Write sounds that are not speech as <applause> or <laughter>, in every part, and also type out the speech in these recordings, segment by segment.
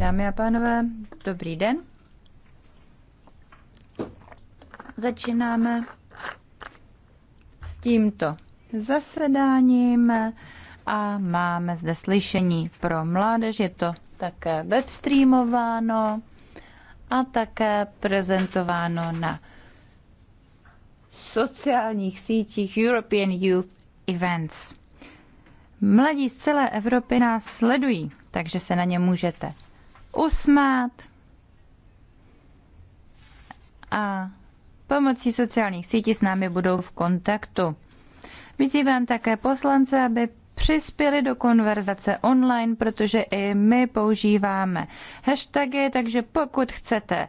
Dámy a pánové, dobrý den. Začínáme s tímto zasedáním a máme zde slyšení pro mládež. Je to také webstreamováno a také prezentováno na sociálních sítích European Youth Events. Mladí z celé Evropy nás sledují, takže se na ně můžete usmát a pomocí sociálních sítí s námi budou v kontaktu. Vyzývám také poslance, aby přispěli do konverzace online, protože i my používáme hashtagy, takže pokud chcete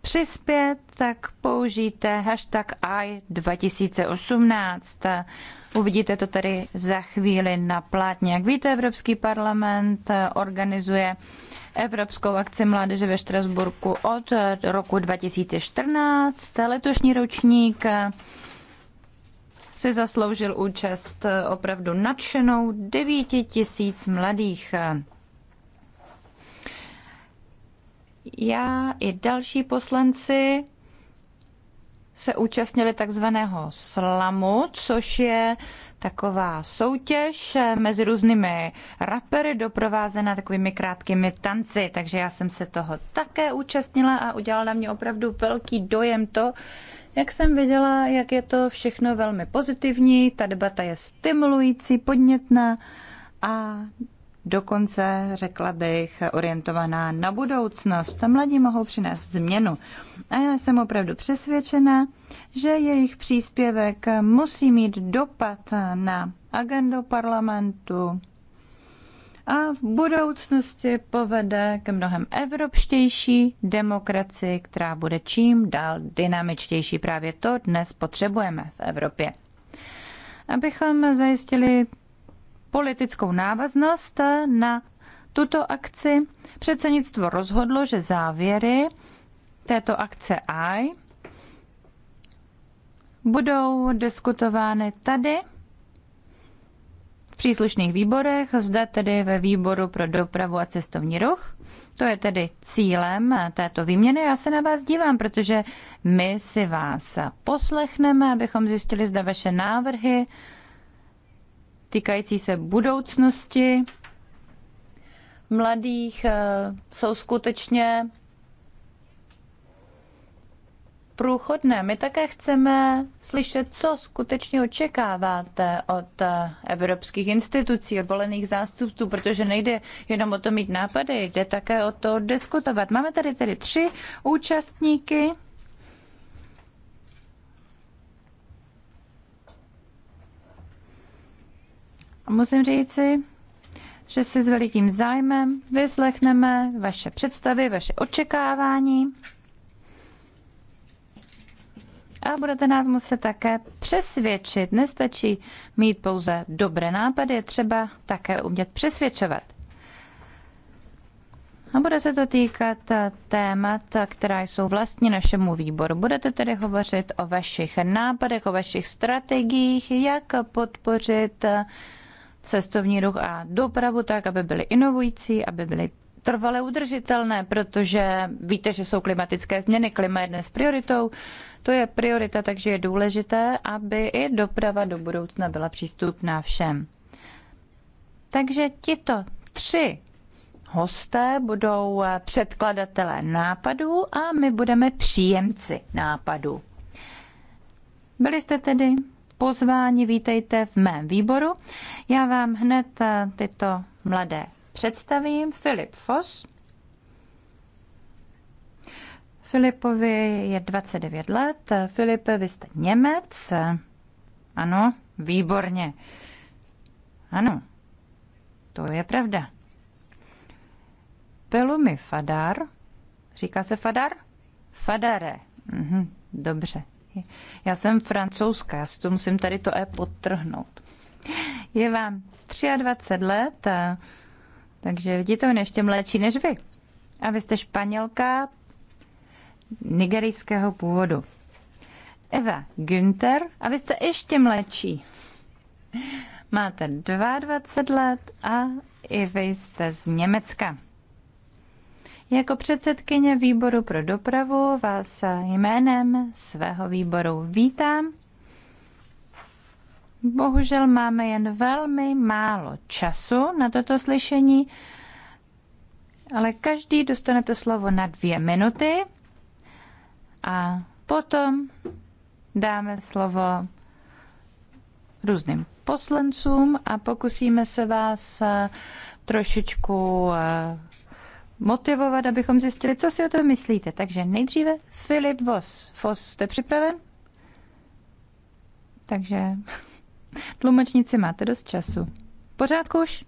přispět, tak použijte hashtag i2018. Uvidíte to tady za chvíli na plátně. Jak víte, Evropský parlament eh, organizuje Evropskou akci mládeže ve Štrasburku od roku 2014. Letošní ročník eh, si zasloužil účast eh, opravdu nadšenou 9 tisíc mladých. Já i další poslanci se účastnili takzvaného slamu, což je taková soutěž mezi různými rapery doprovázená takovými krátkými tanci, takže já jsem se toho také účastnila a udělala na mě opravdu velký dojem to, jak jsem viděla, jak je to všechno velmi pozitivní, ta debata je stimulující, podnětná a dokonce, řekla bych, orientovaná na budoucnost. Mladí mohou přinést změnu. A já jsem opravdu přesvědčena, že jejich příspěvek musí mít dopad na agendu parlamentu a v budoucnosti povede k mnohem evropštější demokracii, která bude čím dál dynamičtější. Právě to dnes potřebujeme v Evropě. Abychom zajistili politickou návaznost na tuto akci. Předsednictvo rozhodlo, že závěry této akce AI budou diskutovány tady v příslušných výborech, zde tedy ve výboru pro dopravu a cestovní ruch. To je tedy cílem této výměny. Já se na vás dívám, protože my si vás poslechneme, abychom zjistili, zda vaše návrhy týkající se budoucnosti mladých eh, jsou skutečně průchodné. My také chceme slyšet, co skutečně očekáváte od eh, evropských institucí, od volených zástupců, protože nejde jenom o to mít nápady, jde také o to diskutovat. Máme tady tedy tři účastníky A musím říci, že si s velikým zájmem vyslechneme vaše představy, vaše očekávání a budete nás muset také přesvědčit. Nestačí mít pouze dobré nápady, je třeba také umět přesvědčovat. A bude se to týkat témat, která jsou vlastně našemu výboru. Budete tedy hovořit o vašich nápadech, o vašich strategiích, jak podpořit cestovní ruch a dopravu tak, aby byly inovující, aby byly trvale udržitelné, protože víte, že jsou klimatické změny, klima je dnes prioritou, to je priorita, takže je důležité, aby i doprava do budoucna byla přístupná všem. Takže tito tři hosté budou eh, předkladatelé nápadů a my budeme příjemci nápadů. Byli jste tedy pozvání. Vítejte v mém výboru. Já vám hned eh, tyto mladé představím. Filip Foss. Filipovi je 29 let. Filip, vy jste Němec. Ano, výborně. Ano, to je pravda. Pelumi Fadar. Říká se Fadar? Fadare. Mhm, dobře, já jsem francouzská, já si to musím tady to E podtrhnout. Je vám 23 let, a, takže vidíte, on ještě mladší než vy. A vy jste španělka nigerijského původu. Eva Günther, a vy jste ještě mladší. Máte 22 let a i vy jste z Německa. Jako předsedkyně výboru pro dopravu vás jménem svého výboru vítám. Bohužel máme jen velmi málo času na toto slyšení, ale každý dostanete slovo na dvě minuty a potom dáme slovo různým poslancům a pokusíme se vás trošičku eh, motivovat, abychom zjistili, co si o tom myslíte. Takže nejdříve Filip Vos. Vos, jste připraven? Takže <laughs> tlumočníci máte dost času. Pořádku už?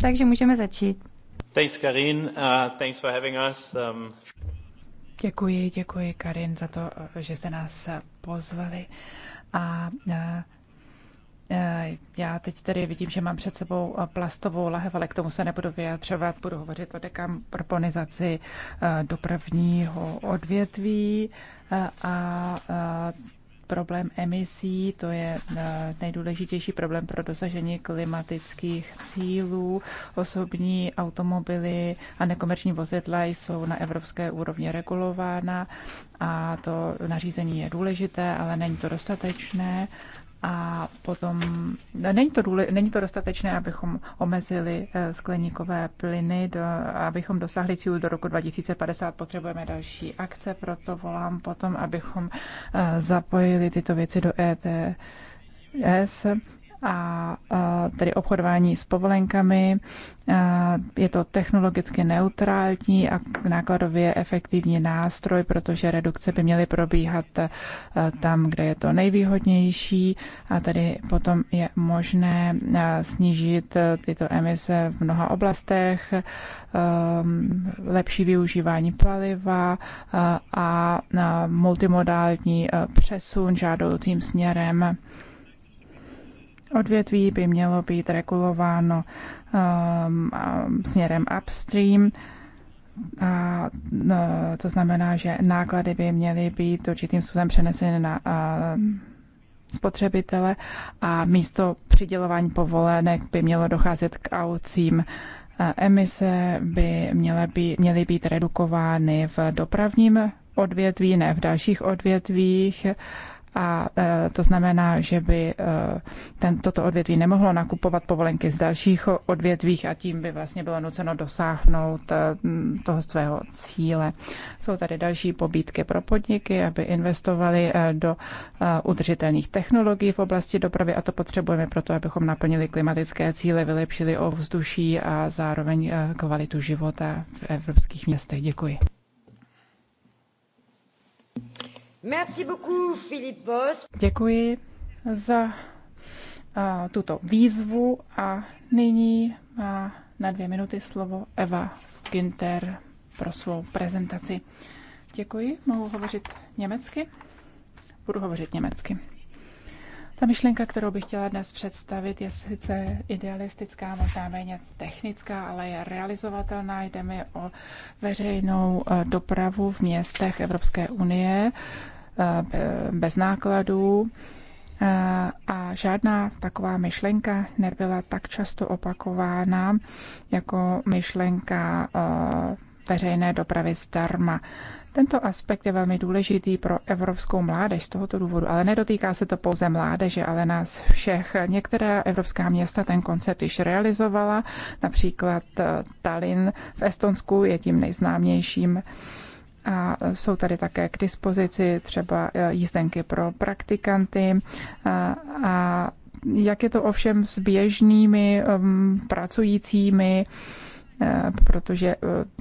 Takže můžeme začít. Thanks, Karin. Uh, thanks for having us. Um... Děkuji, děkuji, Karin, za to, že jste nás pozvali. A uh, Eh, já teď tedy vidím, že mám před sebou eh, plastovou lahev, ale k tomu se nebudu vyjadřovat. Budu hovořit o dekarbonizaci eh, dopravního odvětví a problém emisí, to je nejdůležitější problém pro dosažení klimatických cílů. Osobní automobily a nekomerční vozidla jsou na evropské úrovni regulována a to nařízení je důležité, ale není to dostatečné a potom není to, důle, není to dostatečné, abychom omezili eh, skleníkové plyny, do, abychom dosáhli cílu do roku 2050, potřebujeme další akce, proto volám potom, abychom eh, zapojili tyto věci do ETS a eh, tedy obchodování s povolenkami. Je to technologicky neutrální a nákladově efektivní nástroj, protože redukce by měly probíhat e, tam, kde je to nejvýhodnější a tady potom je možné e, snížit e, tyto emise v mnoha oblastech, lepší využívání paliva a multimodální přesun žádoucím směrem odvětví by mělo být regulováno um, um, směrem upstream. A, no, to znamená, že náklady by měly být určitým způsobem přeneseny na spotřebitele a místo přidělování povolenek by mělo docházet k aucím. Emise by měly být, měly být redukovány v dopravním odvětví, ne v dalších odvětvích a e, to znamená, že by e, ten, toto odvětví nemohlo nakupovat povolenky z dalších odvětvích a tím by vlastně bylo nuceno dosáhnout e, toho svého cíle. Jsou tady další pobídky pro podniky, aby investovali do udržitelných technologií v oblasti dopravy a to potřebujeme proto, abychom naplnili klimatické cíle, vylepšili ovzduší a zároveň kvalitu života v evropských městech. Děkuji. Děkuji za tuto výzvu a nyní má na dvě minuty slovo Eva Ginter pro svou prezentaci. Děkuji, mohu hovořit německy? Budu hovořit německy. Ta myšlenka, kterou bych chtěla dnes představit, je sice idealistická, možná méně technická, ale je realizovatelná. Jde mi o veřejnou eh, dopravu v městech Evropské unie eh, bez nákladů. Eh, a žádná taková myšlenka nebyla tak často opakována jako myšlenka veřejné dopravy zdarma. Tento aspekt je velmi důležitý pro evropskou mládež z tohoto důvodu, ale nedotýká se to pouze mládeže, ale nás všech. Některá evropská města ten koncept již realizovala, například eh, Tallinn v Estonsku je tím nejznámějším. A jsou tady také k dispozici třeba eh, jízdenky pro praktikanty eh, a jak je to ovšem s běžnými um, pracujícími Eh, protože eh,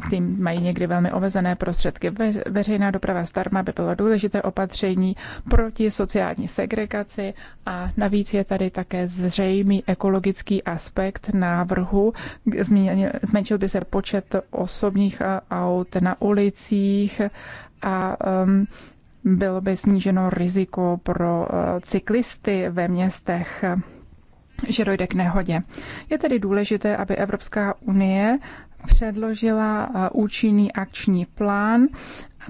tím mají někdy velmi omezené prostředky. veřejná doprava starma by bylo důležité opatření proti sociální segregaci a navíc je tady také zřejmý ekologický aspekt návrhu. Zmenšil by se počet osobních eh, aut na ulicích a um, bylo by sníženo riziko pro cyklisty ve městech že dojde k nehodě. Je tedy důležité, aby Evropská unie předložila eh, účinný akční plán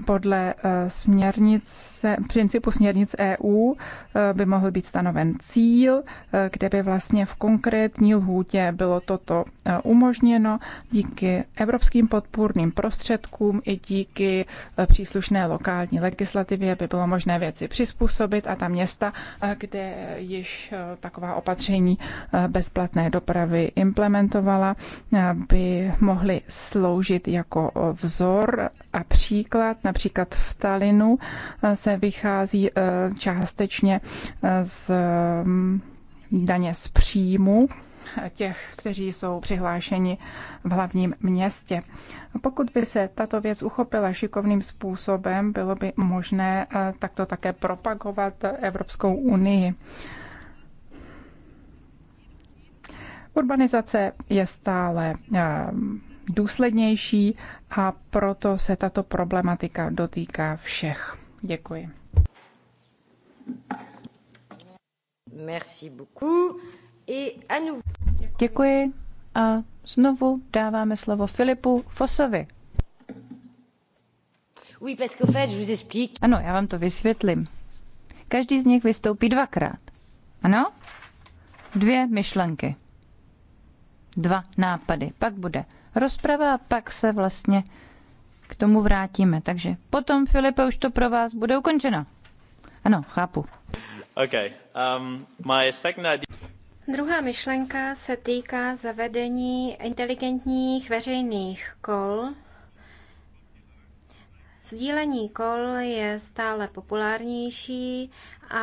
podle eh, směrnice, principu směrnic EU eh, by mohl být stanoven cíl, eh, kde by vlastně v konkrétní lhůtě bylo toto umožněno díky evropským podpůrným prostředkům i díky příslušné lokální legislativě by bylo možné věci přizpůsobit a ta města, kde již taková opatření bezplatné dopravy implementovala, by mohly sloužit jako vzor a příklad Například v Talinu eh, se vychází eh, částečně eh, z mm, daně z příjmu těch, kteří jsou přihlášeni v hlavním městě. Pokud by se tato věc uchopila šikovným způsobem, bylo by možné takto také propagovat Evropskou unii. Urbanizace je stále důslednější a proto se tato problematika dotýká všech. Děkuji. Merci beaucoup. Děkuji a znovu dáváme slovo Filipu Fosovi. Ano, já vám to vysvětlím. Každý z nich vystoupí dvakrát. Ano? Dvě myšlenky. Dva nápady. Pak bude rozprava a pak se vlastně k tomu vrátíme. Takže potom, Filipe, už to pro vás bude ukončeno. Ano, chápu. Okay. Um, my second idea... Druhá myšlenka se týká zavedení inteligentních veřejných kol. Sdílení kol je stále populárnější a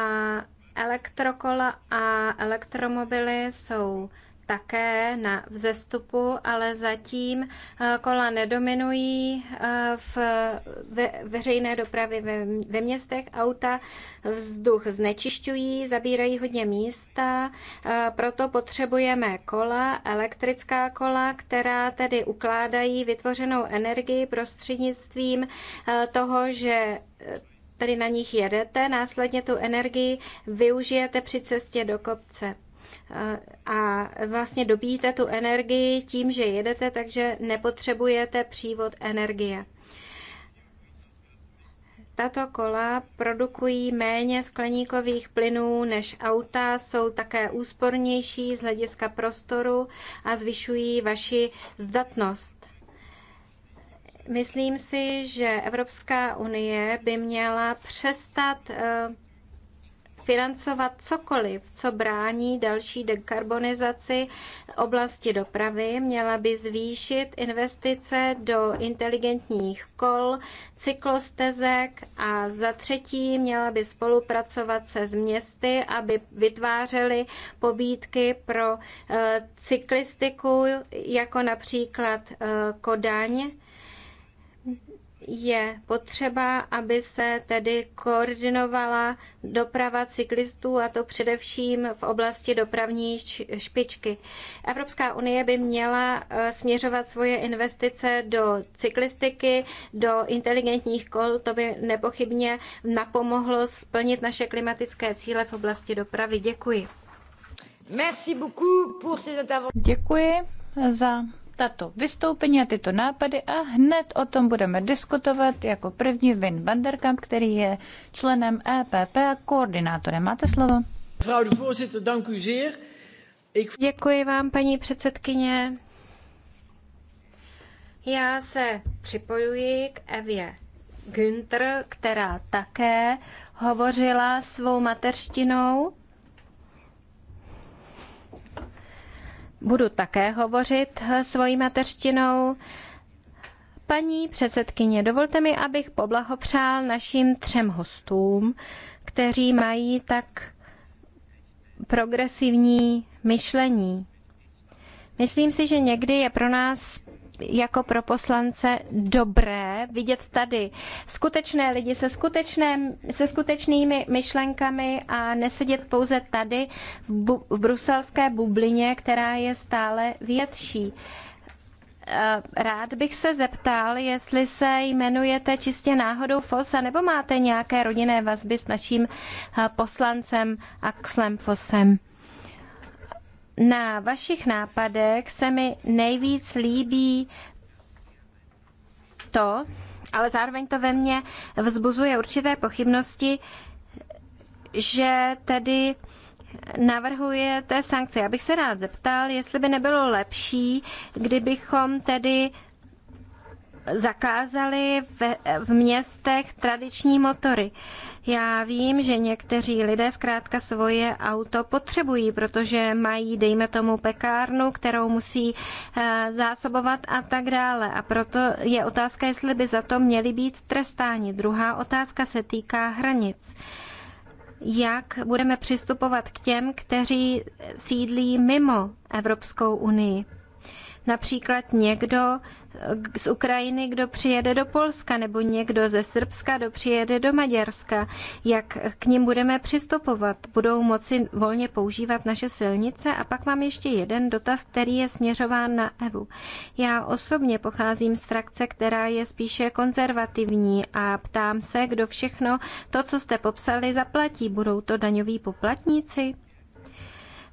elektrokola a elektromobily jsou také na vzestupu, ale zatím eh, kola nedominují eh, v veřejné dopravě ve městech. Auta vzduch znečišťují, zabírají hodně místa, eh, proto potřebujeme kola, elektrická kola, která tedy ukládají vytvořenou energii prostřednictvím toho, že tedy na nich jedete, následně tu energii využijete při cestě do kopce a vlastně dobíjíte tu energii tím, že jedete, takže nepotřebujete přívod energie. Tato kola produkují méně skleníkových plynů než auta, jsou také úspornější z hlediska prostoru a zvyšují vaši zdatnost. Myslím si, že Evropská unie by měla přestat eh, financovat cokoliv, co brání další dekarbonizaci oblasti dopravy. Měla by zvýšit investice do inteligentních kol, cyklostezek a za třetí měla by spolupracovat se z městy, aby vytvářely pobídky pro eh, cyklistiku, jako například eh, Kodaň, je potřeba, aby se tedy koordinovala doprava cyklistů, a to především v oblasti dopravní špičky. Evropská unie by měla eh, směřovat svoje investice do cyklistiky, do inteligentních kol. To by nepochybně napomohlo splnit naše klimatické cíle v oblasti dopravy. Děkuji. Merci beaucoup pour ces Děkuji za tato vystoupení a tyto nápady a hned o tom budeme diskutovat jako první Vin Vanderkamp, který je členem EPP a koordinátorem. Máte slovo. Děkuji vám, paní předsedkyně. Já se připojuji k Evě Günther, která také hovořila svou mateřštinou. budu také hovořit eh, svojí mateřštinou. Paní předsedkyně, dovolte mi, abych poblahopřál našim třem hostům, kteří mají tak progresivní myšlení. Myslím si, že někdy je pro nás jako pro poslance dobré vidět tady skutečné lidi se, skutečné, se skutečnými myšlenkami a nesedět pouze tady v, bu, v bruselské bublině, která je stále větší. Eh, rád bych se zeptal, jestli se jmenujete čistě náhodou Fosa, nebo máte nějaké rodinné vazby s naším eh, poslancem Axlem Fosem na vašich nápadech se mi nejvíc líbí to, ale zároveň to ve mně vzbuzuje určité pochybnosti, že tedy navrhujete sankce. Já bych se rád zeptal, jestli by nebylo lepší, kdybychom tedy zakázali v, v městech tradiční motory. Já vím, že někteří lidé zkrátka svoje auto potřebují, protože mají, dejme tomu, pekárnu, kterou musí eh, zásobovat a tak dále. A proto je otázka, jestli by za to měli být trestáni. Druhá otázka se týká hranic jak budeme přistupovat k těm, kteří sídlí mimo Evropskou unii. Například někdo eh, z Ukrajiny, kdo přijede do Polska, nebo někdo ze Srbska, kdo přijede do Maďarska. Jak k ním budeme přistupovat? Budou moci volně používat naše silnice? A pak mám ještě jeden dotaz, který je směřován na Evu. Já osobně pocházím z frakce, která je spíše konzervativní a ptám se, kdo všechno to, co jste popsali, zaplatí. Budou to daňoví poplatníci?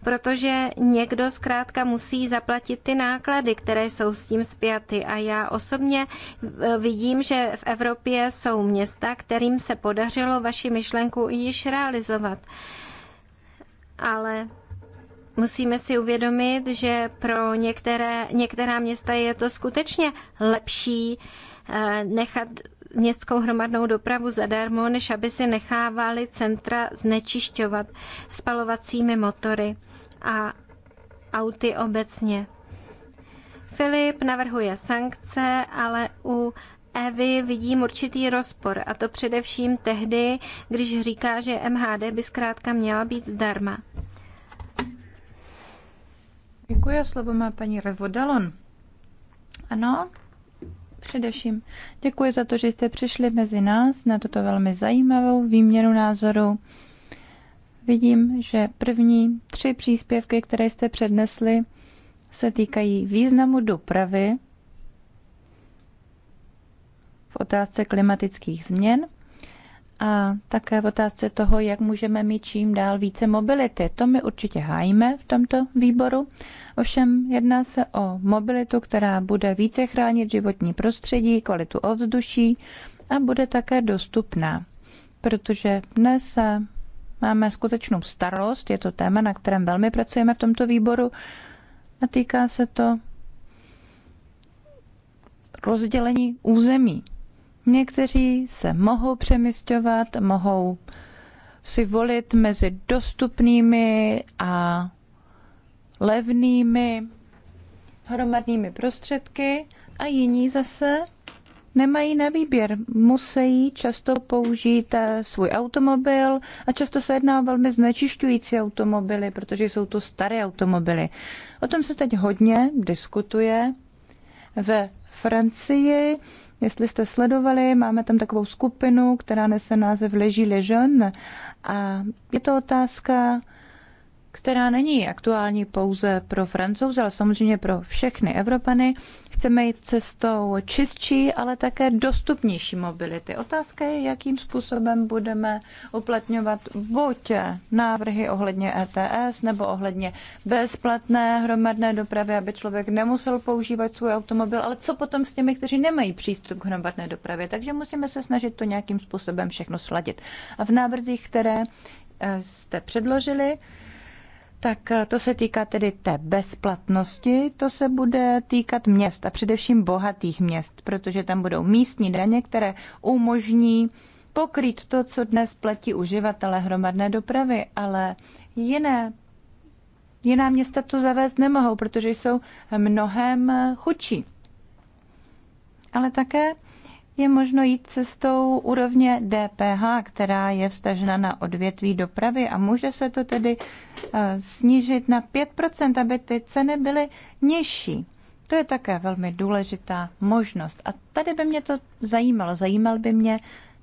protože někdo zkrátka musí zaplatit ty náklady, které jsou s tím spjaty. A já osobně e, vidím, že v Evropě jsou města, kterým se podařilo vaši myšlenku již realizovat. Ale musíme si uvědomit, že pro některé, některá města je to skutečně lepší e, nechat městskou hromadnou dopravu zadarmo, než aby si nechávali centra znečišťovat spalovacími motory a auty obecně. Filip navrhuje sankce, ale u Evy vidím určitý rozpor, a to především tehdy, když říká, že MHD by zkrátka měla být zdarma. Děkuji a slovo má paní Revodalon. Ano, především děkuji za to, že jste přišli mezi nás na tuto velmi zajímavou výměnu názoru. Vidím, že první tři příspěvky, které jste přednesli, se týkají významu dopravy v otázce klimatických změn a také v otázce toho, jak můžeme mít čím dál více mobility. To my určitě hájíme v tomto výboru. Ovšem jedná se o mobilitu, která bude více chránit životní prostředí, kvalitu ovzduší a bude také dostupná. Protože dnes Máme skutečnou starost, je to téma, na kterém velmi pracujeme v tomto výboru a týká se to rozdělení území. Někteří se mohou přemysťovat, mohou si volit mezi dostupnými a levnými hromadnými prostředky a jiní zase nemají na výběr. Musí často použít eh, svůj automobil a často se jedná o velmi znečišťující automobily, protože jsou to staré automobily. O tom se teď hodně diskutuje ve Francii. Jestli jste sledovali, máme tam takovou skupinu, která nese název Leží Ležon, a je to otázka, která není aktuální pouze pro Francouze, ale samozřejmě pro všechny Evropany. Chceme jít cestou čistší, ale také dostupnější mobility. Otázka je, jakým způsobem budeme uplatňovat buď návrhy ohledně ETS nebo ohledně bezplatné hromadné dopravy, aby člověk nemusel používat svůj automobil, ale co potom s těmi, kteří nemají přístup k hromadné dopravě. Takže musíme se snažit to nějakým způsobem všechno sladit. A v návrzích, které eh, jste předložili, tak eh, to se týká tedy té bezplatnosti, to se bude týkat měst a především bohatých měst, protože tam budou místní daně, které umožní pokrýt to, co dnes platí uživatelé hromadné dopravy, ale jiné jiná města to zavést nemohou, protože jsou mnohem chudší. Ale také je možno jít cestou úrovně DPH, která je vstažena na odvětví dopravy a může se to tedy eh, snížit na 5%, aby ty ceny byly nižší. To je také velmi důležitá možnost. A tady by mě to zajímalo. Zajímal by mě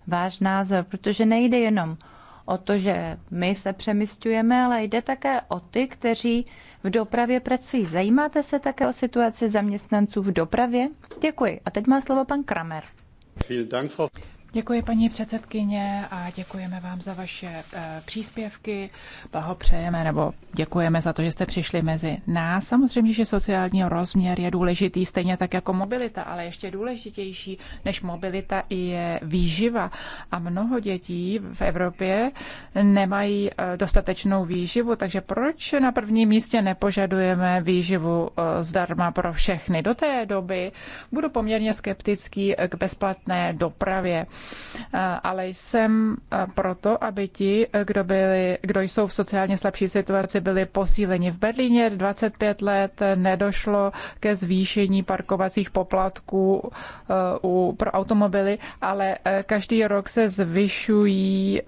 váš názor, protože nejde jenom o to, že my se přemysťujeme, ale jde také o ty, kteří v dopravě pracují. Zajímáte se také o situaci zaměstnanců v dopravě? Děkuji. A teď má slovo pan Kramer. Frau Děkuji paní předsedkyně a děkujeme vám za vaše eh, příspěvky. Blahopřejeme nebo děkujeme za to, že jste přišli mezi nás. Samozřejmě, že sociální rozměr je důležitý, stejně tak jako mobilita, ale ještě důležitější než mobilita je výživa. A mnoho dětí v Evropě nemají eh, dostatečnou výživu, takže proč na prvním místě nepožadujeme výživu eh, zdarma pro všechny? Do té doby budu poměrně skeptický k bezplatné dopravě. Eh, ale jsem eh, proto, aby ti, eh, kdo, byli, kdo jsou v sociálně slabší situaci, byli posíleni. V Berlíně 25 let nedošlo ke zvýšení parkovacích poplatků pro automobily, ale každý rok se zvyšují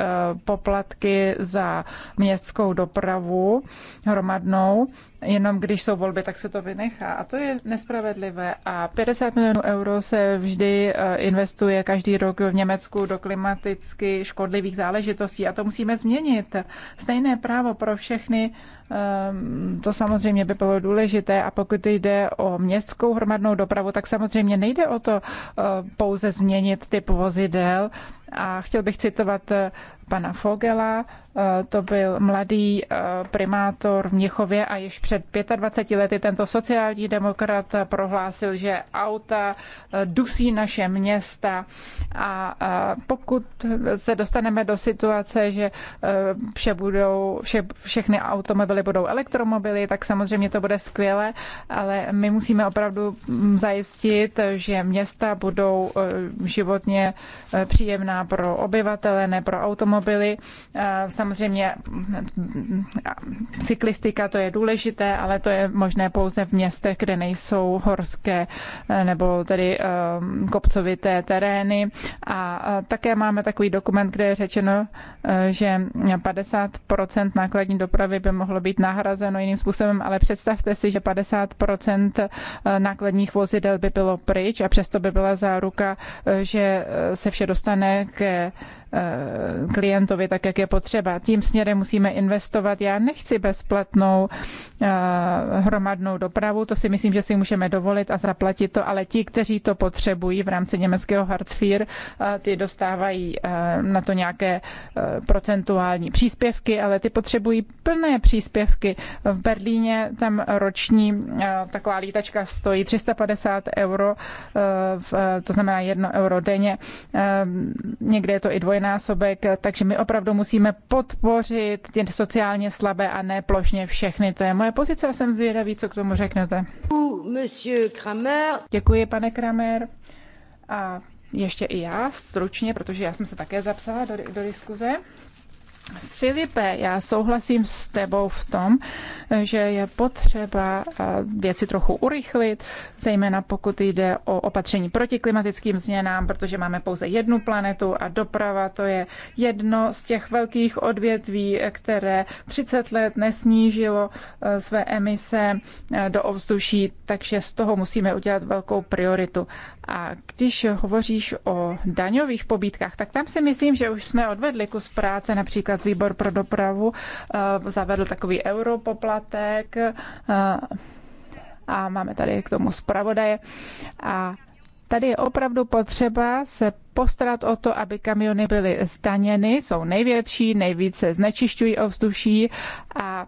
poplatky za městskou dopravu hromadnou jenom když jsou volby, tak se to vynechá. A to je nespravedlivé. A 50 milionů euro se vždy eh, investuje každý rok v Německu do klimaticky škodlivých záležitostí a to musíme změnit. Stejné právo pro všechny, ehm, to samozřejmě by bylo důležité. A pokud jde o městskou hromadnou dopravu, tak samozřejmě nejde o to eh, pouze změnit typ vozidel. A chtěl bych citovat eh, pana Fogela, Eh, to byl mladý eh, primátor v Měchově a již před 25 lety tento sociální demokrat prohlásil, že auta eh, dusí naše města a pokud se dostaneme do situace, že vše budou, vše, všechny automobily budou elektromobily, tak samozřejmě to bude skvělé, ale my musíme opravdu mm, zajistit, že města budou životně příjemná pro obyvatele, ne pro automobily. Samozřejmě Samozřejmě cyklistika to je důležité, ale to je možné pouze v městech, kde nejsou horské eh, nebo tedy eh, kopcovité terény. A eh, také máme takový dokument, kde je řečeno, že 50% nákladní dopravy by mohlo být nahrazeno jiným způsobem, ale představte si, že 50% nákladních vozidel by bylo pryč a přesto by byla záruka, že se vše dostane ke Eh, klientovi tak, jak je potřeba. Tím směrem musíme investovat. Já nechci bezplatnou eh, hromadnou dopravu, to si myslím, že si můžeme dovolit a zaplatit to, ale ti, kteří to potřebují v rámci německého Hartzfír, eh, ty dostávají na to nějaké procentuální příspěvky, ale ty potřebují plné příspěvky. V Berlíně tam roční taková lítačka stojí 350 euro, to znamená 1 euro denně. Někde je to i dvojná dvojnásobek, takže my opravdu musíme podpořit ty sociálně slabé a ne plošně všechny. To je moje pozice a jsem zvědavý, co k tomu řeknete. Děkuji, pane Kramer. A ještě i já stručně, protože já jsem se také zapsala do, do diskuze. Filipe, já souhlasím s tebou v tom, že je potřeba eh, věci trochu urychlit, zejména pokud jde o opatření proti klimatickým změnám, protože máme pouze jednu planetu a doprava to je jedno z těch velkých odvětví, které 30 let nesnížilo eh, své emise eh, do ovzduší, takže z toho musíme udělat velkou prioritu. A když hovoříš o daňových pobítkách, tak tam si myslím, že už jsme odvedli kus práce. Například výbor pro dopravu eh, zavedl takový europoplatek eh, a máme tady k tomu zpravodaje. A Tady je opravdu potřeba se postarat o to, aby kamiony byly zdaněny, jsou největší, nejvíce znečišťují ovzduší a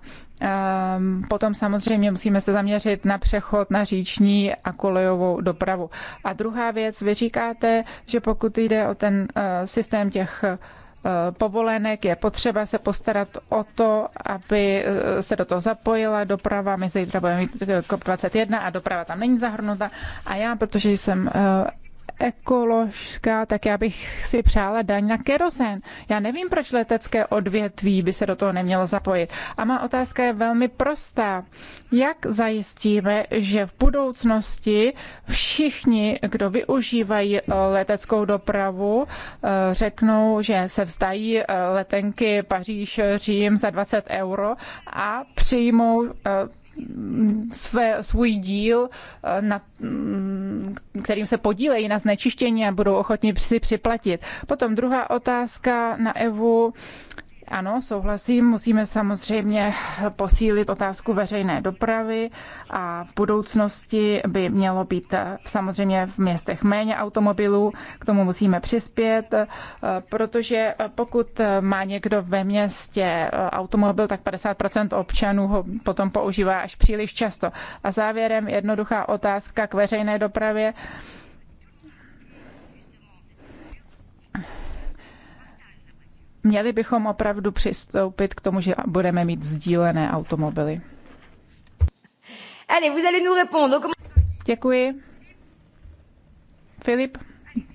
um, potom samozřejmě musíme se zaměřit na přechod na říční a kolejovou dopravu. A druhá věc, vy říkáte, že pokud jde o ten uh, systém těch uh, Eh, povolenek, je potřeba se postarat o to, aby eh, se do toho zapojila doprava. My zítra budeme mít eh, COP21 a doprava tam není zahrnuta. A já, protože jsem ekoložská, tak já bych si přála daň na kerosén. Já nevím, proč letecké odvětví by se do toho nemělo zapojit. A má otázka je velmi prostá. Jak zajistíme, že v budoucnosti všichni, kdo využívají eh, leteckou dopravu, eh, řeknou, že se vzdají eh, letenky Paříž, Řím za 20 euro a přijmou své, svůj díl, eh, na, mm, kterým se podílejí na znečištění a budou ochotni si připlatit. Potom druhá otázka na Evu. Ano, souhlasím. Musíme samozřejmě posílit otázku veřejné dopravy a v budoucnosti by mělo být samozřejmě v městech méně automobilů. K tomu musíme přispět, eh, protože pokud má někdo ve městě eh, automobil, tak 50 občanů ho potom používá až příliš často. A závěrem jednoduchá otázka k veřejné dopravě. Měli bychom opravdu přistoupit k tomu, že budeme mít sdílené automobily. Allez, vous allez nous répondre. Děkuji. Filip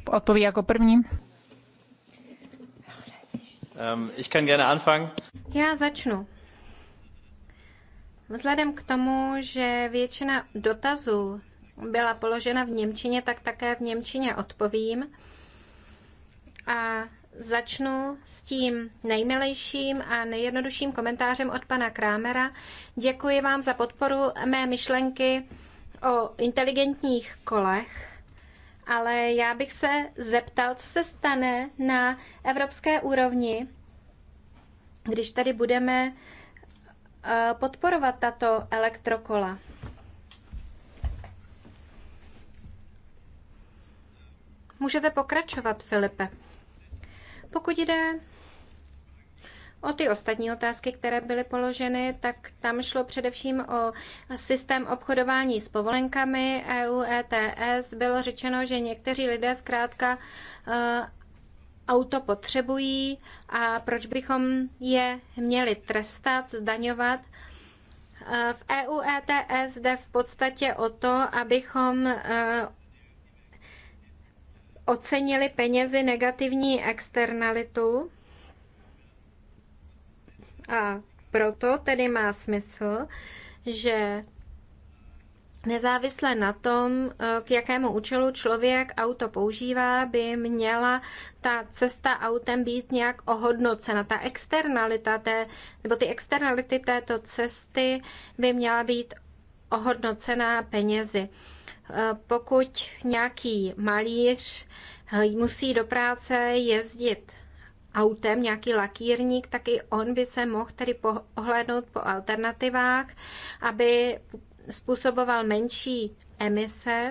odpoví jako první. Um, ich kann gerne anfangen. Já začnu. Vzhledem k tomu, že většina dotazů byla položena v Němčině, tak také v Němčině odpovím. A začnu s tím nejmilejším a nejjednodušším komentářem od pana Krámera. Děkuji vám za podporu mé myšlenky o inteligentních kolech, ale já bych se zeptal, co se stane na evropské úrovni, když tady budeme eh, podporovat tato elektrokola. Můžete pokračovat, Filipe. Pokud jde O ty ostatní otázky, které byly položeny, tak tam šlo především o systém obchodování s povolenkami EU ETS. Bylo řečeno, že někteří lidé zkrátka eh, auto potřebují a proč bychom je měli trestat, zdaňovat. Eh, v EU ETS jde v podstatě o to, abychom eh, ocenili penězi negativní externalitu a proto tedy má smysl, že Nezávisle na tom, eh, k jakému účelu člověk auto používá, by měla ta cesta autem být nějak ohodnocena. Ta externalita té, nebo ty externality této cesty by měla být ohodnocená penězi pokud nějaký malíř eh, musí do práce jezdit autem, nějaký lakírník, tak i on by se mohl tedy pohlédnout po alternativách, aby způsoboval menší emise.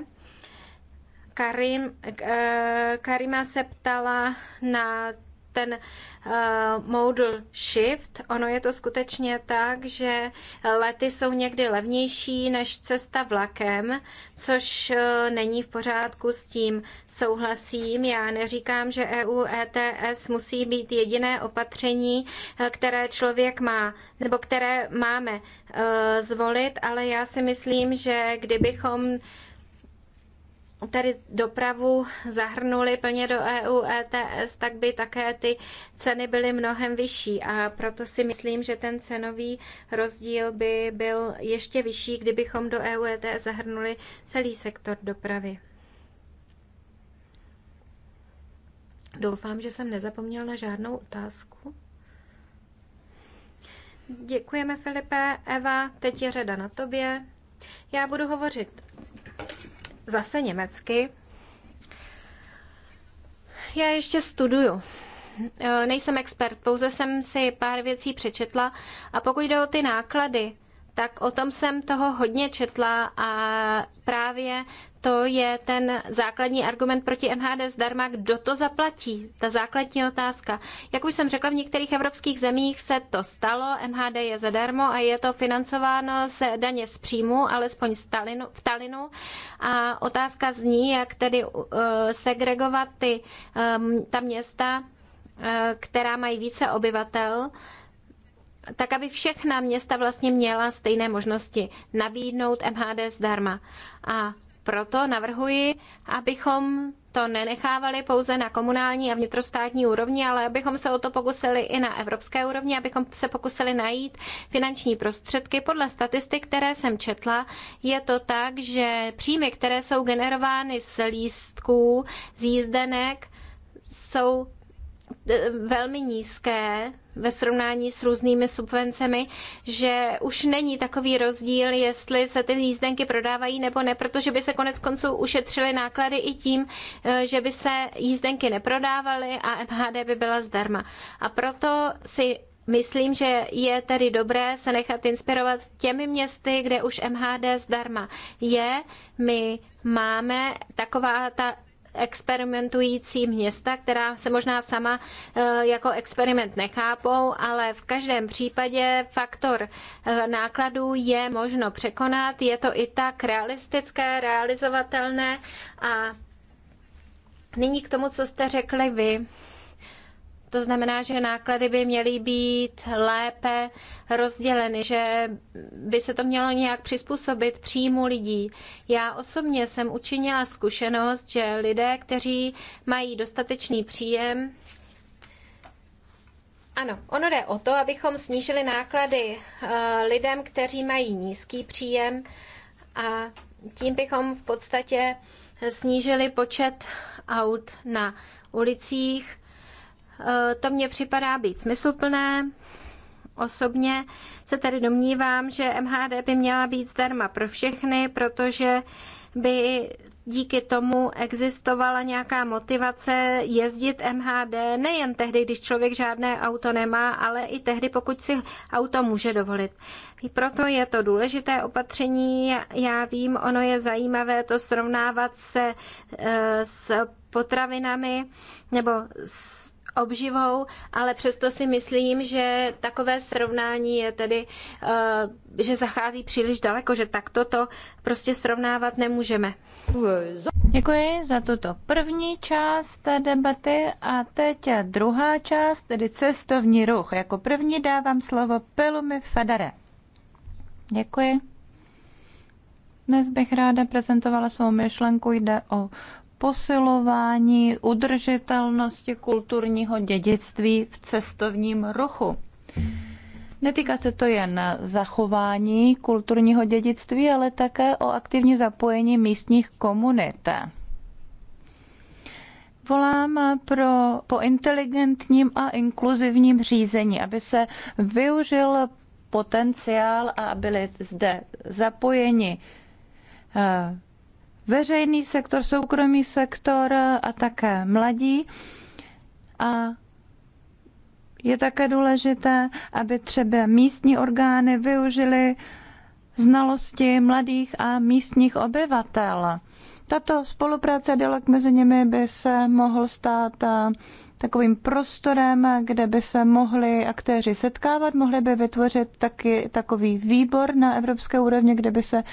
Karim, eh, Karima se ptala na ten uh, eh, modal shift. Ono je to skutečně tak, že lety jsou někdy levnější než cesta vlakem, což uh, není v pořádku s tím. Souhlasím, já neříkám, že EU ETS musí být jediné opatření, eh, které člověk má, nebo které máme uh, zvolit, ale já si myslím, že kdybychom uh, tady dopravu zahrnuli plně do EU ETS, tak by také ty ceny byly mnohem vyšší a proto si myslím, že ten cenový rozdíl by byl ještě vyšší, kdybychom do EU ETS zahrnuli celý sektor dopravy. Doufám, že jsem nezapomněl na žádnou otázku. Děkujeme, Filipe. Eva, teď je řada na tobě. Já budu hovořit zase německy. Já ještě studuju. E, nejsem expert, pouze jsem si pár věcí přečetla. A pokud jde o ty náklady, tak o tom jsem toho hodně četla a právě to je ten základní argument proti MHD zdarma, kdo to zaplatí, ta základní otázka. Jak už jsem řekla, v některých evropských zemích se to stalo, MHD je zadarmo a je to financováno z daně z příjmu, alespoň z Talinu, v Talinu. A otázka zní, jak tedy uh, segregovat ty, um, ta města, uh, která mají více obyvatel, uh, tak aby všechna města vlastně měla stejné možnosti nabídnout MHD zdarma. A proto navrhuji, abychom to nenechávali pouze na komunální a vnitrostátní úrovni, ale abychom se o to pokusili i na evropské úrovni, abychom se pokusili najít finanční prostředky. Podle statistik, které jsem četla, je to tak, že příjmy, které jsou generovány z lístků, z jízdenek, jsou velmi nízké ve srovnání s různými subvencemi, že už není takový rozdíl, jestli se ty jízdenky prodávají nebo ne, protože by se konec konců ušetřily náklady i tím, eh, že by se jízdenky neprodávaly a MHD by byla zdarma. A proto si Myslím, že je tedy dobré se nechat inspirovat těmi městy, kde už MHD zdarma je. My máme taková ta experimentující města, která se možná sama eh, jako experiment nechápou, ale v každém případě faktor eh, nákladů je možno překonat. Je to i tak realistické, realizovatelné a nyní k tomu, co jste řekli vy. To znamená, že náklady by měly být lépe rozděleny, že by se to mělo nějak přizpůsobit příjmu lidí. Já osobně jsem učinila zkušenost, že lidé, kteří mají dostatečný příjem, ano, ono jde o to, abychom snížili náklady eh, lidem, kteří mají nízký příjem a tím bychom v podstatě snížili počet aut na ulicích Eh, to mně připadá být smysluplné. Osobně se tady domnívám, že MHD by měla být zdarma pro všechny, protože by díky tomu existovala nějaká motivace jezdit MHD nejen tehdy, když člověk žádné auto nemá, ale i tehdy, pokud si auto může dovolit. Proto je to důležité opatření. Já vím, ono je zajímavé to srovnávat se eh, s potravinami nebo s obživou, ale přesto si myslím, že takové srovnání je tedy, eh, že zachází příliš daleko, že takto to prostě srovnávat nemůžeme. Děkuji za tuto první část debaty a teď druhá část, tedy cestovní ruch. Jako první dávám slovo Pelumi Fadare. Děkuji. Dnes bych ráda prezentovala svou myšlenku. Jde o posilování udržitelnosti kulturního dědictví v cestovním ruchu. Netýká se to jen zachování kulturního dědictví, ale také o aktivní zapojení místních komunit. Volám pro, po inteligentním a inkluzivním řízení, aby se využil potenciál a byli zde zapojeni eh, veřejný sektor, soukromý sektor a také mladí. A je také důležité, aby třeba místní orgány využily znalosti mladých a místních obyvatel. Tato spolupráce a dialog mezi nimi by se mohl stát eh, takovým prostorem, kde by se mohli aktéři setkávat, mohli by vytvořit taky takový výbor na evropské úrovni, kde by se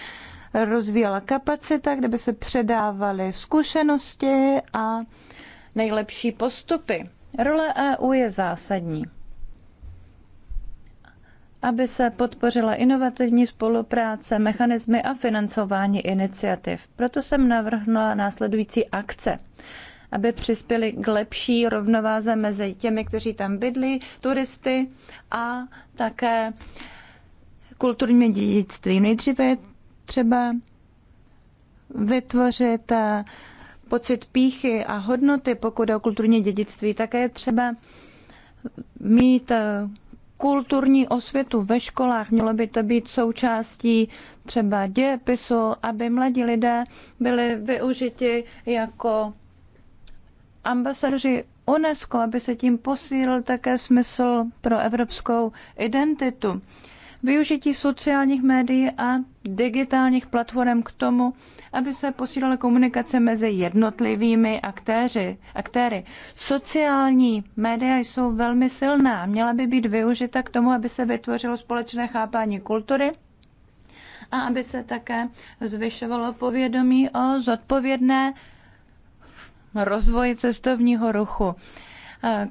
rozvíjela kapacita, kde by se předávaly zkušenosti a nejlepší postupy. Role EU je zásadní. Aby se podpořila inovativní spolupráce, mechanismy a financování iniciativ. Proto jsem navrhnula následující akce aby přispěli k lepší rovnováze mezi těmi, kteří tam bydlí, turisty a také kulturními dědictví. Nejdříve je třeba vytvořit eh, pocit píchy a hodnoty, pokud je o kulturní dědictví, také je třeba mít eh, kulturní osvětu ve školách. Mělo by to být součástí třeba dějepisu, aby mladí lidé byli využiti jako ambasadoři UNESCO, aby se tím posílil také smysl pro evropskou identitu využití sociálních médií a digitálních platform k tomu, aby se posílala komunikace mezi jednotlivými aktéři, aktéry. Sociální média jsou velmi silná, měla by být využita k tomu, aby se vytvořilo společné chápání kultury a aby se také zvyšovalo povědomí o zodpovědné rozvoji cestovního ruchu.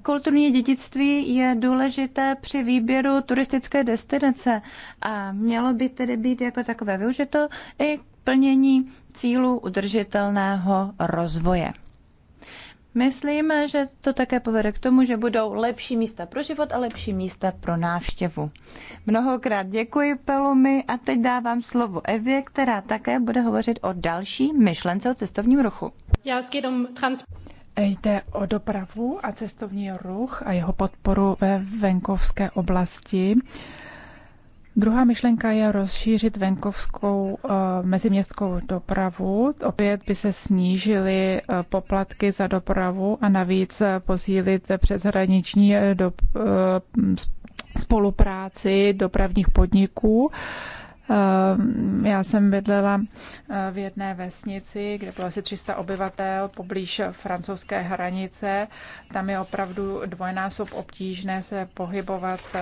Kulturní dědictví je důležité při výběru turistické destinace a mělo by tedy být jako takové využito i k plnění cílu udržitelného rozvoje. Myslím, že to také povede k tomu, že budou lepší místa pro život a lepší místa pro návštěvu. Mnohokrát děkuji Pelumi a teď dávám slovo Evě, která také bude hovořit o další myšlence o cestovním ruchu. Jde o dopravu a cestovní ruch a jeho podporu ve venkovské oblasti. Druhá myšlenka je rozšířit venkovskou eh, meziměstskou dopravu. Opět by se snížily eh, poplatky za dopravu a navíc eh, posílit přeshraniční do, spolupráci dopravních podniků Ehm, já jsem bydlela eh, v jedné vesnici, kde bylo asi 300 obyvatel poblíž francouzské hranice. Tam je opravdu dvojnásob obtížné se pohybovat eh,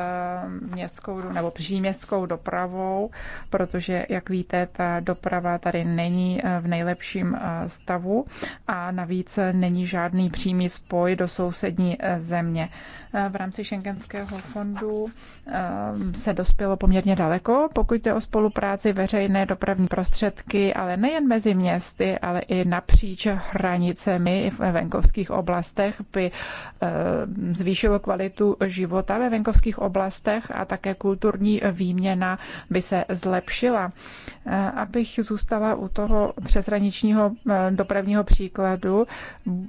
městskou nebo příměstskou dopravou, protože, jak víte, ta doprava tady není eh, v nejlepším stavu a navíc není žádný přímý spoj do sousední země. Eh, v rámci Schengenského fondu ehm, se dospělo poměrně daleko, pokud jde o spolupráci veřejné dopravní prostředky, ale nejen mezi městy, ale i napříč hranicemi i v venkovských oblastech by ehm, zvýšilo kvalitu života ve venkovských oblastech a také kulturní výměna by se zlepšila. Eh, abych zůstala u toho přeshraničního eh, dopravního příkladu,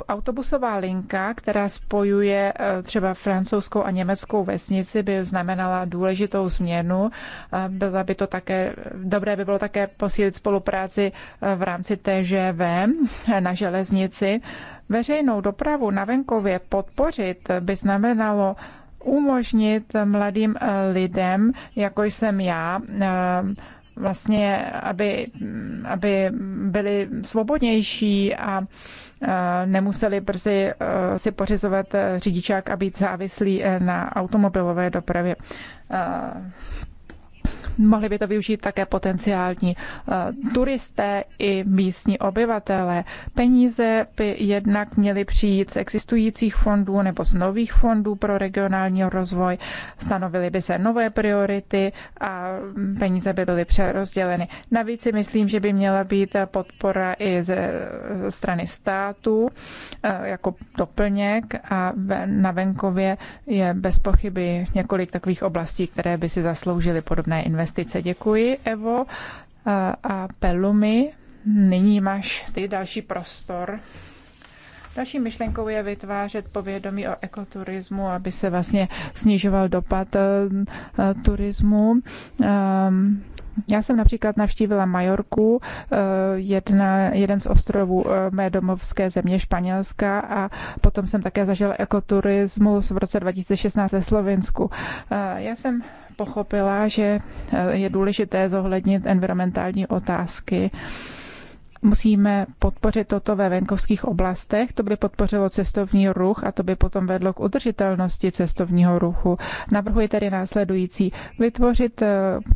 autobusová linka, která spojuje třeba Fran francouzskou a německou vesnici by znamenala důležitou změnu. Byla by to také, dobré by bylo také posílit spolupráci e, v rámci TŽV na železnici. Veřejnou dopravu na venkově podpořit by znamenalo umožnit mladým e, lidem, jako jsem já, e, vlastně, aby, aby byli svobodnější a nemuseli brzy e, si pořizovat e, řidičák a být závislí e, na automobilové dopravě. Mohli by to využít také potenciální eh, turisté i místní obyvatele. Peníze by jednak měly přijít z existujících fondů nebo z nových fondů pro regionální rozvoj, stanovily by se nové priority a peníze by byly přerozděleny. Navíc si myslím, že by měla být podpora i ze strany státu eh, jako doplněk a na venkově je bez pochyby několik takových oblastí, které by si zasloužily podobné veřejné investice. Děkuji, Evo a Pelumi. Nyní máš ty další prostor. Další myšlenkou je vytvářet povědomí o ekoturismu, aby se vlastně snižoval dopad e, e, turismu. Ehm, já jsem například navštívila Majorku, e, jedna, jeden z ostrovů mé domovské země Španělska a potom jsem také zažila ekoturismus v roce 2016 ve Slovensku. Já jsem pochopila, že eh, je důležité zohlednit environmentální otázky musíme podpořit toto ve venkovských oblastech, to by podpořilo cestovní ruch a to by potom vedlo k udržitelnosti cestovního ruchu. Navrhuji tedy následující. Vytvořit eh,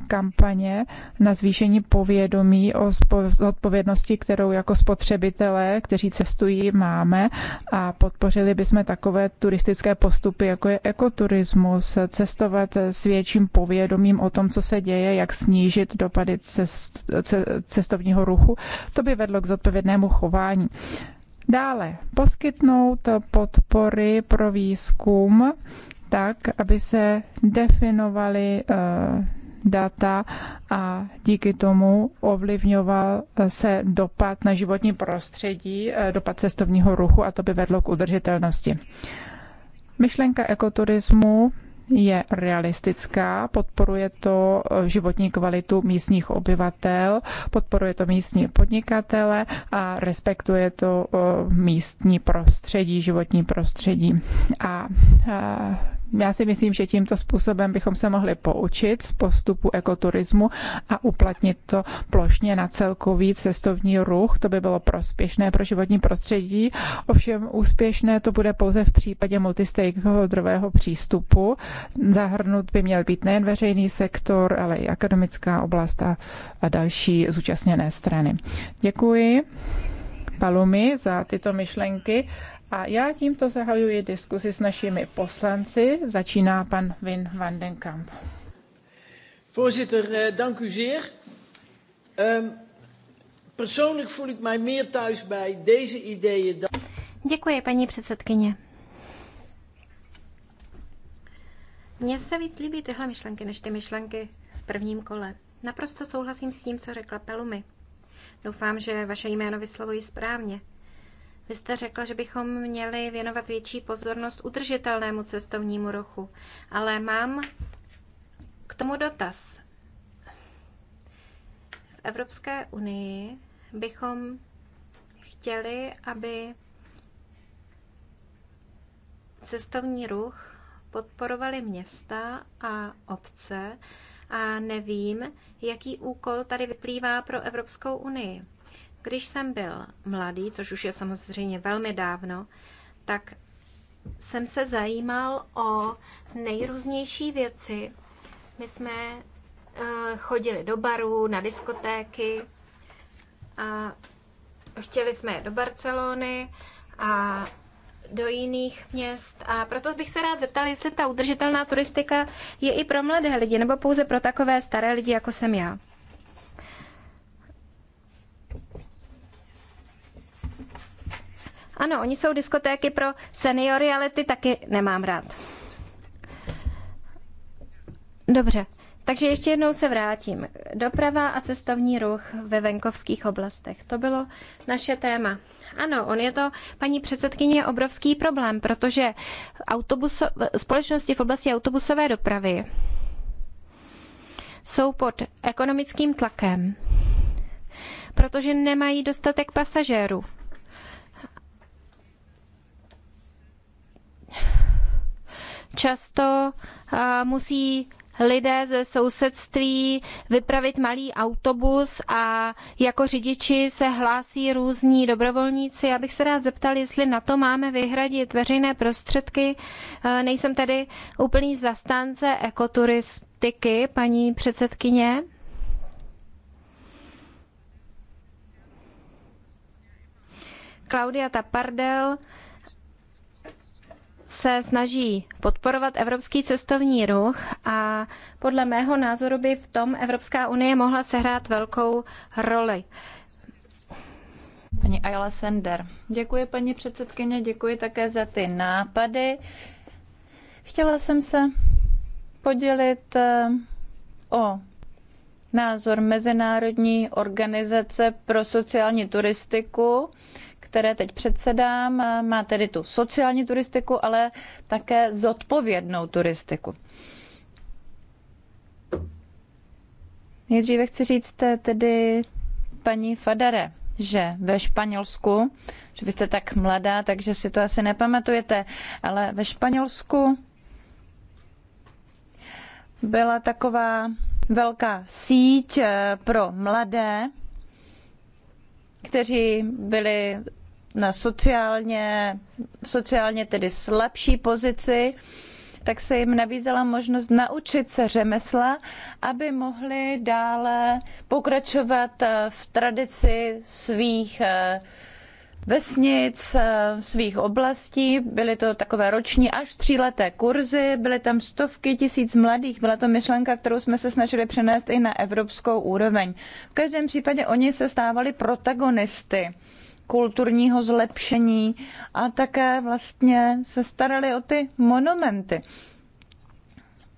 kampaně na zvýšení povědomí o odpovědnosti, kterou jako spotřebitelé, kteří cestují, máme a podpořili bychom takové turistické postupy, jako je ekoturismus, cestovat s větším povědomím o tom, co se děje, jak snížit dopady cest, cestovního ruchu. To by nevedlo k zodpovědnému chování. Dále poskytnout podpory pro výzkum tak, aby se definovaly eh, data a díky tomu ovlivňoval eh, se dopad na životní prostředí, eh, dopad cestovního ruchu a to by vedlo k udržitelnosti. Myšlenka ekoturismu je realistická, podporuje to eh, životní kvalitu místních obyvatel, podporuje to místní podnikatele a respektuje to eh, místní prostředí, životní prostředí. A, eh, já si myslím, že tímto způsobem bychom se mohli poučit z postupu ekoturismu a uplatnit to plošně na celkový cestovní ruch. To by bylo prospěšné pro životní prostředí. Ovšem úspěšné to bude pouze v případě multistakeholderového přístupu. Zahrnut by měl být nejen veřejný sektor, ale i akademická oblast a, a další zúčastněné strany. Děkuji. Palumi za tyto myšlenky a já tímto zahajuji diskuzi s našimi poslanci. Začíná pan Vin van den Kamp. Voorzitter, eh, dank u zeer. Ehm, persoonlijk voel ik mij meer thuis bij deze ideeën dan... Děkuji, paní předsedkyně. Mně se víc líbí tyhle myšlenky, než ty myšlenky v prvním kole. Naprosto souhlasím s tím, co řekla Pelumi. Doufám, že vaše jméno vyslovuji správně. Vy jste řekla, že bychom měli věnovat větší pozornost udržitelnému cestovnímu ruchu, ale mám k tomu dotaz. V Evropské unii bychom chtěli, aby cestovní ruch podporovali města a obce a nevím, jaký úkol tady vyplývá pro Evropskou unii. Když jsem byl mladý, což už je samozřejmě velmi dávno, tak jsem se zajímal o nejrůznější věci. My jsme eh, chodili do barů, na diskotéky a chtěli jsme do Barcelony a do jiných měst. A proto bych se rád zeptal, jestli ta udržitelná turistika je i pro mladé lidi, nebo pouze pro takové staré lidi, jako jsem já. Ano, oni jsou diskotéky pro seniory, ale ty taky nemám rád. Dobře, takže ještě jednou se vrátím. Doprava a cestovní ruch ve venkovských oblastech. To bylo naše téma. Ano, on je to, paní předsedkyně, obrovský problém, protože autobuso, společnosti v oblasti autobusové dopravy jsou pod ekonomickým tlakem, protože nemají dostatek pasažérů. Často eh, musí lidé ze sousedství vypravit malý autobus a jako řidiči se hlásí různí dobrovolníci. Já bych se rád zeptal, jestli na to máme vyhradit veřejné prostředky. Eh, nejsem tady úplný zastánce ekoturistiky, paní předsedkyně. Claudia Tapardel se snaží podporovat evropský cestovní ruch a podle mého názoru by v tom Evropská unie mohla sehrát velkou roli. Paní Ayala Sender, děkuji paní předsedkyně, děkuji také za ty nápady. Chtěla jsem se podělit eh, o názor Mezinárodní organizace pro sociální turistiku, které teď předsedám, má tedy tu sociální turistiku, ale také zodpovědnou turistiku. Nejdříve chci říct eh, tedy paní Fadare, že ve Španělsku, že vy jste tak mladá, takže si to asi nepamatujete, ale ve Španělsku byla taková velká síť eh, pro mladé, kteří byli na sociálně, sociálně tedy slabší pozici, tak se jim nabízela možnost naučit se řemesla, aby mohli dále pokračovat eh, v tradici svých eh, vesnic, eh, svých oblastí. Byly to takové roční až tříleté kurzy, byly tam stovky tisíc mladých. Byla to myšlenka, kterou jsme se snažili přenést i na evropskou úroveň. V každém případě oni se stávali protagonisty kulturního zlepšení a také vlastně se starali o ty monumenty.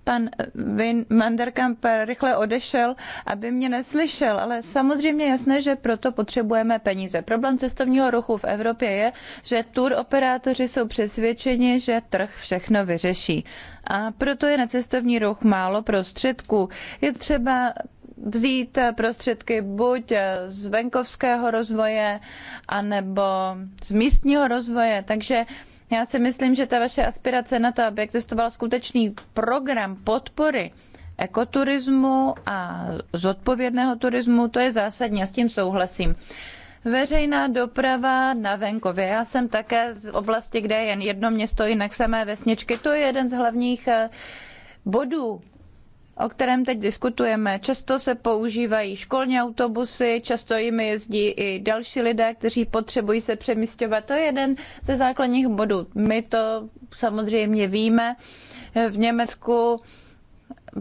Pan Vin Manderkamp rychle odešel, aby mě neslyšel, ale samozřejmě jasné, že proto potřebujeme peníze. Problém cestovního ruchu v Evropě je, že tur operátoři jsou přesvědčeni, že trh všechno vyřeší. A proto je na cestovní ruch málo prostředků. Je třeba vzít prostředky buď z venkovského rozvoje, anebo z místního rozvoje. Takže já si myslím, že ta vaše aspirace na to, aby existoval skutečný program podpory ekoturismu a zodpovědného turismu, to je zásadní a s tím souhlasím. Veřejná doprava na venkově. Já jsem také z oblasti, kde je jen jedno město, jinak samé vesničky. To je jeden z hlavních eh, bodů o kterém teď diskutujeme. Často se používají školní autobusy, často jimi jezdí i další lidé, kteří potřebují se přemysťovat. To je jeden ze základních bodů. My to samozřejmě víme. V Německu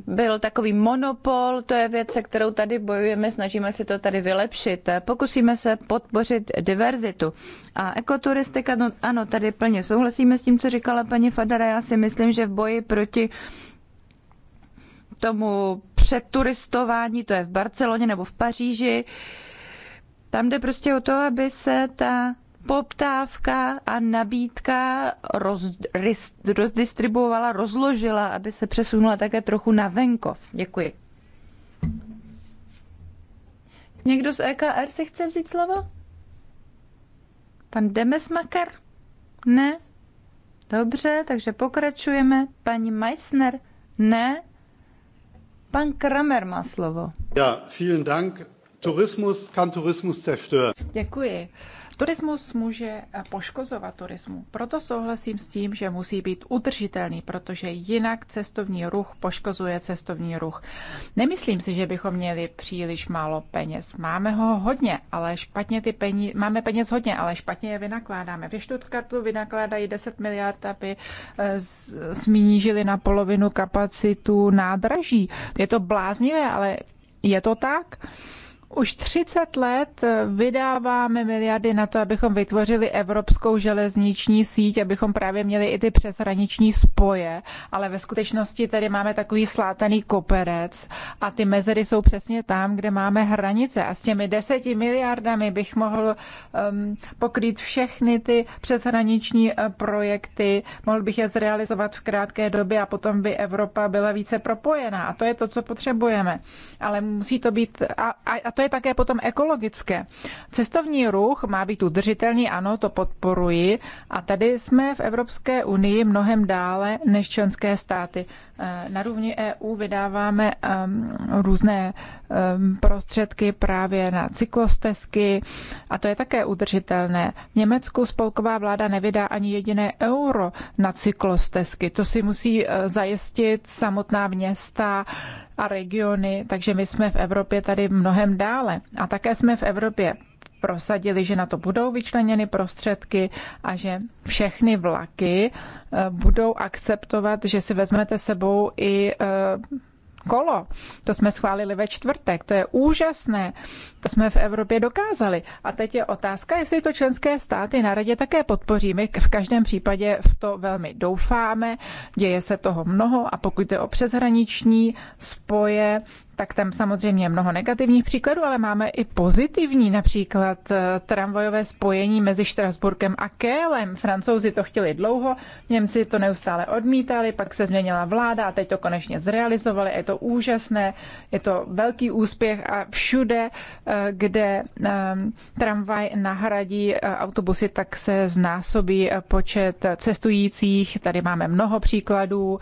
byl takový monopol, to je věc, se kterou tady bojujeme, snažíme se to tady vylepšit. Pokusíme se podpořit diverzitu. A ekoturistika, no, ano, tady plně souhlasíme s tím, co říkala paní Fadara. Já si myslím, že v boji proti tomu přeturistování, to je v Barceloně nebo v Paříži. Tam jde prostě o to, aby se ta poptávka a nabídka roz, roz, rozdistribuovala, rozložila, aby se přesunula také trochu na venkov. Děkuji. Někdo z EKR si chce vzít slovo? Pan Demesmaker? Ne? Dobře, takže pokračujeme. Paní Meissner? Ne? Pan Kramer má slovo. Ja, vielen Dank. Tourismus kann Tourismus zerstören. Děkuji. Turismus může eh, poškozovat turismu. Proto souhlasím s tím, že musí být udržitelný, protože jinak cestovní ruch poškozuje cestovní ruch. Nemyslím si, že bychom měli příliš málo peněz. Máme ho hodně, ale špatně ty peníze, máme peněz hodně, ale špatně je vynakládáme. V kartu vynakládají 10 miliard, aby eh, snížili na polovinu kapacitu nádraží. Je to bláznivé, ale je to tak. Už 30 let eh, vydáváme miliardy na to, abychom vytvořili evropskou železniční síť, abychom právě měli i ty přeshraniční spoje, ale ve skutečnosti tady máme takový slátaný koperec a ty mezery jsou přesně tam, kde máme hranice. A s těmi deseti miliardami bych mohl um, pokrýt všechny ty přeshraniční eh, projekty, mohl bych je zrealizovat v krátké době a potom by Evropa byla více propojená. A to je to, co potřebujeme. Ale musí to být, a, a to to je také potom ekologické. Cestovní ruch má být udržitelný, ano, to podporuji. A tady jsme v Evropské unii mnohem dále než členské státy. Eh, na rovni EU vydáváme ehm, různé ehm, prostředky právě na cyklostezky a to je také udržitelné. V Německu spolková vláda nevydá ani jediné euro na cyklostezky. To si musí eh, zajistit samotná města, a regiony, takže my jsme v Evropě tady mnohem dále. A také jsme v Evropě prosadili, že na to budou vyčleněny prostředky a že všechny vlaky eh, budou akceptovat, že si vezmete sebou i eh, kolo. To jsme schválili ve čtvrtek, to je úžasné, to jsme v Evropě dokázali. A teď je otázka, jestli to členské státy na radě také podpoří. My v každém případě v to velmi doufáme, děje se toho mnoho a pokud je o přeshraniční spoje, tak tam samozřejmě je mnoho negativních příkladů, ale máme i pozitivní, například eh, tramvajové spojení mezi Štrasburkem a Kélem. Francouzi to chtěli dlouho, Němci to neustále odmítali, pak se změnila vláda a teď to konečně zrealizovali. Je to úžasné, je to velký úspěch a všude, eh, kde eh, tramvaj nahradí autobusy, tak se znásobí počet cestujících. Tady máme mnoho příkladů,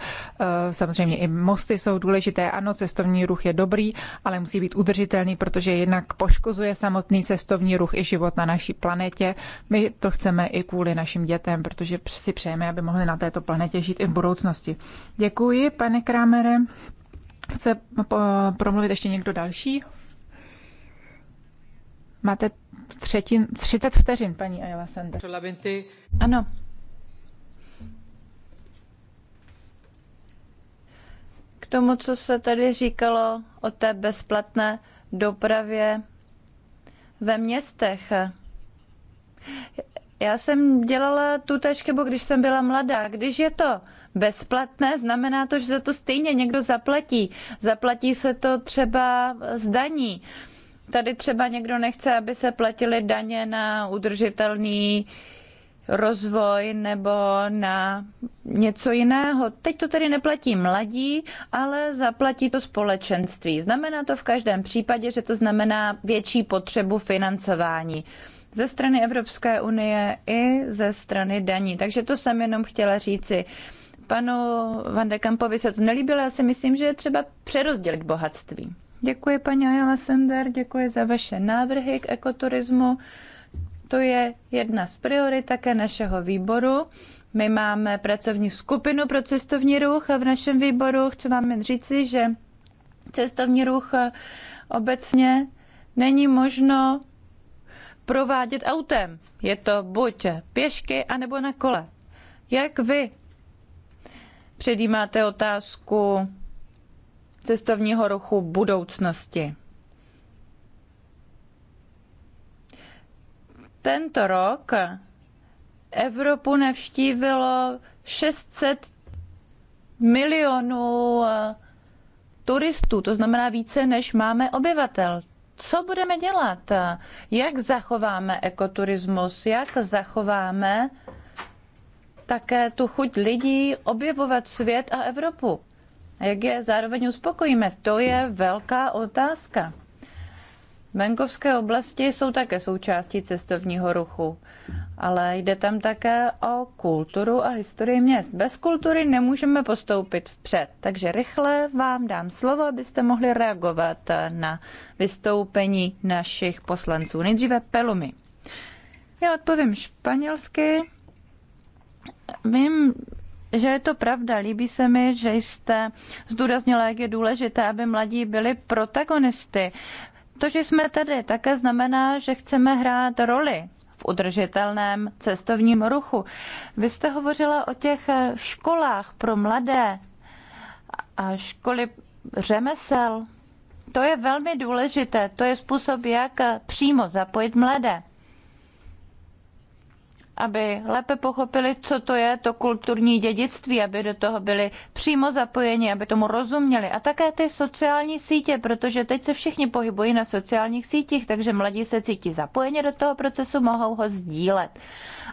samozřejmě i mosty jsou důležité, ano, cestovní ruch je dobrý, ale musí být udržitelný, protože jinak poškozuje samotný cestovní ruch i život na naší planetě. My to chceme i kvůli našim dětem, protože si přejeme, aby mohli na této planetě žít i v budoucnosti. Děkuji, pane Krámere. Chce promluvit ještě někdo další? Máte třetin, 30 vteřin, paní Ayala Sender. Ano, tomu, co se tady říkalo o té bezplatné dopravě ve městech. Já jsem dělala tu též chybu, když jsem byla mladá. Když je to bezplatné, znamená to, že za to stejně někdo zaplatí. Zaplatí se to třeba z daní. Tady třeba někdo nechce, aby se platily daně na udržitelný uh, rozvoj nebo na něco jiného. Teď to tedy neplatí mladí, ale zaplatí to společenství. Znamená to v každém případě, že to znamená větší potřebu financování ze strany Evropské unie i ze strany daní. Takže to jsem jenom chtěla říci. Panu Van de Kampovi se to nelíbilo, já si myslím, že je třeba přerozdělit bohatství. Děkuji paní Ayala Sender, děkuji za vaše návrhy k ekoturismu. To je jedna z priorit také našeho výboru. My máme pracovní skupinu pro cestovní ruch v našem výboru. Chci vám jen říci, že cestovní ruch eh, obecně není možno provádět autem. Je to buď pěšky, anebo na kole. Jak vy předjímáte otázku cestovního ruchu budoucnosti? Tento rok Evropu navštívilo 600 milionů eh, turistů, to znamená více, než máme obyvatel. Co budeme dělat? Jak zachováme ekoturismus? Jak zachováme také tu chuť lidí objevovat svět a Evropu? jak je zároveň uspokojíme? To je velká otázka. Venkovské oblasti jsou také součástí cestovního ruchu, ale jde tam také o kulturu a historii měst. Bez kultury nemůžeme postoupit vpřed, takže rychle vám dám slovo, abyste mohli reagovat na vystoupení našich poslanců. Nejdříve Pelumi. Já odpovím španělsky. Vím, že je to pravda. Líbí se mi, že jste zdůraznila, jak je důležité, aby mladí byli protagonisty. To, že jsme tady, také znamená, že chceme hrát roli v udržitelném cestovním ruchu. Vy jste hovořila o těch školách pro mladé a školy řemesel. To je velmi důležité. To je způsob, jak přímo zapojit mladé aby lépe pochopili, co to je to kulturní dědictví, aby do toho byli přímo zapojeni, aby tomu rozuměli. A také ty sociální sítě, protože teď se všichni pohybují na sociálních sítích, takže mladí se cítí zapojeni do toho procesu, mohou ho sdílet.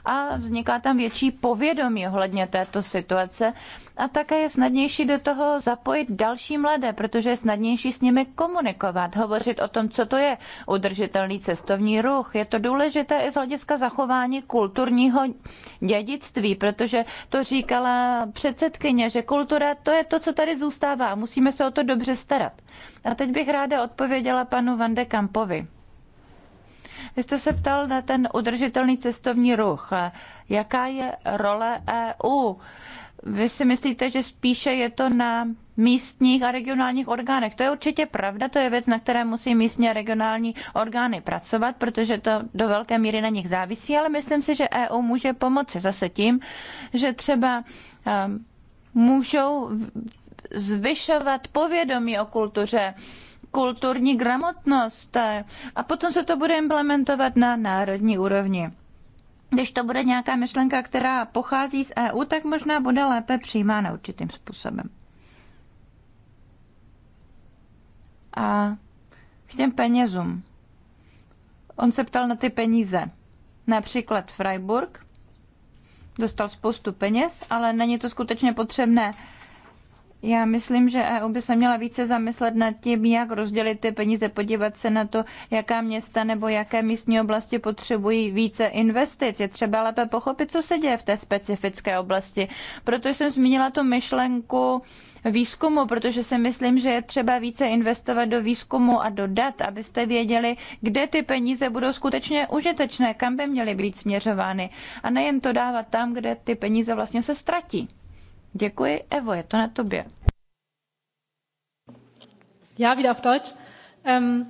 A vzniká tam větší povědomí ohledně této situace, a také je snadnější do toho zapojit další mladé, protože je snadnější s nimi komunikovat, hovořit o tom, co to je udržitelný cestovní ruch. Je to důležité i z hlediska zachování kulturního dědictví, protože to říkala předsedkyně, že kultura to je to, co tady zůstává. Musíme se o to dobře starat. A teď bych ráda odpověděla panu Vande Kampovi. Vy jste se ptal na ten udržitelný cestovní ruch. Jaká je role EU? vy si myslíte, že spíše je to na místních a regionálních orgánech. To je určitě pravda, to je věc, na které musí místní a regionální orgány pracovat, protože to do velké míry na nich závisí, ale myslím si, že EU může pomoci zase tím, že třeba ehm, můžou zvyšovat povědomí o kultuře, kulturní gramotnost eh, a potom se to bude implementovat na národní úrovni když to bude nějaká myšlenka, která pochází z EU, tak možná bude lépe přijímána určitým způsobem. A k těm penězům. On se ptal na ty peníze. Například Freiburg dostal spoustu peněz, ale není to skutečně potřebné já myslím, že EU by se měla více zamyslet nad tím, jak rozdělit ty peníze, podívat se na to, jaká města nebo jaké místní oblasti potřebují více investic. Je třeba lépe pochopit, co se děje v té specifické oblasti. Proto jsem zmínila tu myšlenku výzkumu, protože si myslím, že je třeba více investovat do výzkumu a do dat, abyste věděli, kde ty peníze budou skutečně užitečné, kam by měly být směřovány. A nejen to dávat tam, kde ty peníze vlastně se ztratí. Děkuji, Evo, je to na tobě. Já wieder auf Deutsch. Um,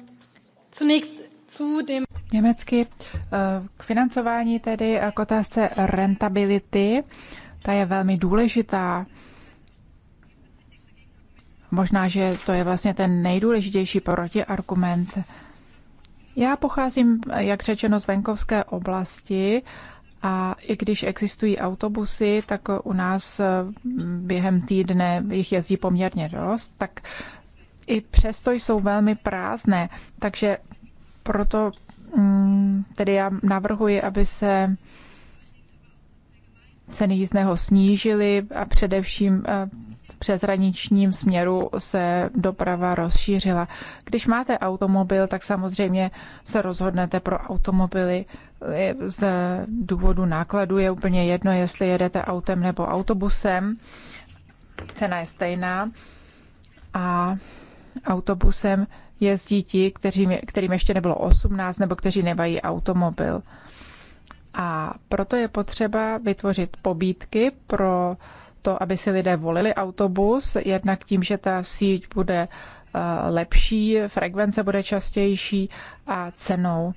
zunächst zu dem Německy. Eh, k financování tedy a k otázce rentability, ta je velmi důležitá. Možná, že to je vlastně ten nejdůležitější protiargument. Já pocházím, jak řečeno, z venkovské oblasti a i když existují autobusy, tak u nás eh, během týdne jich jezdí poměrně dost, tak i přesto jsou velmi prázdné. Takže proto mm, tedy já navrhuji, aby se ceny jízdného snížily a především eh, v přeshraničním směru se doprava rozšířila. Když máte automobil, tak samozřejmě se rozhodnete pro automobily z důvodu nákladu je úplně jedno, jestli jedete autem nebo autobusem. Cena je stejná a autobusem jezdí ti, kterým, kterým ještě nebylo 18 nebo kteří nemají automobil. A proto je potřeba vytvořit pobídky pro to, aby si lidé volili autobus, jednak tím, že ta síť bude eh, lepší, frekvence bude častější a cenou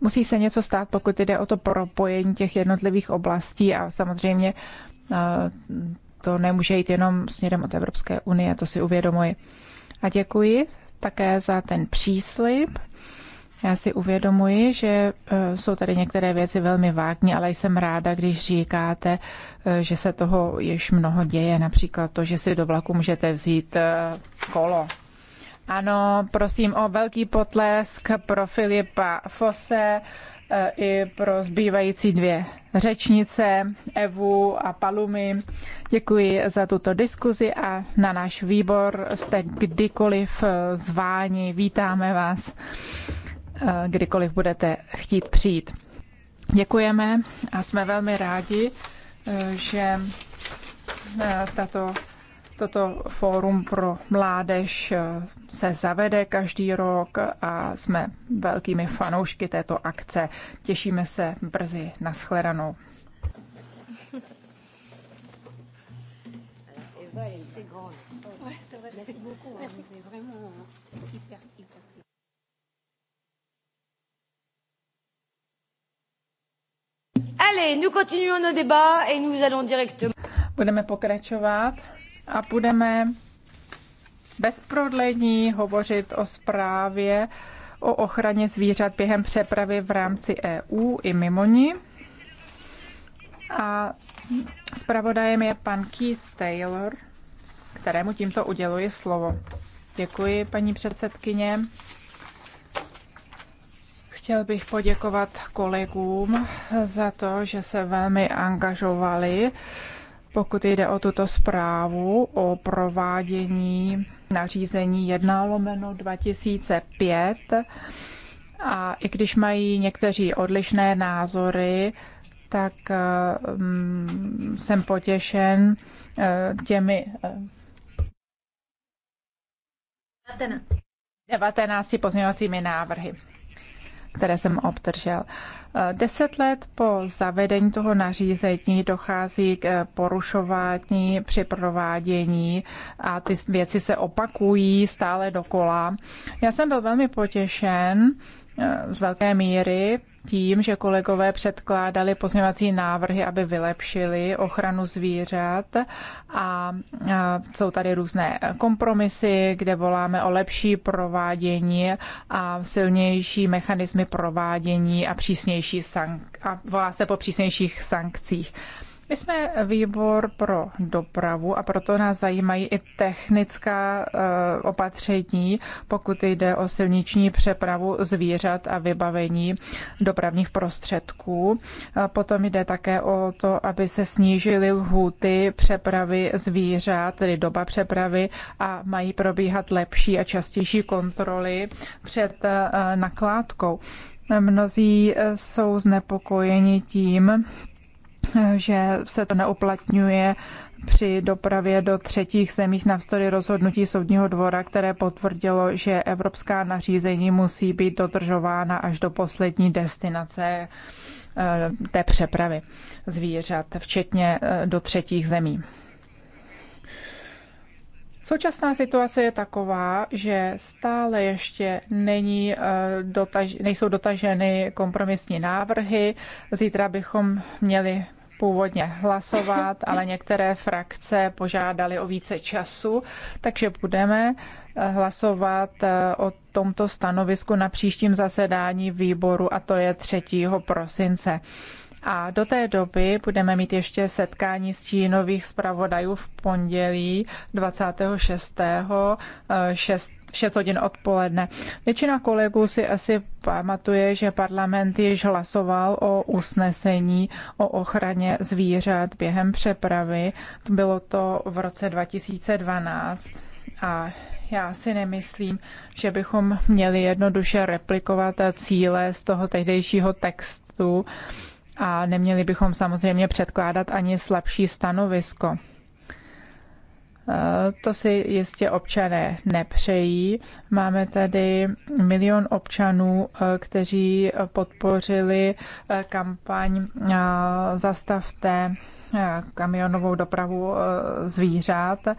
musí se něco stát, pokud jde o to propojení těch jednotlivých oblastí a samozřejmě eh, to nemůže jít jenom směrem od Evropské unie, to si uvědomuji. A děkuji také za ten příslip. Já si uvědomuji, že eh, jsou tady některé věci velmi vágní, ale jsem ráda, když říkáte, eh, že se toho již mnoho děje, například to, že si do vlaku můžete vzít kolo. Ano, prosím o velký potlesk pro Filipa Fose eh, i pro zbývající dvě řečnice, Evu a Palumy. Děkuji za tuto diskuzi a na náš výbor jste kdykoliv eh, zváni. Vítáme vás, eh, kdykoliv budete chtít přijít. Děkujeme a jsme velmi rádi, že tato, toto fórum pro mládež se zavede každý rok a jsme velkými fanoušky této akce. Těšíme se brzy na shledanou. Allez, nous continuons nos débats et nous allons directement. Budeme pokračovat a budeme bez prodlení hovořit o zprávě o ochraně zvířat během přepravy v rámci EU i mimo ní. A zpravodajem je pan Keith Taylor, kterému tímto uděluji slovo. Děkuji, paní předsedkyně. Chtěl bych poděkovat kolegům za to, že se velmi angažovali, pokud jde o tuto zprávu o provádění nařízení 1 lomeno 2005 a i když mají někteří odlišné názory, tak eh, mm, jsem potěšen eh, těmi 19 eh, pozměňovacími návrhy které jsem obdržel. Eh, deset let po zavedení toho nařízení dochází k eh, porušování při provádění a ty věci se opakují stále dokola. Já jsem byl velmi potěšen eh, z velké míry, tím, že kolegové předkládali pozměňovací návrhy, aby vylepšili ochranu zvířat a jsou tady různé kompromisy, kde voláme o lepší provádění a silnější mechanismy provádění a přísnější sank- a volá se po přísnějších sankcích. My jsme výbor pro dopravu a proto nás zajímají i technická eh, opatření, pokud jde o silniční přepravu zvířat a vybavení dopravních prostředků. Potom jde také o to, aby se snížily lhůty přepravy zvířat, tedy doba přepravy a mají probíhat lepší a častější kontroly před eh, nakládkou. Mnozí eh, jsou znepokojeni tím, že se to neuplatňuje při dopravě do třetích zemích navzdory rozhodnutí soudního dvora, které potvrdilo, že evropská nařízení musí být dodržována až do poslední destinace eh, té přepravy zvířat, včetně eh, do třetích zemí. Současná situace je taková, že stále ještě není, eh, dotaž, nejsou dotaženy kompromisní návrhy. Zítra bychom měli původně hlasovat, ale některé frakce požádali o více času, takže budeme eh, hlasovat eh, o tomto stanovisku na příštím zasedání výboru a to je 3. prosince. A do té doby budeme mít ještě setkání stínových zpravodajů v pondělí 26. 6. 6 hodin odpoledne. Většina kolegů si asi pamatuje, že parlament již hlasoval o usnesení o ochraně zvířat během přepravy. Bylo to v roce 2012 a já si nemyslím, že bychom měli jednoduše replikovat cíle z toho tehdejšího textu a neměli bychom samozřejmě předkládat ani slabší stanovisko. E, to si jistě občané nepřejí. Máme tady milion občanů, e, kteří podpořili e, kampaň Zastavte Eh, kamionovou dopravu eh, zvířat, eh,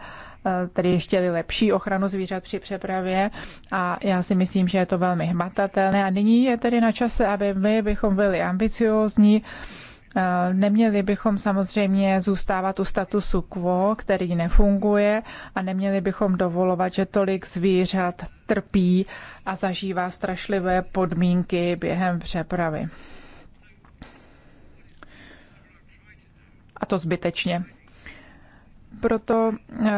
tedy ještě lepší ochranu zvířat při přepravě a já si myslím, že je to velmi hmatatelné a nyní je tedy na čase, aby my bychom byli ambiciózní, Neměli bychom samozřejmě zůstávat u statusu quo, který nefunguje a neměli bychom dovolovat, že tolik zvířat trpí a zažívá strašlivé podmínky během přepravy. a to zbytečně. Proto eh,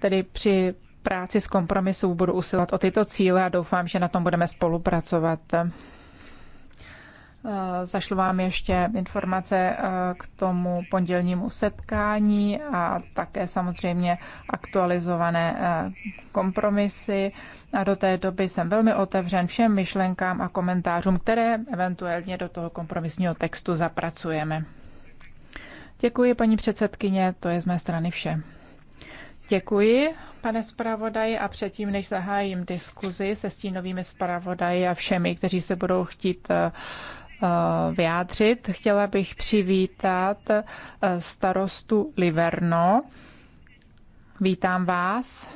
tedy při práci s kompromisů budu usilovat o tyto cíle a doufám, že na tom budeme spolupracovat. Eh, zašlu vám ještě informace eh, k tomu pondělnímu setkání a také samozřejmě aktualizované kompromisy. A do té doby jsem velmi otevřen všem myšlenkám a komentářům, které eventuálně do toho kompromisního textu zapracujeme. Děkuji, paní předsedkyně, to je z mé strany vše. Děkuji, pane zpravodaji, a předtím, než zahájím diskuzi se stínovými zpravodaji a všemi, kteří se budou chtít eh, eh, vyjádřit, chtěla bych přivítat eh, starostu Liverno. Vítám vás.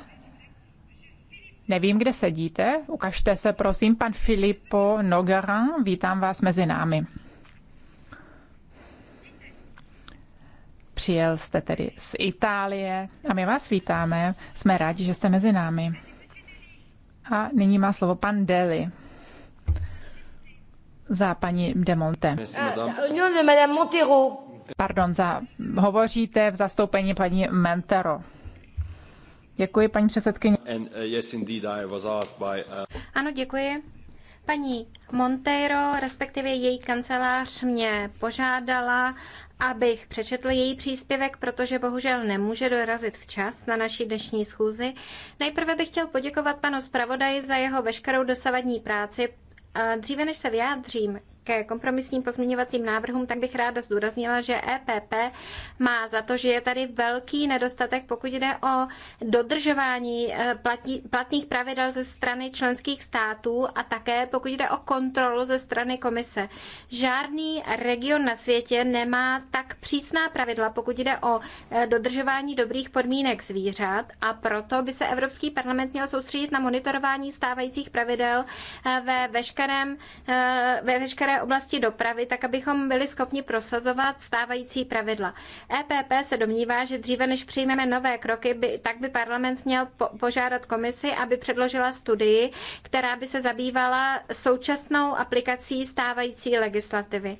Nevím, kde sedíte. Ukažte se, prosím, pan Filippo Nogaran. Vítám vás mezi námi. Přijel jste tedy z Itálie a my vás vítáme. Jsme rádi, že jste mezi námi. A nyní má slovo pan Deli za paní de Monte. Euh, Pardon, za, hovoříte v zastoupení paní Mentero. Děkuji, paní předsedkyně. Uh, uh, ano, děkuji. Paní Monteiro, respektive její kancelář, mě požádala, abych přečetl její příspěvek, protože bohužel nemůže dorazit včas na naší dnešní schůzi. Nejprve bych chtěl poděkovat panu zpravodaji za jeho veškerou dosavadní práci. Dříve než se vyjádřím ke kompromisním pozměňovacím návrhům, tak bych ráda zdůraznila, že EPP má za to, že je tady velký nedostatek, pokud jde o dodržování eh, platí, platných pravidel ze strany členských států a také pokud jde o kontrolu ze strany komise. Žádný region na světě nemá tak přísná pravidla, pokud jde o eh, dodržování dobrých podmínek zvířat a proto by se Evropský parlament měl soustředit na monitorování stávajících pravidel eh, ve veškerém, ve veškeré oblasti dopravy, tak abychom byli schopni prosazovat stávající pravidla. EPP se domnívá, že dříve než přijmeme nové kroky, by, tak by parlament měl po, požádat komisi, aby předložila studii, která by se zabývala současnou aplikací stávající legislativy.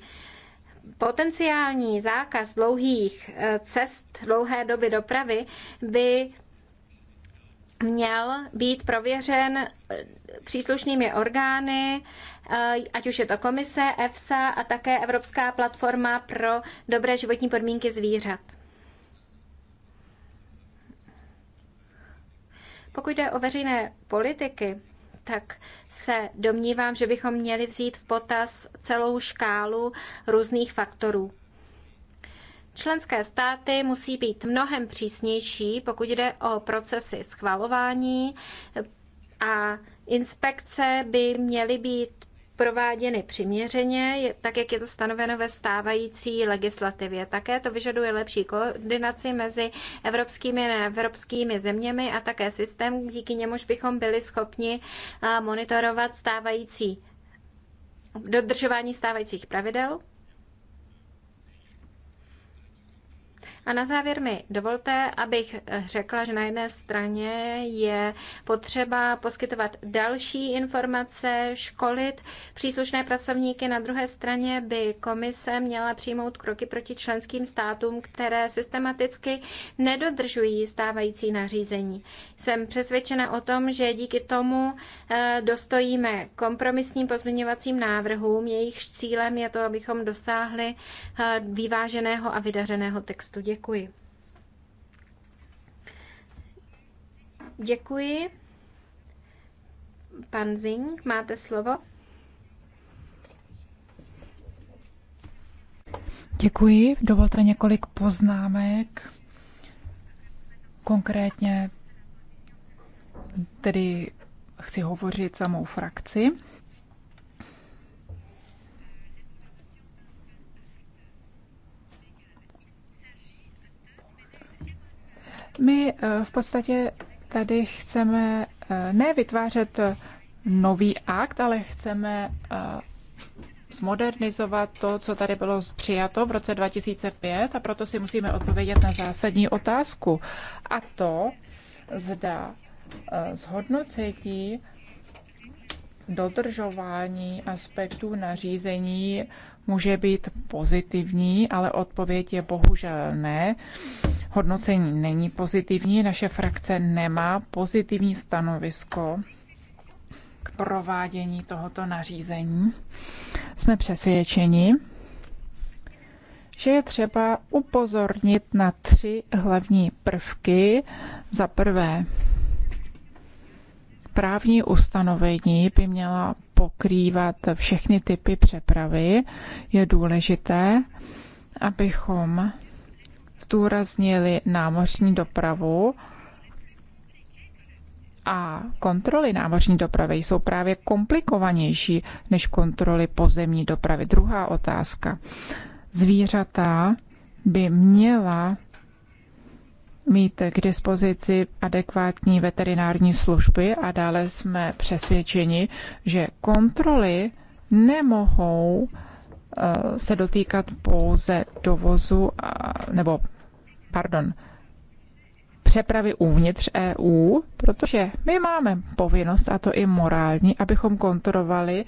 Potenciální zákaz dlouhých eh, cest, dlouhé doby dopravy by měl být prověřen eh, příslušnými orgány, Eh, ať už je to komise, EFSA a také Evropská platforma pro dobré životní podmínky zvířat. Pokud jde o veřejné politiky, tak se domnívám, že bychom měli vzít v potaz celou škálu různých faktorů. Členské státy musí být mnohem přísnější, pokud jde o procesy schvalování a inspekce by měly být prováděny přiměřeně, tak jak je to stanoveno ve stávající legislativě. Také to vyžaduje lepší koordinaci mezi evropskými a neevropskými zeměmi a také systém, díky němuž bychom byli schopni monitorovat stávající dodržování stávajících pravidel. A na závěr mi dovolte, abych řekla, že na jedné straně je potřeba poskytovat další informace, školit příslušné pracovníky, na druhé straně by komise měla přijmout kroky proti členským státům, které systematicky nedodržují stávající nařízení. Jsem přesvědčena o tom, že díky tomu eh, dostojíme kompromisním pozměňovacím návrhům, jejichž cílem je to, abychom dosáhli eh, vyváženého a vydařeného textu. Děkuji. Děkuji. Pan Zing, máte slovo. Děkuji. Dovolte několik poznámek. Konkrétně tedy chci hovořit za mou frakci. My eh, v podstatě tady chceme eh, nevytvářet eh, nový akt, ale chceme zmodernizovat to, co tady bylo přijato v roce 2005 a proto si musíme odpovědět na zásadní otázku. A to, zda zhodnocení dodržování aspektů nařízení může být pozitivní, ale odpověď je bohužel ne. Hodnocení není pozitivní, naše frakce nemá pozitivní stanovisko k provádění tohoto nařízení. Jsme přesvědčeni, že je třeba upozornit na tři hlavní prvky. Za prvé, právní ustanovení by měla pokrývat všechny typy přepravy, je důležité, abychom zdůraznili námořní dopravu a kontroly námořní dopravy jsou právě komplikovanější než kontroly pozemní dopravy. Druhá otázka. Zvířata by měla mít k dispozici adekvátní veterinární služby a dále jsme přesvědčeni, že kontroly nemohou eh, se dotýkat pouze dovozu nebo pardon, přepravy uvnitř EU, protože my máme povinnost, a to i morální, abychom kontrolovali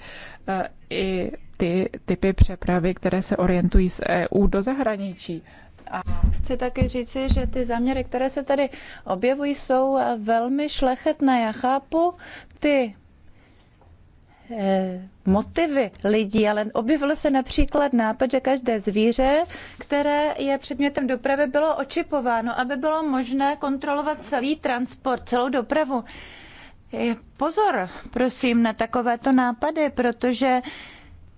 eh, i ty typy přepravy, které se orientují z EU do zahraničí. A chci taky říci, že ty záměry, které se tady objevují, jsou eh, velmi šlechetné. Já chápu ty eh, motivy lidí, ale objevil se například nápad, že každé zvíře, které je předmětem dopravy, bylo očipováno, aby bylo možné kontrolovat celý transport, celou dopravu. Eh, pozor, prosím, na takovéto nápady, protože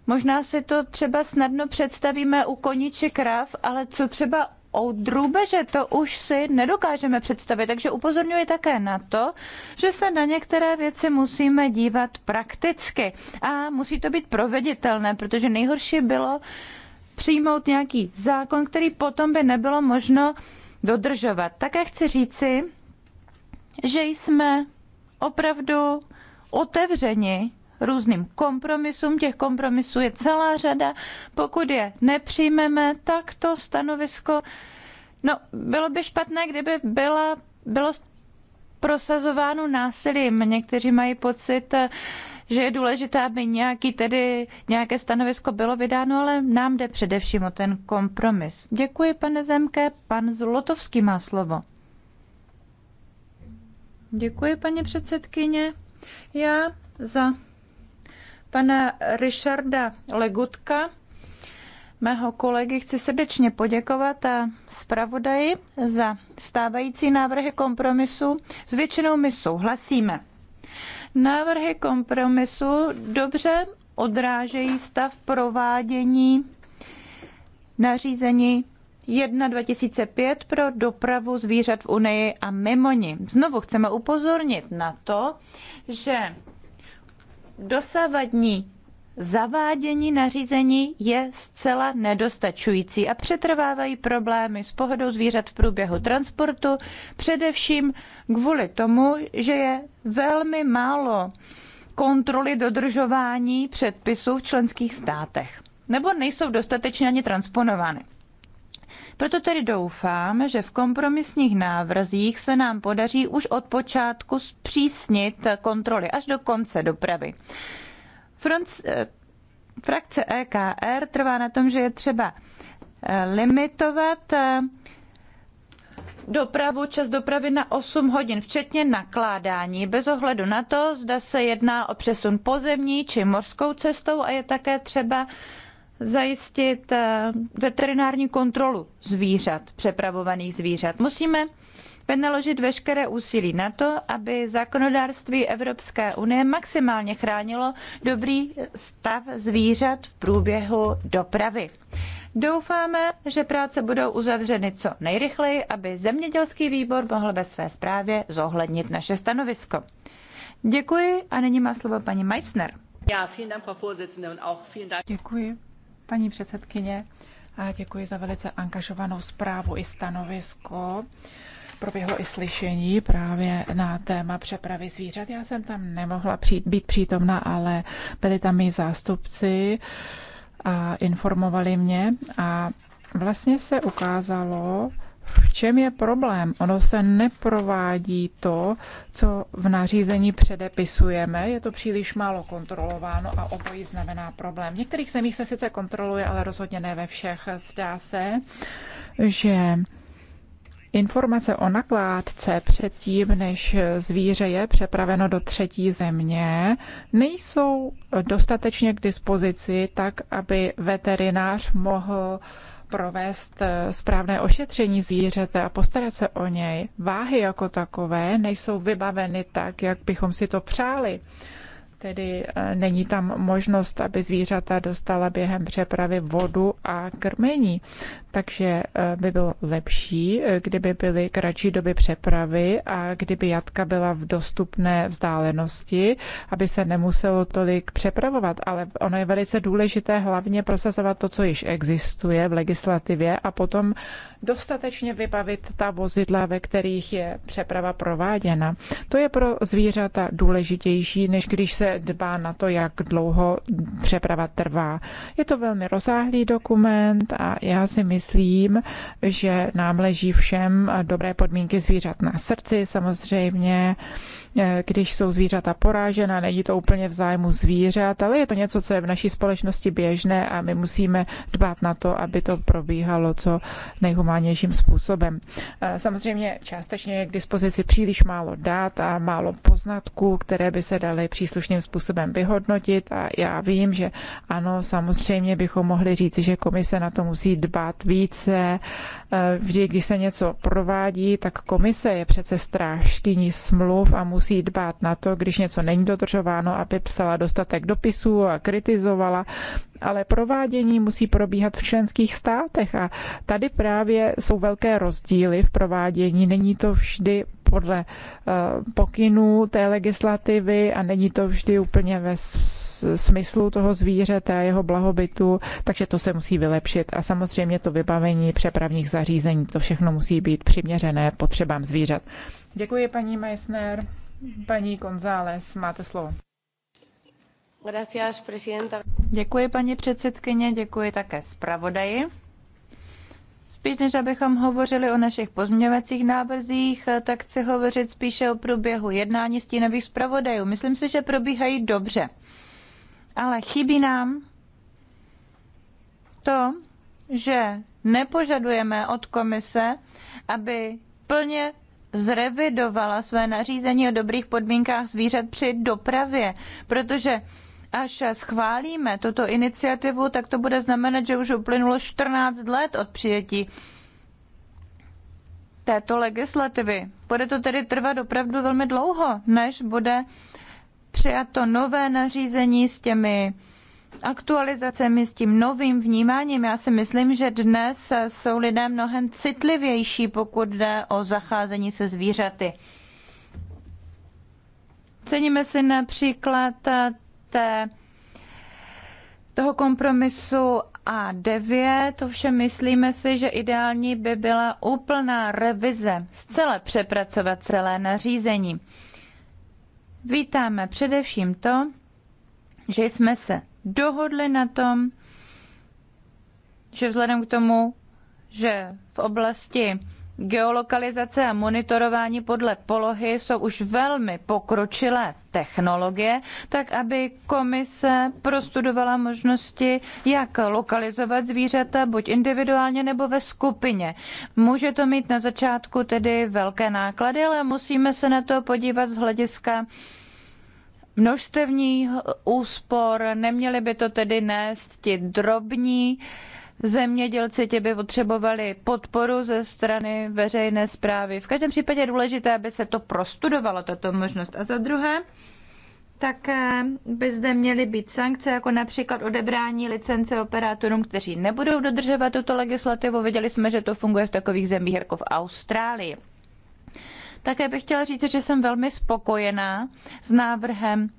Možná si to třeba snadno představíme u koní či krav, ale co třeba o drůbeže, to už si nedokážeme představit. Takže upozorňuji také na to, že se na některé věci musíme dívat prakticky. A musí to být proveditelné, protože nejhorší bylo přijmout nějaký zákon, který potom by nebylo možno dodržovat. Také chci říci, že jsme opravdu otevřeni různým kompromisům. Těch kompromisů je celá řada. Pokud je nepřijmeme, tak to stanovisko. No, bylo by špatné, kdyby byla, bylo prosazováno násilím. Někteří mají pocit, že je důležité, aby nějaký tedy, nějaké stanovisko bylo vydáno, ale nám jde především o ten kompromis. Děkuji, pane Zemke. Pan Zlotovský má slovo. Děkuji, paní předsedkyně. Já za pana Richarda Legutka, mého kolegy, chci srdečně poděkovat a zpravodaji za stávající návrhy kompromisu. S většinou my souhlasíme. Návrhy kompromisu dobře odrážejí stav provádění nařízení 1 2005 pro dopravu zvířat v Unii a mimo ní. Znovu chceme upozornit na to, že dosavadní zavádění nařízení je zcela nedostačující a přetrvávají problémy s pohodou zvířat v průběhu transportu, především kvůli tomu, že je velmi málo kontroly dodržování předpisů v členských státech nebo nejsou dostatečně ani transponovány. Proto tedy doufám, že v kompromisních návrzích se nám podaří už od počátku zpřísnit kontroly až do konce dopravy. Front, eh, frakce EKR trvá na tom, že je třeba eh, limitovat eh, dopravu, čas dopravy na 8 hodin, včetně nakládání, bez ohledu na to, zda se jedná o přesun pozemní či mořskou cestou a je také třeba zajistit eh, veterinární kontrolu zvířat, přepravovaných zvířat. Musíme vynaložit veškeré úsilí na to, aby zákonodárství Evropské unie maximálně chránilo dobrý stav zvířat v průběhu dopravy. Doufáme, že práce budou uzavřeny co nejrychleji, aby zemědělský výbor mohl ve své zprávě zohlednit naše stanovisko. Děkuji a nyní má slovo paní Meissner. Děkuji paní předsedkyně. A děkuji za velice angažovanou zprávu i stanovisko. Proběhlo i slyšení právě na téma přepravy zvířat. Já jsem tam nemohla přijít, být přítomna, ale byli tam i zástupci a informovali mě. A vlastně se ukázalo, v čem je problém? Ono se neprovádí to, co v nařízení předepisujeme. Je to příliš málo kontrolováno a obojí znamená problém. V některých zemích se sice kontroluje, ale rozhodně ne ve všech. Zdá se, že informace o nakládce předtím, než zvíře je přepraveno do třetí země, nejsou dostatečně k dispozici tak, aby veterinář mohl provést eh, správné ošetření zvířete a postarat se o něj. Váhy jako takové nejsou vybaveny tak, jak bychom si to přáli. Tedy eh, není tam možnost, aby zvířata dostala během přepravy vodu a krmení. Takže eh, by bylo lepší, eh, kdyby byly kratší doby přepravy a kdyby jatka byla v dostupné vzdálenosti, aby se nemuselo tolik přepravovat. Ale ono je velice důležité hlavně prosazovat to, co již existuje v legislativě a potom dostatečně vybavit ta vozidla, ve kterých je přeprava prováděna. To je pro zvířata důležitější, než když se se dbá na to, jak dlouho přeprava trvá. Je to velmi rozsáhlý dokument a já si myslím, že nám leží všem dobré podmínky zvířat na srdci. Samozřejmě Eh, když jsou zvířata porážena, není to úplně v zájmu zvířat, ale je to něco, co je v naší společnosti běžné a my musíme dbát na to, aby to probíhalo co nejhumánějším způsobem. Eh, samozřejmě částečně je k dispozici příliš málo dát a málo poznatků, které by se daly příslušným způsobem vyhodnotit a já vím, že ano, samozřejmě bychom mohli říci, že komise na to musí dbát více Eh, vždy, když se něco provádí, tak komise je přece strážkyní smluv a musí dbát na to, když něco není dodržováno, aby psala dostatek dopisů a kritizovala ale provádění musí probíhat v členských státech a tady právě jsou velké rozdíly v provádění. Není to vždy podle eh, pokynů té legislativy a není to vždy úplně ve smyslu toho zvířete a jeho blahobytu, takže to se musí vylepšit. A samozřejmě to vybavení přepravních zařízení, to všechno musí být přiměřené potřebám zvířat. Děkuji paní Meissner. Paní Konzáles, máte slovo. Děkuji, paní předsedkyně, děkuji také zpravodaji. Spíš než abychom hovořili o našich pozměňovacích návrzích, tak chci hovořit spíše o průběhu jednání stínových zpravodajů. Myslím si, že probíhají dobře. Ale chybí nám to, že nepožadujeme od komise, aby plně zrevidovala své nařízení o dobrých podmínkách zvířat při dopravě, protože až schválíme tuto iniciativu, tak to bude znamenat, že už uplynulo 14 let od přijetí této legislativy. Bude to tedy trvat opravdu velmi dlouho, než bude přijato nové nařízení s těmi aktualizacemi, s tím novým vnímáním. Já si myslím, že dnes jsou lidé mnohem citlivější, pokud jde o zacházení se zvířaty. Ceníme si například toho kompromisu A9, ovšem myslíme si, že ideální by byla úplná revize, zcela přepracovat celé nařízení. Vítáme především to, že jsme se dohodli na tom, že vzhledem k tomu, že v oblasti Geolokalizace a monitorování podle polohy jsou už velmi pokročilé technologie, tak aby komise prostudovala možnosti, jak lokalizovat zvířata, buď individuálně nebo ve skupině. Může to mít na začátku tedy velké náklady, ale musíme se na to podívat z hlediska množstevních úspor. Neměli by to tedy nést ti drobní zemědělci tě by potřebovali podporu ze strany veřejné zprávy. V každém případě je důležité, aby se to prostudovalo, tato možnost. A za druhé, tak by zde měly být sankce, jako například odebrání licence operátorům, kteří nebudou dodržovat tuto legislativu. Viděli jsme, že to funguje v takových zemích jako v Austrálii. Také bych chtěla říct, že jsem velmi spokojená s návrhem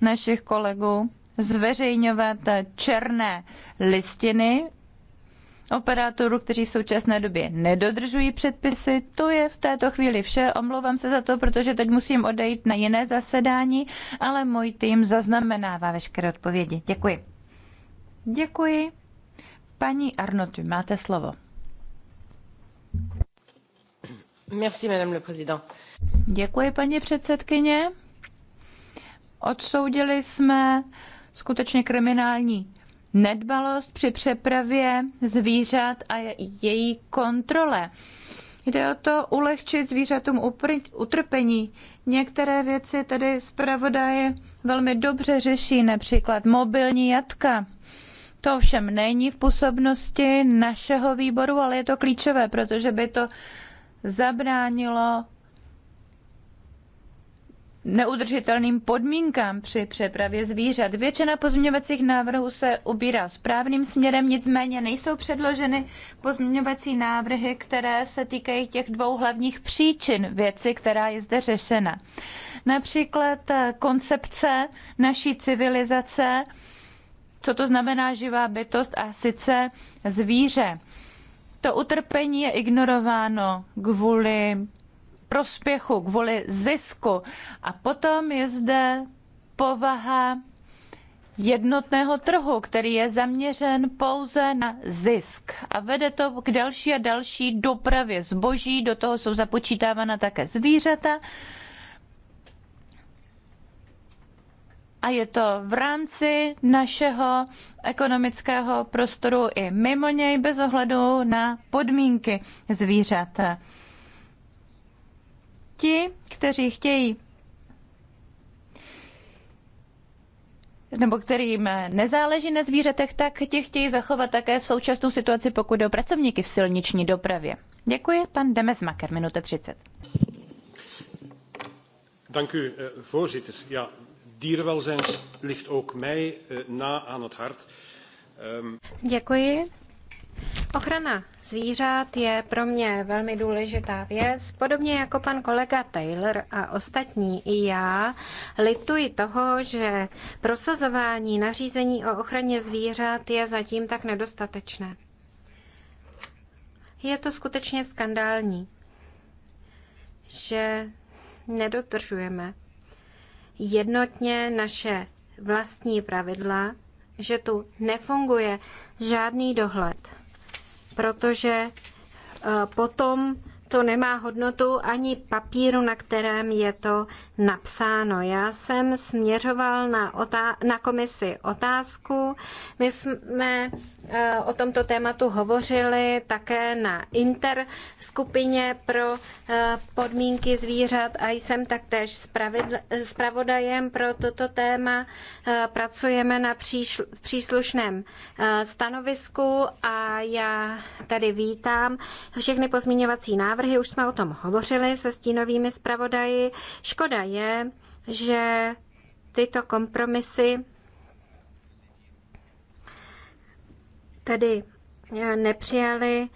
našich kolegů zveřejňovat černé listiny operátorů, kteří v současné době nedodržují předpisy. To je v této chvíli vše. Omlouvám se za to, protože teď musím odejít na jiné zasedání, ale můj tým zaznamenává veškeré odpovědi. Děkuji. Děkuji. Paní Arnotu, máte slovo. Merci, madame le président. Děkuji, paní předsedkyně. Odsoudili jsme skutečně kriminální nedbalost při přepravě zvířat a její kontrole. Jde o to ulehčit zvířatům utrpení. Některé věci tedy zpravodaje velmi dobře řeší, například mobilní jatka. To ovšem není v působnosti našeho výboru, ale je to klíčové, protože by to zabránilo neudržitelným podmínkám při přepravě zvířat. Většina pozměňovacích návrhů se ubírá správným směrem, nicméně nejsou předloženy pozměňovací návrhy, které se týkají těch dvou hlavních příčin věci, která je zde řešena. Například koncepce naší civilizace, co to znamená živá bytost a sice zvíře. To utrpení je ignorováno kvůli prospěchu, kvůli zisku. A potom je zde povaha jednotného trhu, který je zaměřen pouze na zisk a vede to k další a další dopravě zboží, do toho jsou započítávána také zvířata. A je to v rámci našeho ekonomického prostoru i mimo něj bez ohledu na podmínky zvířat ti, kteří chtějí nebo kterým nezáleží na zvířatech, tak ti chtějí zachovat také současnou situaci, pokud jde o pracovníky v silniční dopravě. Děkuji, pan Demesmaker, minuta 30. Děkuji, u, eh, voorzitter. Ja, dierenwelzijn ligt ook mij eh, na aan het hart. Ehm, Děkuji, Ochrana zvířat je pro mě velmi důležitá věc. Podobně jako pan kolega Taylor a ostatní i já lituji toho, že prosazování nařízení o ochraně zvířat je zatím tak nedostatečné. Je to skutečně skandální, že nedotržujeme jednotně naše vlastní pravidla, že tu nefunguje žádný dohled protože eh, potom to nemá hodnotu ani papíru, na kterém je to napsáno. Já jsem směřoval na, otá- na komisi otázku. My jsme e, o tomto tématu hovořili také na interskupině pro e, podmínky zvířat a jsem taktéž zpravodajem pro toto téma. E, pracujeme na příslušném stanovisku a já tady vítám všechny pozměňovací návrhy návrhy, už jsme o tom hovořili se stínovými zpravodaji. Škoda je, že tyto kompromisy tedy eh, nepřijali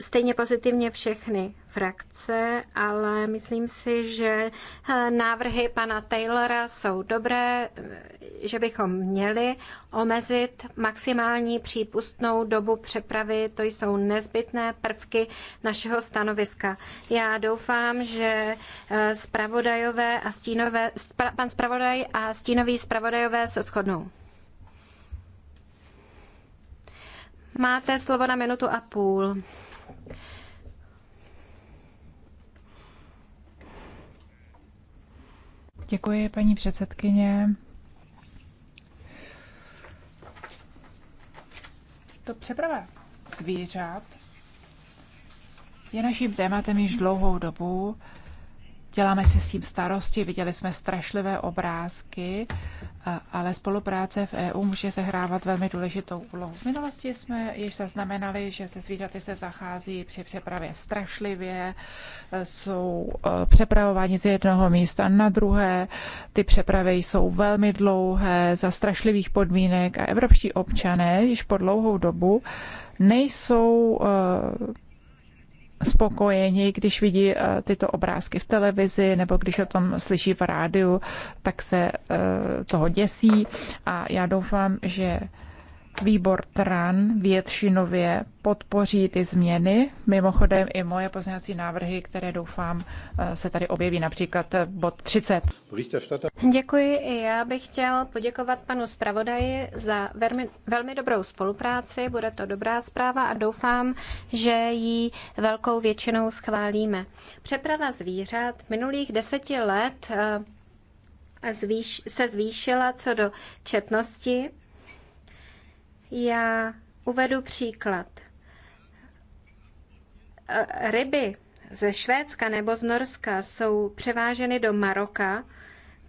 stejně pozitivně všechny frakce, ale myslím si, že eh, návrhy pana Taylora jsou dobré, eh, že bychom měli omezit maximální přípustnou dobu přepravy. To jsou nezbytné prvky našeho stanoviska. Já doufám, že spravodajové eh, a stínové, pan spravodaj a stínový spravodajové se shodnou. Máte slovo na minutu a půl. Děkuji, paní předsedkyně. To přeprava zvířat je naším tématem již dlouhou dobu. Děláme si s tím starosti, viděli jsme strašlivé obrázky ale spolupráce v EU může sehrávat velmi důležitou úlohu. V minulosti jsme již zaznamenali, že se zvířaty se zachází při přepravě strašlivě, e, jsou e, přepravováni z jednoho místa na druhé, ty přepravy jsou velmi dlouhé, za strašlivých podmínek a evropští občané již po dlouhou dobu nejsou e, spokojeni, když vidí eh, tyto obrázky v televizi nebo když o tom slyší v rádiu, tak se eh, toho děsí a já doufám, že Výbor TRAN většinově podpoří ty změny, mimochodem i moje pozměňovací návrhy, které doufám eh, se tady objeví, například eh, bod 30. Děkuji i já bych chtěl poděkovat panu zpravodaji za velmi, velmi dobrou spolupráci, bude to dobrá zpráva a doufám, že ji velkou většinou schválíme. Přeprava zvířat minulých deseti let eh, se zvýšila co do četnosti já uvedu příklad. Eh, ryby ze Švédska nebo z Norska jsou převáženy do Maroka,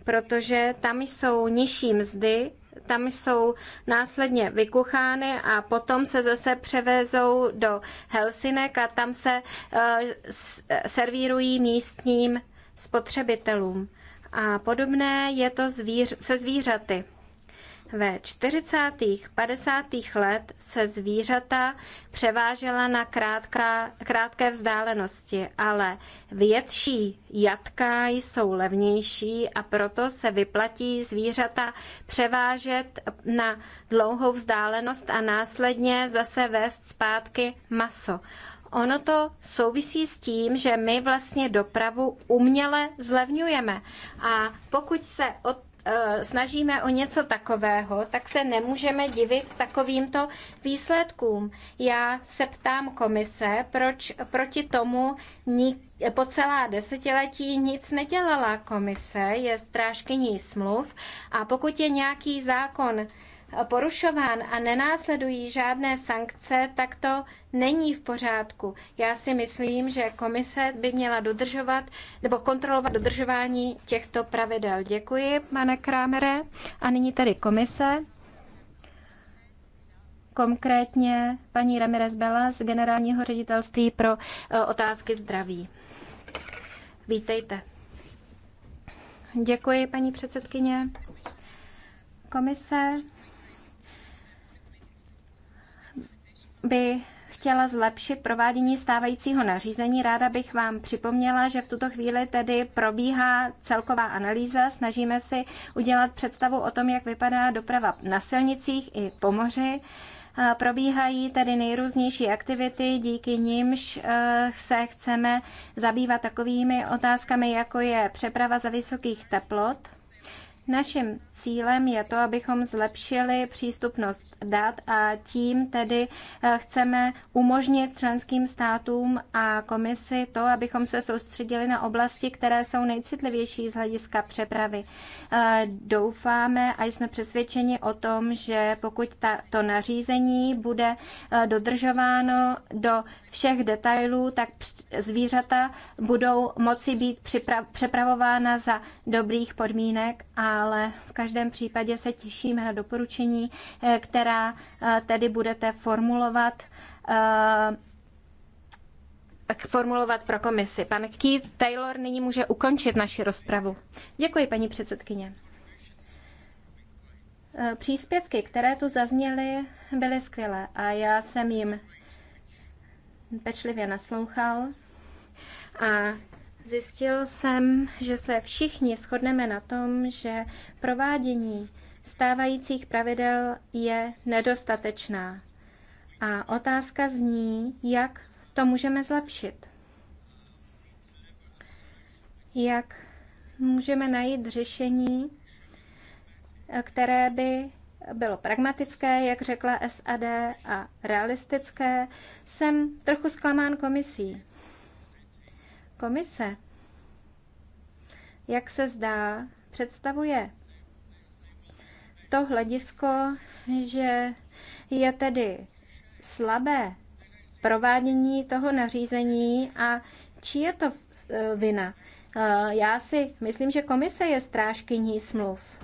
protože tam jsou nižší mzdy, tam jsou následně vykuchány a potom se zase převezou do Helsinek a tam se eh, servírují místním spotřebitelům. A podobné je to zvíř, se zvířaty. Ve 40. 50. let se zvířata převážela na krátká, krátké vzdálenosti, ale větší jatka jsou levnější a proto se vyplatí zvířata převážet na dlouhou vzdálenost a následně zase vést zpátky maso. Ono to souvisí s tím, že my vlastně dopravu uměle zlevňujeme. A pokud se od Eh, snažíme o něco takového, tak se nemůžeme divit takovýmto výsledkům. Já se ptám komise, proč proti tomu po celá desetiletí nic nedělala. Komise je strážkyní smluv a pokud je nějaký zákon, porušován a nenásledují žádné sankce, tak to není v pořádku. Já si myslím, že komise by měla dodržovat nebo kontrolovat dodržování těchto pravidel. Děkuji, pane Krámere. A nyní tedy komise. Konkrétně paní Ramirez Bela z Generálního ředitelství pro e, otázky zdraví. Vítejte. Děkuji, paní předsedkyně. Komise by chtěla zlepšit provádění stávajícího nařízení. Ráda bych vám připomněla, že v tuto chvíli tedy probíhá celková analýza. Snažíme si udělat představu o tom, jak vypadá doprava na silnicích i po moři. Probíhají tedy nejrůznější aktivity, díky nimž eh, se chceme zabývat takovými otázkami, jako je přeprava za vysokých teplot. Naším cílem je to, abychom zlepšili přístupnost dat a tím tedy eh, chceme umožnit členským státům a komisi to, abychom se soustředili na oblasti, které jsou nejcitlivější z hlediska přepravy. Eh, doufáme a jsme přesvědčeni o tom, že pokud ta, to nařízení bude eh, dodržováno do všech detailů, tak zvířata budou moci být přepravována za dobrých podmínek, ale v každém každém případě se těším na doporučení, eh, která eh, tedy budete formulovat eh, formulovat pro komisi. Pan Keith Taylor nyní může ukončit naši rozpravu. Děkuji, paní předsedkyně. Příspěvky, které tu zazněly, byly skvělé a já jsem jim pečlivě naslouchal a Zjistil jsem, že se všichni shodneme na tom, že provádění stávajících pravidel je nedostatečná. A otázka zní, jak to můžeme zlepšit. Jak můžeme najít řešení, které by bylo pragmatické, jak řekla SAD, a realistické. Jsem trochu zklamán komisí. Komise, jak se zdá, představuje to hledisko, že je tedy slabé provádění toho nařízení a či je to eh, vina. Eh, já si myslím, že komise je strážkyní smluv.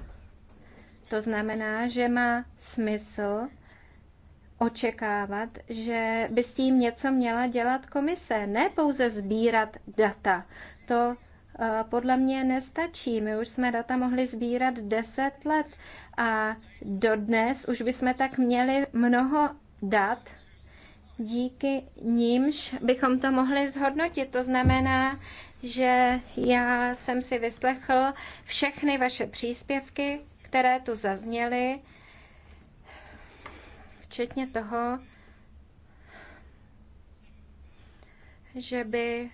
To znamená, že má smysl očekávat, že by s tím něco měla dělat komise, ne pouze sbírat data. To eh, podle mě nestačí. My už jsme data mohli sbírat 10 let a dodnes už bychom tak měli mnoho dat, díky nímž bychom to mohli zhodnotit. To znamená, že já jsem si vyslechl všechny vaše příspěvky, které tu zazněly včetně toho, že by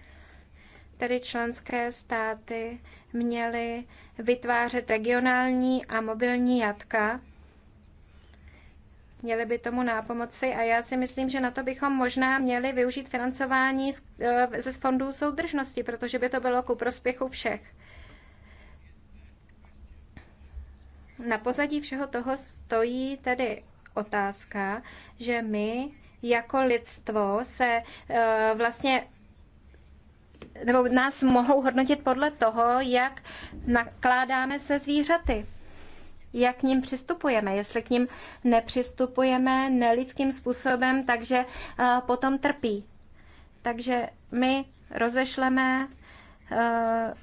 tedy členské státy měly vytvářet regionální a mobilní jatka. Měly by tomu nápomoci a já si myslím, že na to bychom možná měli využít financování e, ze fondů soudržnosti, protože by to bylo ku prospěchu všech. Na pozadí všeho toho stojí tedy otázka, že my jako lidstvo se eh, vlastně nebo nás mohou hodnotit podle toho, jak nakládáme se zvířaty, jak k ním přistupujeme. Jestli k ním nepřistupujeme nelidským způsobem, takže eh, potom trpí. Takže my rozešleme eh,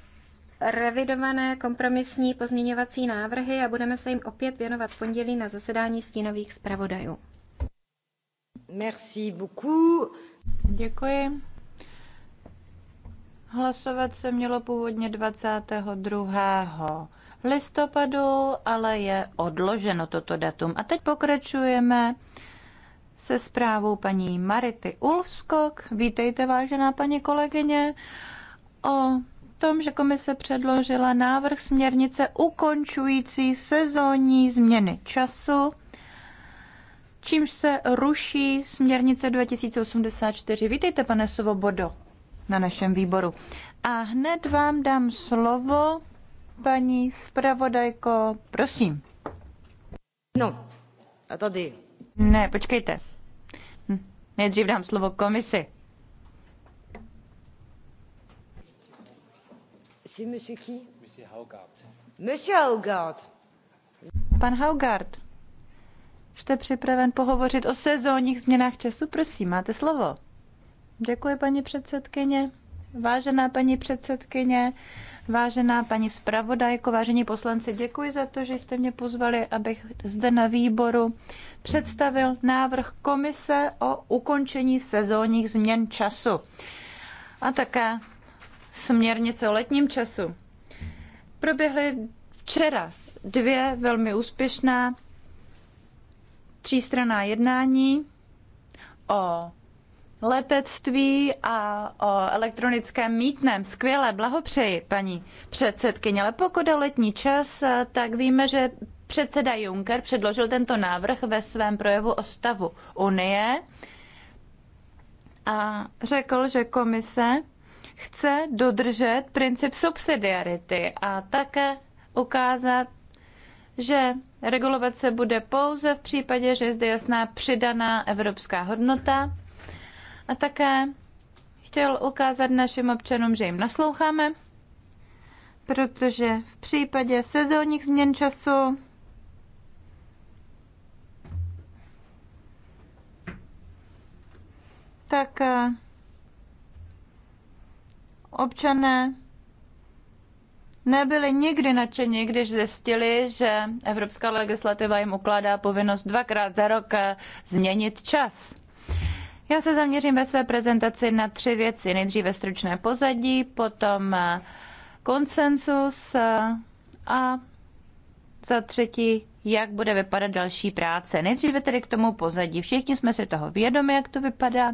revidované kompromisní pozměňovací návrhy a budeme se jim opět věnovat v pondělí na zasedání stínových zpravodajů. Merci beaucoup. Děkuji. Hlasovat se mělo původně 22. listopadu, ale je odloženo toto datum. A teď pokračujeme se zprávou paní Marity Ulfskok. Vítejte, vážená paní kolegyně, o tom, že komise předložila návrh směrnice ukončující sezónní změny času, čímž se ruší směrnice 2084. Vítejte, pane Svobodo, na našem výboru. A hned vám dám slovo, paní zpravodajko, prosím. No, a tady. Ne, počkejte. Hm, nejdřív dám slovo komisi. C'est monsieur qui Monsieur Haugard. Monsieur Haugard. Pan Haugard, jste připraven pohovořit o sezónních změnách času? Prosím, máte slovo. Děkuji, paní předsedkyně. Vážená paní předsedkyně, vážená paní zpravodajko, vážení poslanci, děkuji za to, že jste mě pozvali, abych zde na výboru představil návrh komise o ukončení sezónních změn času. A také směrnice o letním času. Proběhly včera dvě velmi úspěšná třístraná jednání o letectví a o elektronickém mítném. Skvěle, blahopřeji, paní předsedkyně. Ale pokud o letní čas, tak víme, že předseda Juncker předložil tento návrh ve svém projevu o stavu Unie a řekl, že komise chce dodržet princip subsidiarity a také ukázat, že regulovat se bude pouze v případě, že je zde jasná přidaná evropská hodnota a také chtěl ukázat našim občanům, že jim nasloucháme, protože v případě sezónních změn času tak eh, Občané nebyli nikdy nadšeni, když zjistili, že evropská legislativa jim ukládá povinnost dvakrát za rok eh, změnit čas. Já se zaměřím ve své prezentaci na tři věci. Nejdříve stručné pozadí, potom eh, konsensus eh, a za třetí, jak bude vypadat další práce. Nejdříve tedy k tomu pozadí. Všichni jsme si toho vědomi, jak to vypadá.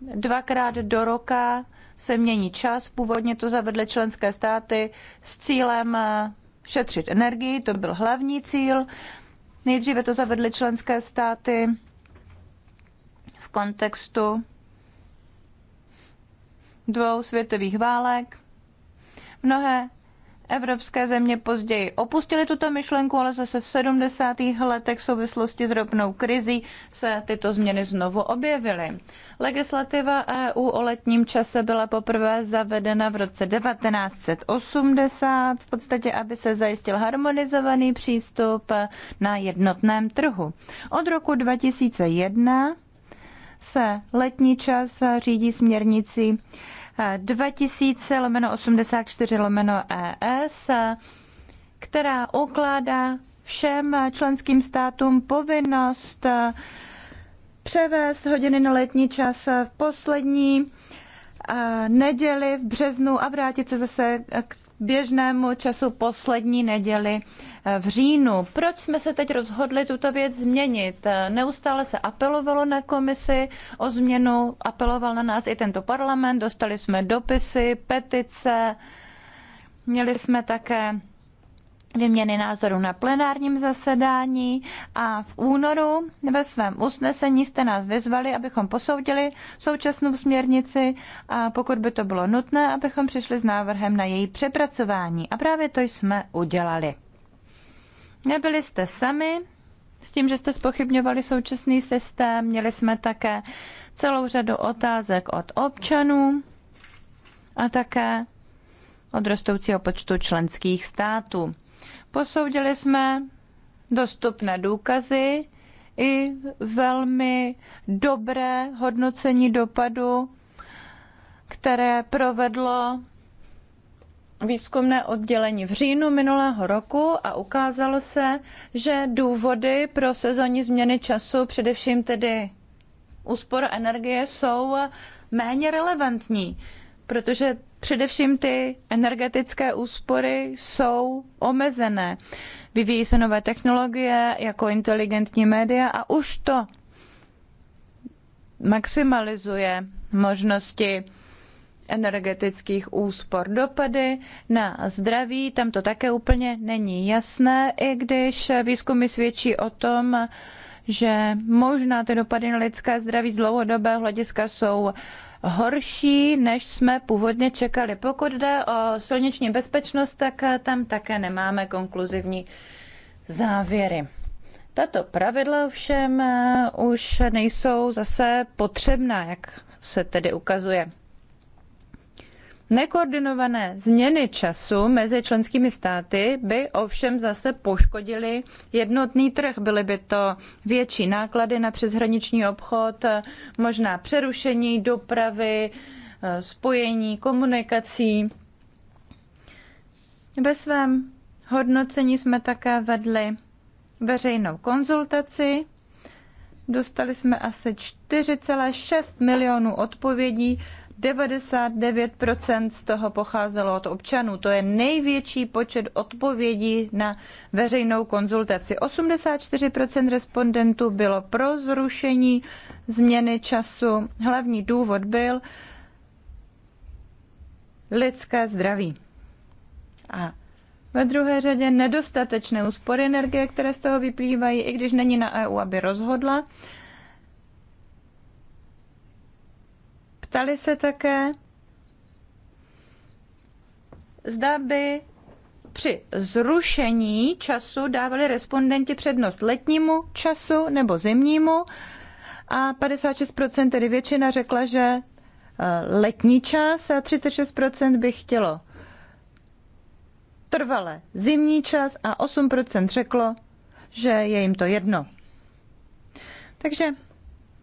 Dvakrát do roka se mění čas. Původně to zavedly členské státy s cílem eh, šetřit energii, to byl hlavní cíl. Nejdříve to zavedly členské státy v kontextu dvou světových válek. Mnohé Evropské země později opustily tuto myšlenku, ale zase v 70. letech v souvislosti s ropnou krizí se tyto změny znovu objevily. Legislativa EU o letním čase byla poprvé zavedena v roce 1980, v podstatě aby se zajistil harmonizovaný přístup na jednotném trhu. Od roku 2001 se letní čas řídí směrnicí 2000 eh, lomeno 84 lomeno ES, která ukládá všem členským státům povinnost eh, převést hodiny na letní čas v poslední eh, neděli v březnu a vrátit se zase k běžnému času poslední neděli v říjnu. Proč jsme se teď rozhodli tuto věc změnit? Neustále se apelovalo na komisi o změnu, apeloval na nás i tento parlament, dostali jsme dopisy, petice, měli jsme také vyměny názorů na plenárním zasedání a v únoru ve svém usnesení jste nás vyzvali, abychom posoudili současnou směrnici a pokud by to bylo nutné, abychom přišli s návrhem na její přepracování. A právě to jsme udělali. Nebyli jste sami s tím, že jste spochybňovali současný systém. Měli jsme také celou řadu otázek od občanů a také od rostoucího počtu členských států. Posoudili jsme dostupné důkazy i velmi dobré hodnocení dopadu, které provedlo výzkumné oddělení v říjnu minulého roku a ukázalo se, že důvody pro sezónní změny času, především tedy úspor energie, jsou méně relevantní, protože především ty energetické úspory jsou omezené. Vyvíjí se nové technologie jako inteligentní média a už to maximalizuje možnosti energetických úspor. Dopady na zdraví, tam to také úplně není jasné, i když výzkumy svědčí o tom, že možná ty dopady na lidské zdraví z dlouhodobého hlediska jsou horší, než jsme původně čekali. Pokud jde o silniční bezpečnost, tak tam také nemáme konkluzivní závěry. Tato pravidla ovšem eh, už nejsou zase potřebná, jak se tedy ukazuje. Nekoordinované změny času mezi členskými státy by ovšem zase poškodily jednotný trh. Byly by to větší náklady na přeshraniční obchod, možná přerušení dopravy, eh, spojení, komunikací. Ve svém hodnocení jsme také vedli veřejnou konzultaci. Dostali jsme asi 4,6 milionů odpovědí 99% z toho pocházelo od občanů. To je největší počet odpovědí na veřejnou konzultaci. 84% respondentů bylo pro zrušení změny času. Hlavní důvod byl lidské zdraví. A ve druhé řadě nedostatečné úspory energie, které z toho vyplývají, i když není na EU, aby rozhodla. Ptali se také, zda by při zrušení času dávali respondenti přednost letnímu času nebo zimnímu a 56%, tedy většina, řekla, že eh, letní čas a 36% by chtělo trvale zimní čas a 8% řeklo, že je jim to jedno. Takže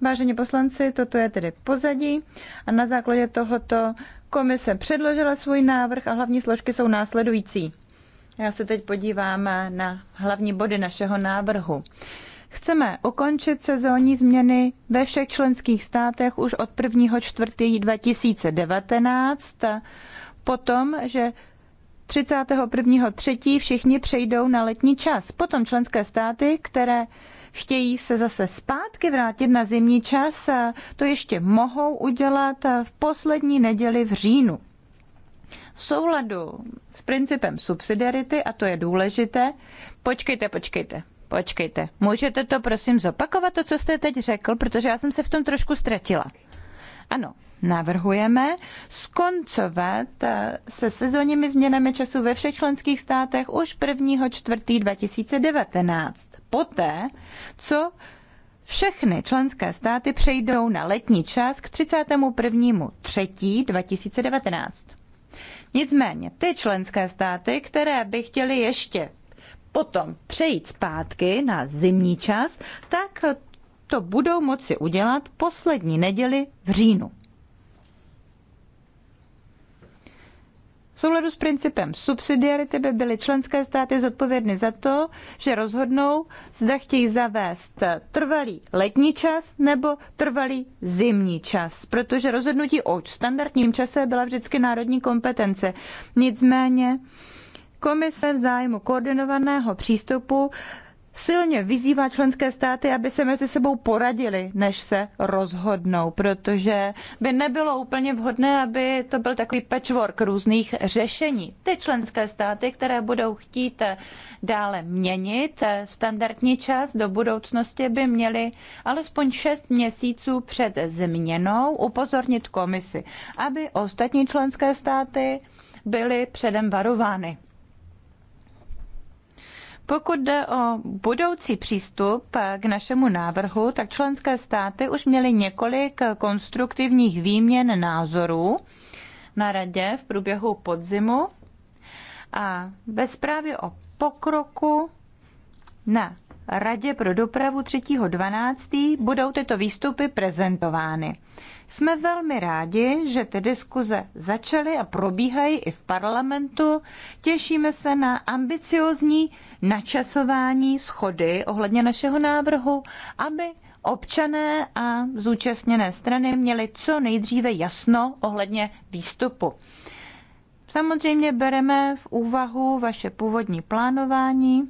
Vážení poslanci, toto je tedy pozadí a na základě tohoto komise předložila svůj návrh a hlavní složky jsou následující. Já se teď podívám na hlavní body našeho návrhu. Chceme ukončit sezónní změny ve všech členských státech už od 1. čtvrtý 2019, potom, že 31. 3. všichni přejdou na letní čas. Potom členské státy, které chtějí se zase zpátky vrátit na zimní čas, to ještě mohou udělat v poslední neděli v říjnu. V souladu s principem subsidiarity, a to je důležité, počkejte, počkejte, počkejte, můžete to prosím zopakovat, to, co jste teď řekl, protože já jsem se v tom trošku ztratila. Ano, navrhujeme skoncovat eh, se sezónními změnami času ve všech členských státech už 1. čtvrtý 2019 poté, co všechny členské státy přejdou na letní čas k 31.3.2019. Nicméně ty členské státy, které by chtěly ještě potom přejít zpátky na zimní čas, tak to budou moci udělat poslední neděli v říjnu. V souladu s principem subsidiarity by byly členské státy zodpovědny za to, že rozhodnou, zda chtějí zavést trvalý letní čas nebo trvalý zimní čas, protože rozhodnutí o standardním čase byla vždycky národní kompetence. Nicméně komise v zájmu koordinovaného přístupu silně vyzývá členské státy, aby se mezi sebou poradili, než se rozhodnou, protože by nebylo úplně vhodné, aby to byl takový patchwork různých řešení. Ty členské státy, které budou chtít dále měnit standardní čas do budoucnosti, by měly alespoň 6 měsíců před změnou upozornit komisi, aby ostatní členské státy byly předem varovány. Pokud jde o budoucí přístup eh, k našemu návrhu, tak členské státy už měly několik konstruktivních výměn názorů na radě v průběhu podzimu a ve zprávě o pokroku na Radě pro dopravu 3.12. budou tyto výstupy prezentovány. Jsme velmi rádi, že ty diskuze začaly a probíhají i v parlamentu. Těšíme se na ambiciozní načasování schody ohledně našeho návrhu, aby občané a zúčastněné strany měli co nejdříve jasno ohledně výstupu. Samozřejmě bereme v úvahu vaše původní plánování.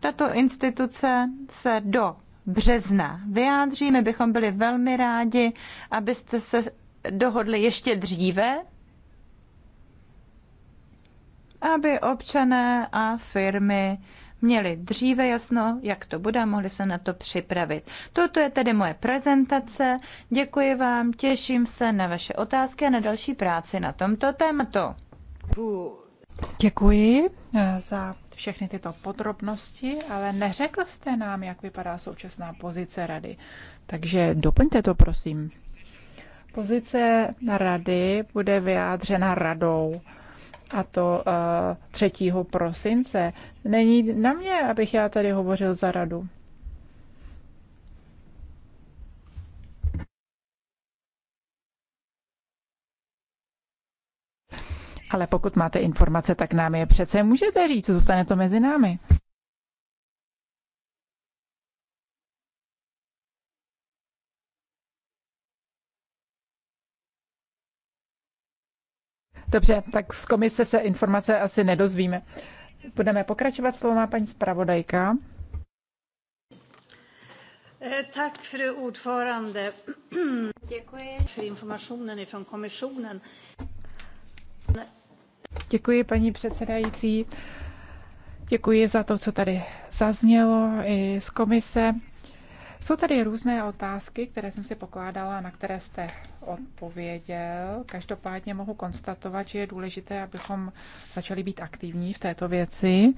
Tato instituce se do března vyjádří. My bychom byli velmi rádi, abyste se dohodli ještě dříve, aby občané a firmy měli dříve jasno, jak to bude a mohli se na to připravit. Toto je tedy moje prezentace. Děkuji vám, těším se na vaše otázky a na další práci na tomto tématu. Děkuji eh, za všechny tyto podrobnosti, ale neřekl jste nám, jak vypadá současná pozice rady. Takže doplňte to, prosím. Pozice rady bude vyjádřena radou a to uh, eh, 3. prosince. Není na mě, abych já tady hovořil za radu. Ale pokud máte informace, tak nám je přece můžete říct, co zůstane to mezi námi. Dobře, tak z komise se informace asi nedozvíme. Budeme pokračovat, slovo má paní zpravodajka. Eh, tak, fru ordförande. Děkuji. För informationen från kommissionen. Děkuji, paní předsedající. Děkuji za to, co tady zaznělo i z komise. Jsou tady různé otázky, které jsem si pokládala, na které jste odpověděl. Každopádně mohu konstatovat, že je důležité, abychom začali být aktivní v této věci.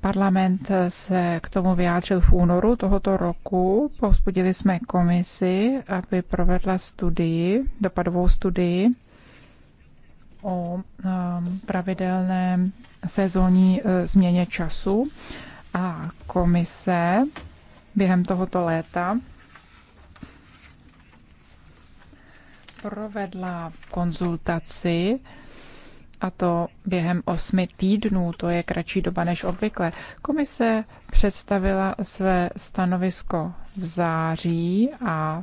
Parlament se k tomu vyjádřil v únoru tohoto roku. Povzbudili jsme komisi, aby provedla studii, dopadovou studii o um, pravidelné sezónní e, změně času a komise během tohoto léta provedla konzultaci a to během osmi týdnů, to je kratší doba než obvykle. Komise představila své stanovisko v září a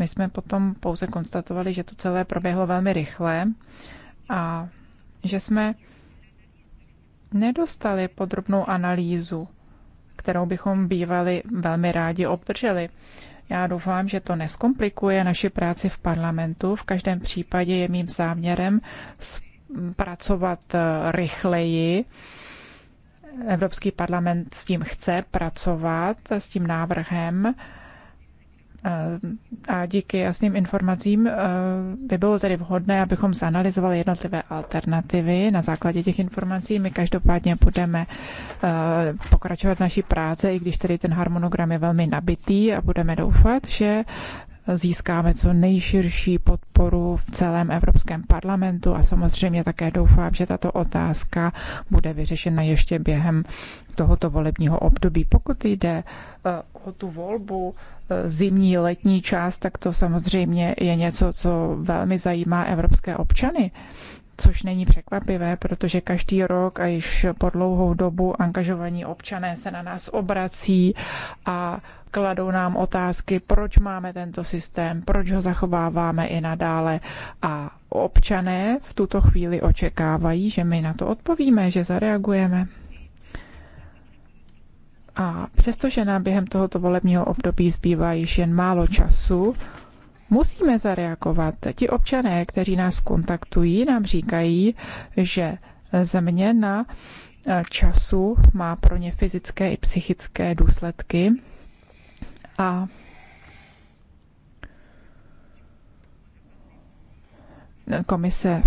my jsme potom pouze konstatovali, že to celé proběhlo velmi rychle a že jsme nedostali podrobnou analýzu, kterou bychom bývali velmi rádi obdrželi. Já doufám, že to neskomplikuje naši práci v parlamentu. V každém případě je mým záměrem pracovat eh, rychleji. Evropský parlament s tím chce pracovat, s tím návrhem a díky jasným informacím eh, by bylo tedy vhodné, abychom zanalizovali jednotlivé alternativy. Na základě těch informací my každopádně budeme eh, pokračovat v naší práce, i když tedy ten harmonogram je velmi nabitý a budeme doufat, že získáme co nejširší podporu v celém Evropském parlamentu a samozřejmě také doufám, že tato otázka bude vyřešena ještě během tohoto volebního období. Pokud jde eh, o tu volbu zimní, letní část, tak to samozřejmě je něco, co velmi zajímá evropské občany což není překvapivé, protože každý rok a již po dlouhou dobu angažovaní občané se na nás obrací a kladou nám otázky, proč máme tento systém, proč ho zachováváme i nadále. A občané v tuto chvíli očekávají, že my na to odpovíme, že zareagujeme. A přestože nám během tohoto volebního období zbývá již jen málo času, musíme zareagovat. Ti občané, kteří nás kontaktují, nám říkají, že země na eh, času má pro ně fyzické i psychické důsledky. A komise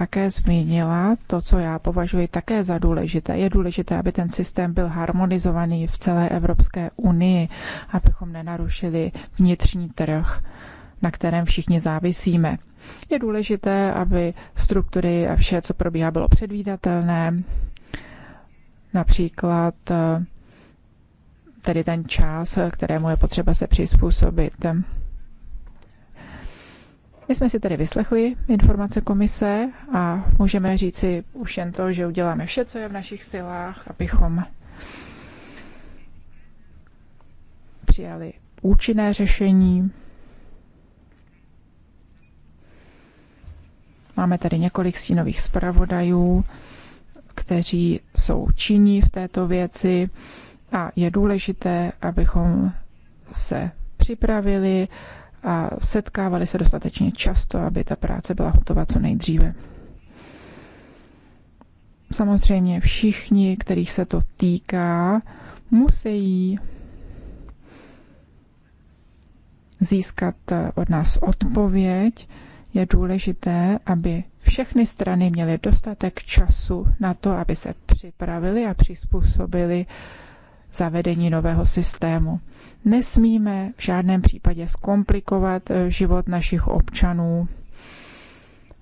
také zmínila, to, co já považuji také za důležité, je důležité, aby ten systém byl harmonizovaný v celé Evropské unii, abychom nenarušili vnitřní trh, na kterém všichni závisíme. Je důležité, aby struktury a vše, co probíhá, bylo předvídatelné. Například eh, tedy ten čas, kterému je potřeba se přizpůsobit. My jsme si tedy vyslechli informace komise a můžeme říci už jen to, že uděláme vše, co je v našich silách, abychom přijali účinné řešení. Máme tady několik stínových zpravodajů, kteří jsou činní v této věci a je důležité, abychom se připravili a setkávali se dostatečně často, aby ta práce byla hotová co nejdříve. Samozřejmě všichni, kterých se to týká, musí získat od nás odpověď. Je důležité, aby všechny strany měly dostatek času na to, aby se připravili a přizpůsobili uh, zavedení nového systému. Nesmíme v žádném případě zkomplikovat eh, život našich občanů.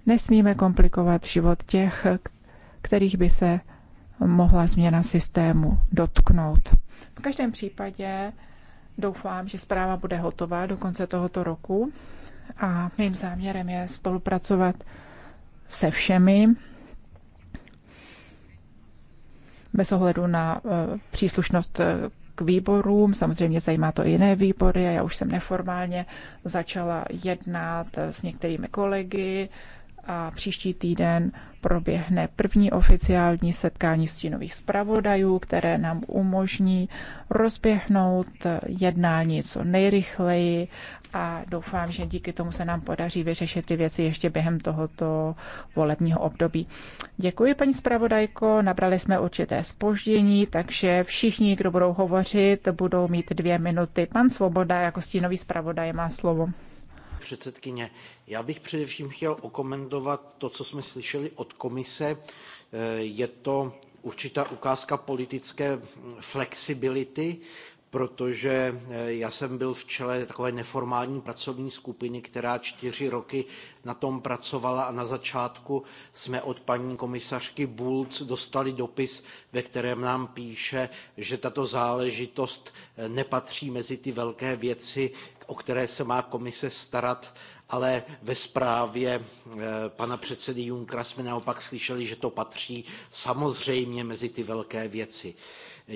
Nesmíme komplikovat život těch, kterých by se mohla změna systému dotknout. V každém případě doufám, že zpráva bude hotová do konce tohoto roku a mým záměrem je spolupracovat se všemi bez ohledu na eh, příslušnost eh, k výborům. Samozřejmě zajímá to i jiné výbory a já už jsem neformálně začala jednat eh, s některými kolegy a příští týden proběhne první oficiální setkání stínových zpravodajů, které nám umožní rozběhnout jednání co nejrychleji a doufám, že díky tomu se nám podaří vyřešit ty věci ještě během tohoto volebního období. Děkuji, paní zpravodajko, nabrali jsme určité spoždění, takže všichni, kdo budou hovořit, budou mít dvě minuty. Pan Svoboda jako stínový zpravodaj má slovo. Předsedkyně, já bych především chtěl okomentovat to, co jsme slyšeli od komise. E, je to určitá ukázka politické flexibility, protože eh, já jsem byl v čele takové neformální pracovní skupiny, která čtyři roky na tom pracovala a na začátku jsme od paní komisařky Bulc dostali dopis, ve kterém nám píše, že tato záležitost eh, nepatří mezi ty velké věci, o které se má komise starat, ale ve zprávě eh, pana předsedy Junckera jsme naopak slyšeli, že to patří samozřejmě mezi ty velké věci.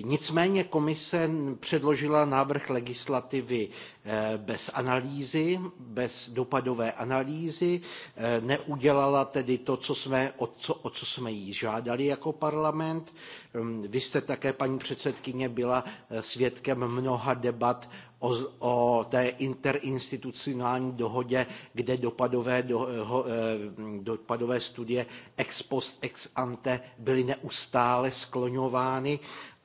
Nicméně komise předložila návrh legislativy eh, bez analýzy, bez dopadové analýzy, eh, neudělala tedy to, co jsme, o, co, o co jsme jí žádali jako parlament. Hm, vy jste také, paní předsedkyně, byla eh, svědkem mnoha debat o, o té interinstitucionální dohodě, kde dopadové, do, ho, dopadové studie ex post, ex ante byly neustále skloňovány.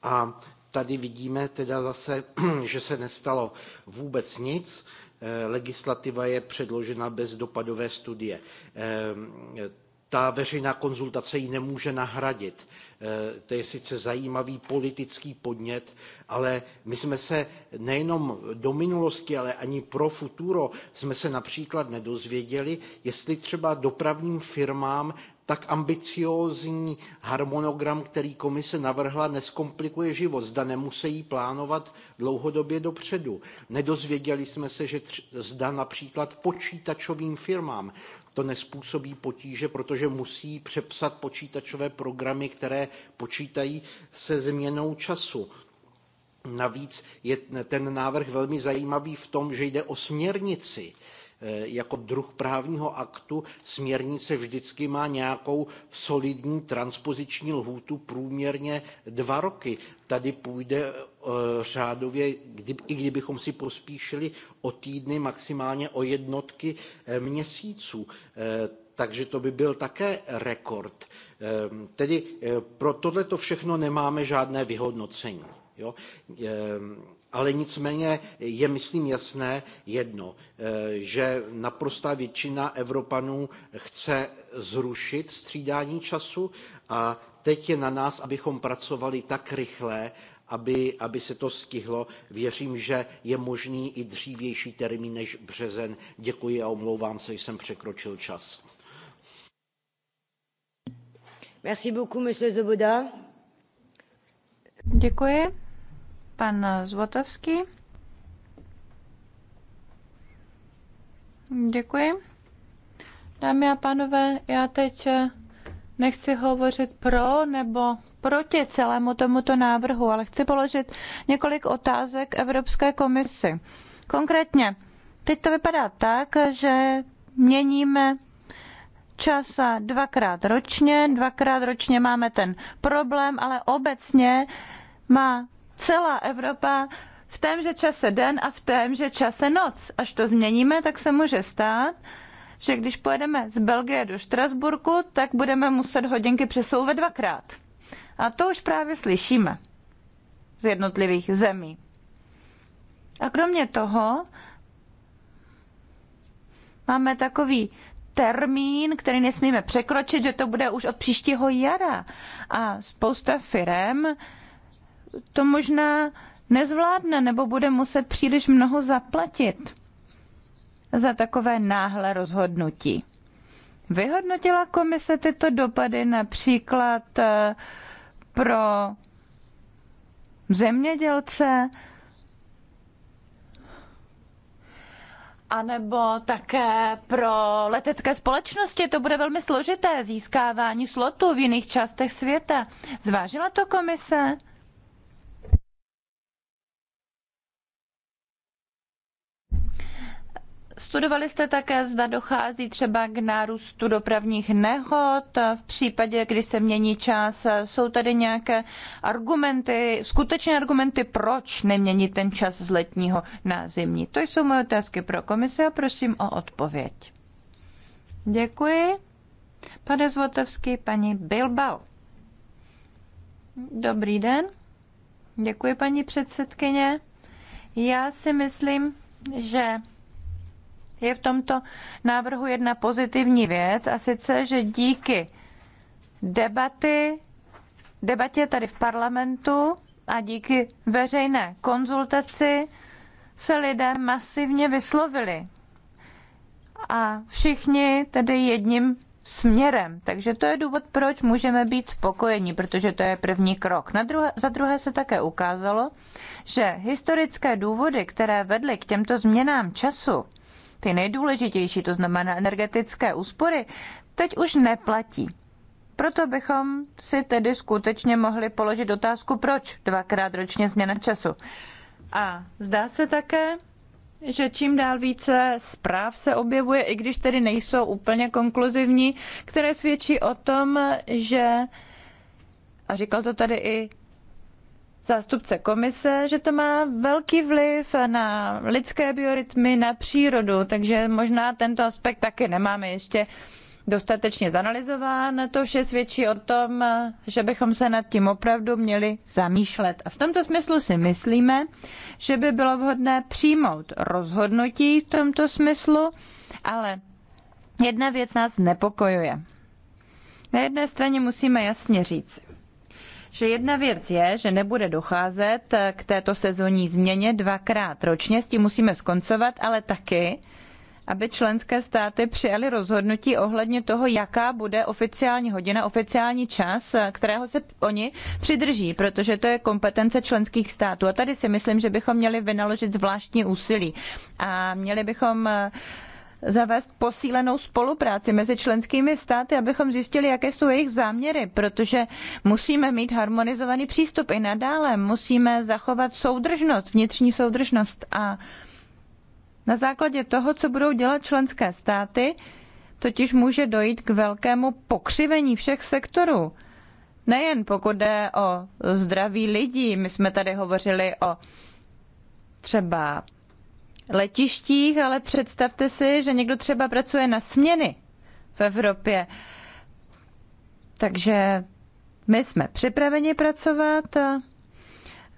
A tady vidíme teda zase, <clears throat> že se nestalo vůbec nic. Eh, legislativa je předložena bez dopadové studie. Eh, ta veřejná konzultace ji nemůže nahradit. Eh, to je sice zajímavý politický podnět, ale my jsme se nejenom do minulosti, ale ani pro futuro jsme se například nedozvěděli, jestli třeba dopravním firmám tak ambiciózní harmonogram, který komise navrhla, neskomplikuje život. Zda nemusí plánovat dlouhodobě dopředu. Nedozvěděli jsme se, že zda například počítačovým firmám to nespůsobí potíže, protože musí přepsat počítačové programy, které počítají se změnou času. Navíc je ten návrh velmi zajímavý v tom, že jde o směrnici Eh, jako druh právního aktu směrnice vždycky má nějakou solidní transpoziční lhůtu průměrně dva roky. Tady půjde eh, řádově, i kdybychom si pospíšili o týdny, maximálně o jednotky eh, měsíců. Takže to by byl také rekord. Tedy pro tohle to všechno nemáme žádné vyhodnocení. Jo? Ale nicméně je, myslím, jasné jedno, eh, že naprostá většina Evropanů chce zrušit střídání času a teď je na nás, abychom pracovali tak rychle, aby, aby se to stihlo. Věřím, že je možný i dřívější termín než březen. Děkuji a omlouvám se, že jsem překročil čas. Merci beaucoup, monsieur Zoboda. Děkuji. Pan Zlotovský. Děkuji. Dámy a pánové, já teď eh, nechci hovořit pro nebo proti celému tomuto návrhu, ale chci položit několik otázek Evropské komisi. Konkrétně, teď to vypadá tak, že měníme čas dvakrát ročně, dvakrát ročně máme ten problém, ale obecně má celá Evropa v témže čase den a v témže čase noc. Až to změníme, tak se může stát, že když pojedeme z Belgie do Štrasburku, tak budeme muset hodinky přesouvat dvakrát. A to už právě slyšíme z jednotlivých zemí. A kromě toho máme takový termín, který nesmíme překročit, že to bude už od příštího jara. A spousta firem to možná nezvládne nebo bude muset příliš mnoho zaplatit za takové náhle rozhodnutí. Vyhodnotila komise tyto dopady například eh, pro zemědělce, a nebo také pro letecké společnosti. To bude velmi složité získávání slotů v jiných částech světa. Zvážila to komise? Studovali jste také, zda dochází třeba k nárůstu dopravních nehod v případě, kdy se mění čas. Jsou tady nějaké argumenty, skutečné argumenty, proč neměnit ten čas z letního na zimní? To jsou moje otázky pro komise a prosím o odpověď. Děkuji. Pane Zvotovský, paní Bilbao. Dobrý den. Děkuji, paní předsedkyně. Já si myslím, že je v tomto návrhu jedna pozitivní věc a sice, že díky debaty, debatě tady v parlamentu a díky veřejné konzultaci se lidé masivně vyslovili. A všichni tedy jedním směrem. Takže to je důvod, proč můžeme být spokojeni, protože to je první krok. Na druhé, za druhé se také ukázalo, že historické důvody, které vedly k těmto změnám času, ty nejdůležitější, to znamená energetické úspory, teď už neplatí. Proto bychom si tedy skutečně mohli položit otázku, proč dvakrát ročně změna času. A zdá se také, že čím dál více zpráv se objevuje, i když tedy nejsou úplně konkluzivní, které svědčí o tom, že, a říkal to tady i zástupce komise, že to má velký vliv na lidské biorytmy, na přírodu, takže možná tento aspekt taky nemáme ještě dostatečně zanalizován. To vše svědčí o tom, že bychom se nad tím opravdu měli zamýšlet. A v tomto smyslu si myslíme, že by bylo vhodné přijmout rozhodnutí v tomto smyslu, ale jedna věc nás nepokojuje. Na jedné straně musíme jasně říct, že jedna věc je, že nebude docházet k této sezónní změně dvakrát ročně, s tím musíme skoncovat, ale taky, aby členské státy přijaly rozhodnutí ohledně toho, jaká bude oficiální hodina, oficiální čas, kterého se oni přidrží, protože to je kompetence členských států. A tady si myslím, že bychom měli vynaložit zvláštní úsilí a měli bychom zavést posílenou spolupráci mezi členskými státy, abychom zjistili, jaké jsou jejich záměry, protože musíme mít harmonizovaný přístup i nadále, musíme zachovat soudržnost, vnitřní soudržnost a na základě toho, co budou dělat členské státy, totiž může dojít k velkému pokřivení všech sektorů. Nejen pokud jde o zdraví lidí, my jsme tady hovořili o třeba letištích, ale představte si, že někdo třeba pracuje na směny v Evropě. Takže my jsme připraveni pracovat a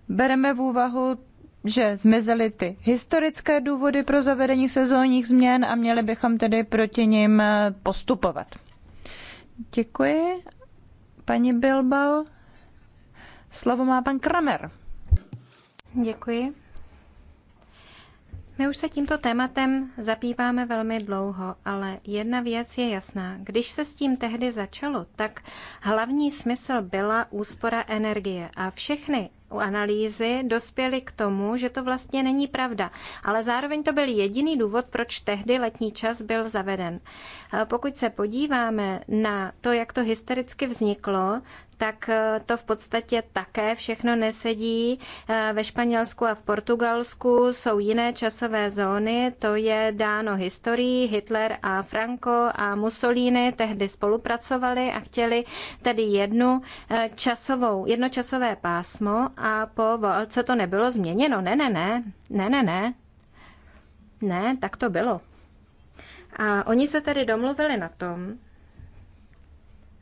bereme v úvahu, že zmizely ty historické důvody pro zavedení sezónních změn a měli bychom tedy proti nim postupovat. Děkuji. Paní Bilbao, slovo má pan Kramer. Děkuji. My už se tímto tématem zabýváme velmi dlouho, ale jedna věc je jasná. Když se s tím tehdy začalo, tak hlavní smysl byla úspora energie a všechny analýzy dospěly k tomu, že to vlastně není pravda. Ale zároveň to byl jediný důvod, proč tehdy letní čas byl zaveden. Pokud se podíváme na to, jak to historicky vzniklo, tak eh, to v podstatě také všechno nesedí. Eh, ve Španělsku a v Portugalsku jsou jiné časové zóny, to je dáno historií. Hitler a Franco a Mussolini tehdy spolupracovali a chtěli tedy jednu eh, časovou, jedno časové pásmo a po válce to nebylo změněno. Ne, ne, ne, ne, ne, ne. Ne, tak to bylo. A oni se tedy domluvili na tom,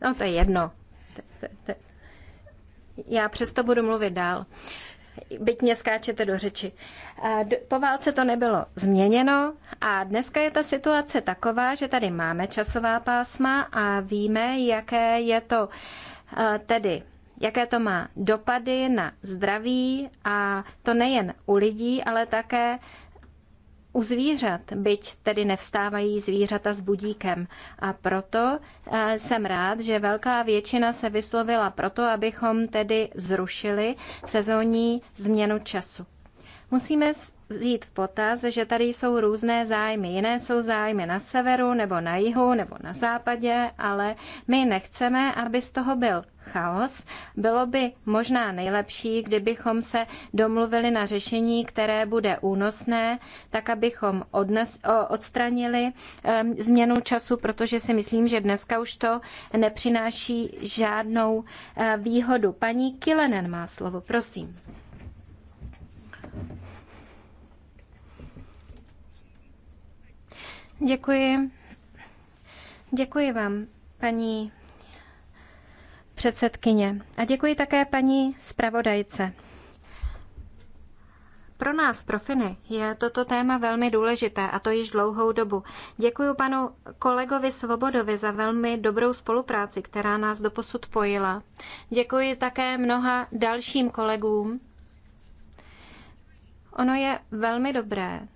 no to je jedno, já přesto budu mluvit dál byť mě skáčete do řeči. Po válce to nebylo změněno a dneska je ta situace taková, že tady máme časová pásma a víme, jaké je to tedy jaké to má dopady na zdraví a to nejen u lidí, ale také u zvířat, byť tedy nevstávají zvířata s budíkem. A proto eh, jsem rád, že velká většina se vyslovila proto, abychom tedy zrušili sezónní změnu času. Musíme vzít v potaz, že tady jsou různé zájmy. Jiné jsou zájmy na severu nebo na jihu nebo na západě, ale my nechceme, aby z toho byl chaos. Bylo by možná nejlepší, kdybychom se domluvili na řešení, které bude únosné, tak abychom odnes, odstranili um, změnu času, protože si myslím, že dneska už to nepřináší žádnou uh, výhodu. Paní Kilenen má slovo, prosím. Děkuji. Děkuji vám, paní předsedkyně. A děkuji také paní zpravodajce. Pro nás, pro Finy, je toto téma velmi důležité a to již dlouhou dobu. Děkuji panu kolegovi Svobodovi za velmi dobrou spolupráci, která nás doposud pojila. Děkuji také mnoha dalším kolegům. Ono je velmi dobré,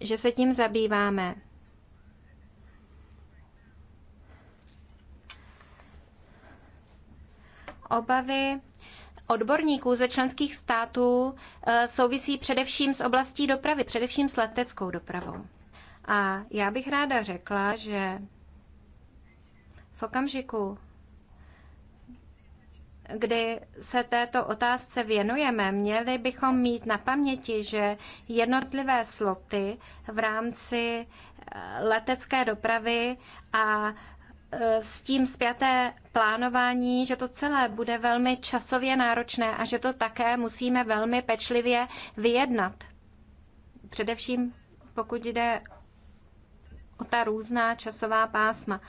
že se tím zabýváme, obavy odborníků ze členských států eh, souvisí především s oblastí dopravy, především s leteckou dopravou. A já bych ráda řekla, že v okamžiku, kdy se této otázce věnujeme, měli bychom mít na paměti, že jednotlivé sloty v rámci eh, letecké dopravy a s tím zpěté plánování, že to celé bude velmi časově náročné a že to také musíme velmi pečlivě vyjednat. Především pokud jde o ta různá časová pásma.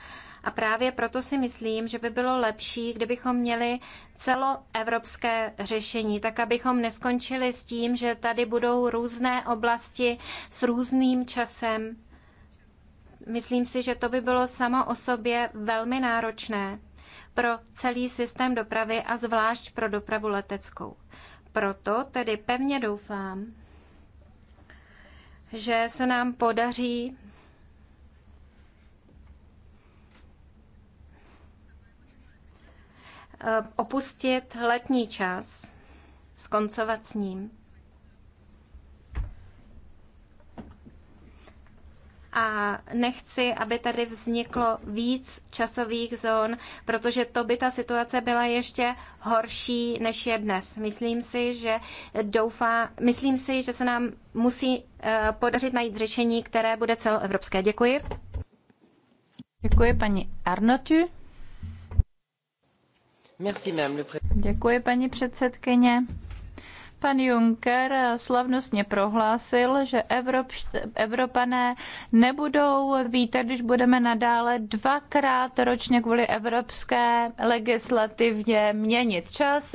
A právě proto si myslím, že by bylo lepší, kdybychom měli celoevropské řešení, tak abychom neskončili s tím, že tady budou různé oblasti s různým časem Myslím si, že to by bylo samo o sobě velmi náročné pro celý systém dopravy a zvlášť pro dopravu leteckou. Proto tedy pevně doufám, že se nám podaří opustit letní čas, skoncovat s ním a nechci, aby tady vzniklo víc časových zón, protože to by ta situace byla ještě horší, než je dnes. Myslím si, že doufá, myslím si, že se nám musí eh, podařit najít řešení, které bude celoevropské. Děkuji. Děkuji paní Arnotu. Děkuji paní předsedkyně. Pan Juncker slavnostně prohlásil, že Evrop, Evropané nebudou vítat, když budeme nadále dvakrát ročně kvůli evropské legislativě měnit čas.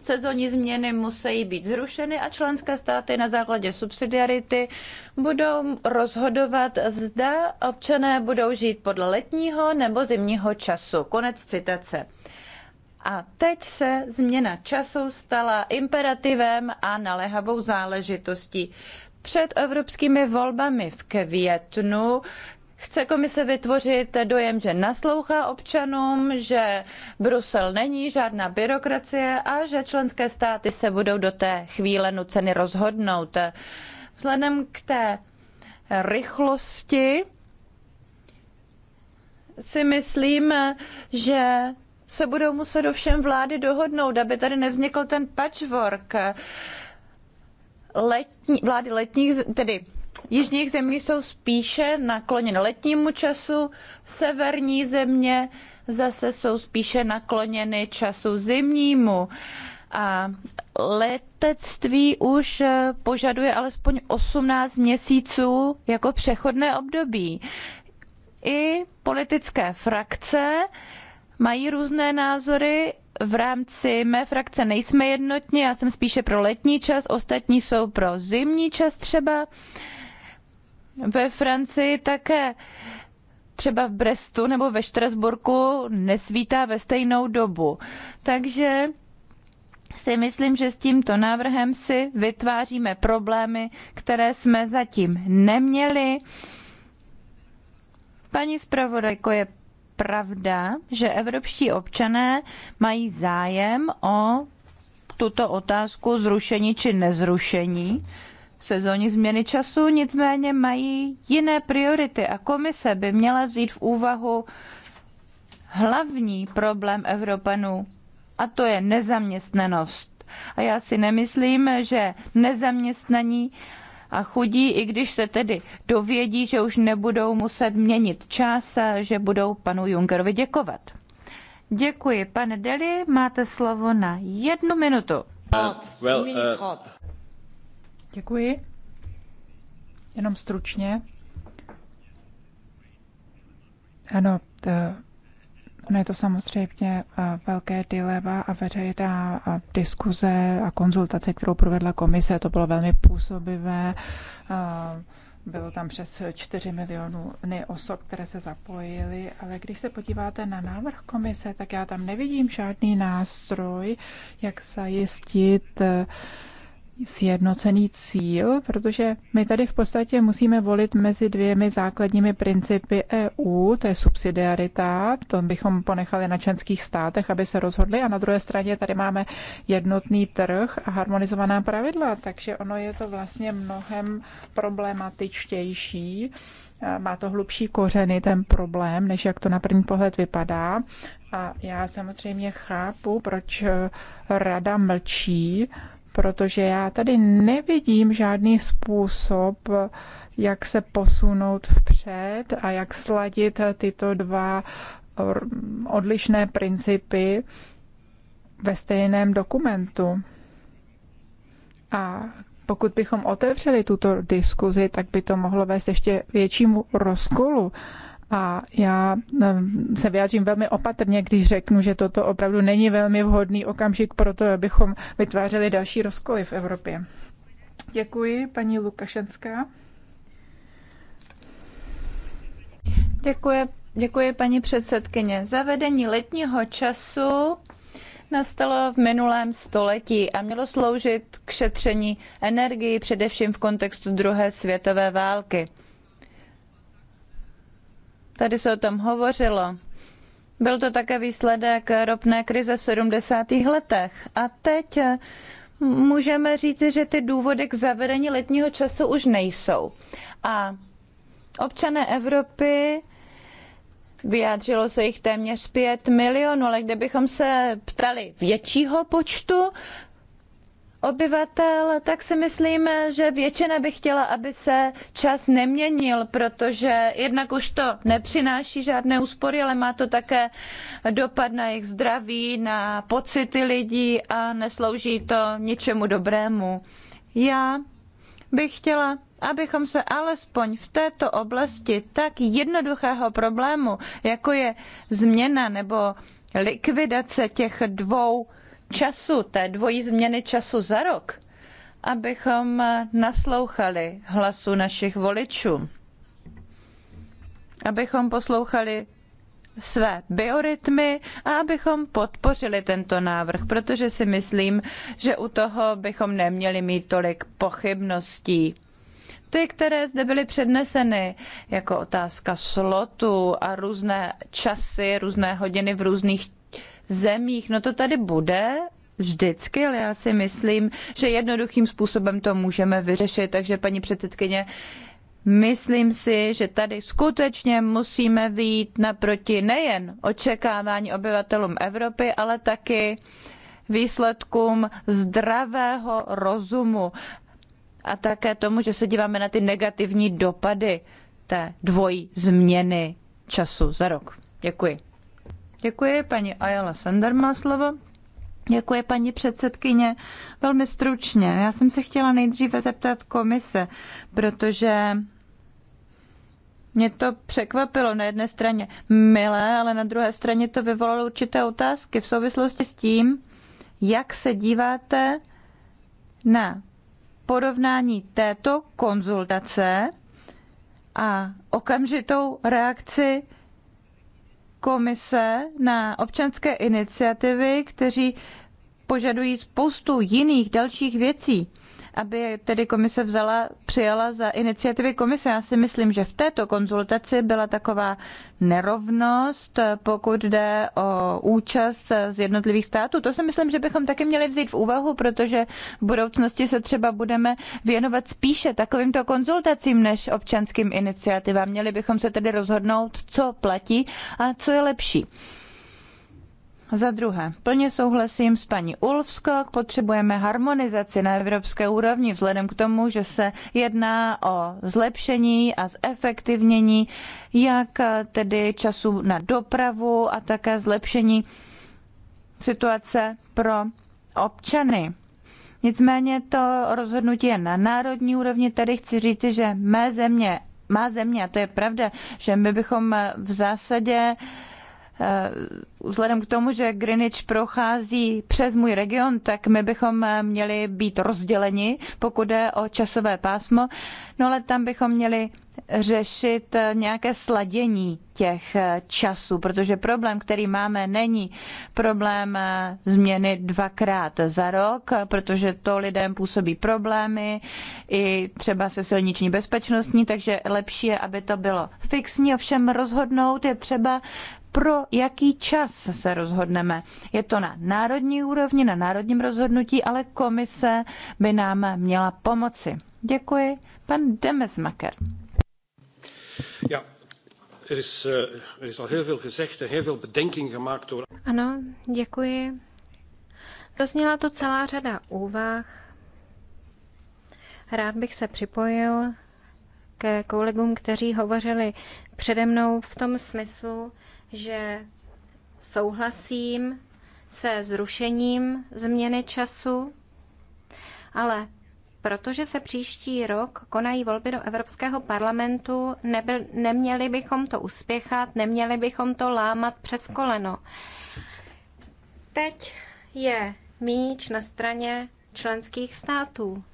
Sezónní změny musí být zrušeny a členské státy na základě subsidiarity budou rozhodovat, zda občané budou žít podle letního nebo zimního času. Konec citace. A teď se změna času stala imperativem a naléhavou záležitostí. Před evropskými volbami v květnu chce komise vytvořit dojem, že naslouchá občanům, že Brusel není žádná byrokracie a že členské státy se budou do té chvíle nuceny rozhodnout. Vzhledem k té rychlosti si myslím, že se budou muset ovšem vlády dohodnout, aby tady nevznikl ten patchwork. Letní, vlády letních, tedy jižních zemí jsou spíše nakloněny letnímu času, severní země zase jsou spíše nakloněny času zimnímu. A letectví už požaduje alespoň 18 měsíců jako přechodné období. I politické frakce mají různé názory. V rámci mé frakce nejsme jednotní, já jsem spíše pro letní čas, ostatní jsou pro zimní čas třeba. Ve Francii také třeba v Brestu nebo ve Štrasburku nesvítá ve stejnou dobu. Takže si myslím, že s tímto návrhem si vytváříme problémy, které jsme zatím neměli. Paní zpravodajko, je pravda, že evropští občané mají zájem o tuto otázku zrušení či nezrušení sezóní změny času, nicméně mají jiné priority a komise by měla vzít v úvahu hlavní problém Evropanů, a to je nezaměstnanost. A já si nemyslím, že nezaměstnaní a chudí, i když se tedy dovědí, že už nebudou muset měnit čas a že budou panu Junkerovi děkovat. Děkuji. Pane Deli, máte slovo na jednu minutu. Uh, well, uh... Děkuji. Jenom stručně. Ano, ta No je to samozřejmě eh, velké dilema a veřejná eh, diskuze a konzultace, kterou provedla komise, to bylo velmi působivé. Eh, bylo tam přes 4 milionů osob, které se zapojily, ale když se podíváte na návrh komise, tak já tam nevidím žádný nástroj, jak zajistit sjednocený cíl, protože my tady v podstatě musíme volit mezi dvěmi základními principy EU, to je subsidiarita, to bychom ponechali na členských státech, aby se rozhodli, a na druhé straně tady máme jednotný trh a harmonizovaná pravidla, takže ono je to vlastně mnohem problematičtější eh, má to hlubší kořeny, ten problém, než jak to na první pohled vypadá. A já samozřejmě chápu, proč eh, rada mlčí, protože já tady nevidím žádný způsob, jak se posunout vpřed a jak sladit tyto dva odlišné principy ve stejném dokumentu. A pokud bychom otevřeli tuto diskuzi, tak by to mohlo vést ještě většímu rozkolu a já se vyjádřím velmi opatrně, když řeknu, že toto opravdu není velmi vhodný okamžik pro to, abychom vytvářeli další rozkoly v Evropě. Děkuji, paní Lukašenská. Děkuji, děkuji paní předsedkyně. Zavedení letního času nastalo v minulém století a mělo sloužit k šetření energii, především v kontextu druhé světové války. Tady se o tom hovořilo. Byl to také výsledek ropné krize v 70. letech. A teď eh, můžeme říci, že ty důvody k zavedení letního času už nejsou. A občané Evropy Vyjádřilo se jich téměř 5 milionů, ale kdybychom se ptali většího počtu, obyvatel, tak si myslím, že většina by chtěla, aby se čas neměnil, protože jednak už to nepřináší žádné úspory, ale má to také dopad na jejich zdraví, na pocity lidí a neslouží to ničemu dobrému. Já bych chtěla, abychom se alespoň v této oblasti tak jednoduchého problému, jako je změna nebo likvidace těch dvou času, té dvojí změny času za rok, abychom naslouchali hlasu našich voličů, abychom poslouchali své biorytmy a abychom podpořili tento návrh, protože si myslím, že u toho bychom neměli mít tolik pochybností. Ty, které zde byly předneseny, jako otázka slotu a různé časy, různé hodiny v různých zemích. No to tady bude vždycky, ale já si myslím, že jednoduchým způsobem to můžeme vyřešit. Takže paní předsedkyně, Myslím si, že tady skutečně musíme výjít naproti nejen očekávání obyvatelům Evropy, ale taky výsledkům zdravého rozumu a také tomu, že se díváme na ty negativní dopady té dvojí změny času za rok. Děkuji. Děkuji, paní Ayala Sender má slovo. Děkuji, paní předsedkyně. Velmi stručně. Já jsem se chtěla nejdříve zeptat komise, protože mě to překvapilo na jedné straně milé, ale na druhé straně to vyvolalo určité otázky v souvislosti s tím, jak se díváte na porovnání této konzultace a okamžitou reakci komise na občanské iniciativy, kteří požadují spoustu jiných dalších věcí aby tedy komise vzala, přijala za iniciativy komise. Já si myslím, že v této konzultaci byla taková nerovnost, pokud jde o účast z jednotlivých států. To si myslím, že bychom taky měli vzít v úvahu, protože v budoucnosti se třeba budeme věnovat spíše takovýmto konzultacím než občanským iniciativám. Měli bychom se tedy rozhodnout, co platí a co je lepší. Za druhé, plně souhlasím s paní Ulfsko, potřebujeme harmonizaci na evropské úrovni vzhledem k tomu, že se jedná o zlepšení a zefektivnění jak eh, tedy času na dopravu a také zlepšení situace pro občany. Nicméně to rozhodnutí je na národní úrovni, tady chci říci, že mé země, má země, a to je pravda, že my bychom eh, v zásadě Eh, vzhledem k tomu, že Greenwich prochází přes můj region, tak my bychom eh, měli být rozděleni, pokud jde o časové pásmo, no ale tam bychom měli řešit eh, nějaké sladění těch časů, protože problém, který máme, není problém změny dvakrát za rok, protože to lidem působí problémy, i třeba se silniční bezpečnostní, takže lepší je, aby to bylo fixní, ovšem rozhodnout je třeba pro jaký čas se rozhodneme. Je to na národní úrovni, na národním rozhodnutí, ale komise by nám měla pomoci. Děkuji. Pan Demesmaker. Ja, er is, eh, er is al heel veel gezegd en heel veel bedenking gemaakt door... Ano, děkuji. Zazněla tu celá řada úvah. Rád bych se připojil ke kolegům, kteří hovořili přede mnou v tom smyslu, že souhlasím se zrušením změny času, ale protože se příští rok konají volby do Evropského parlamentu, nebyl, neměli bychom to uspěchat, neměli bychom to lámat přes koleno. Teď je míč na straně členských států.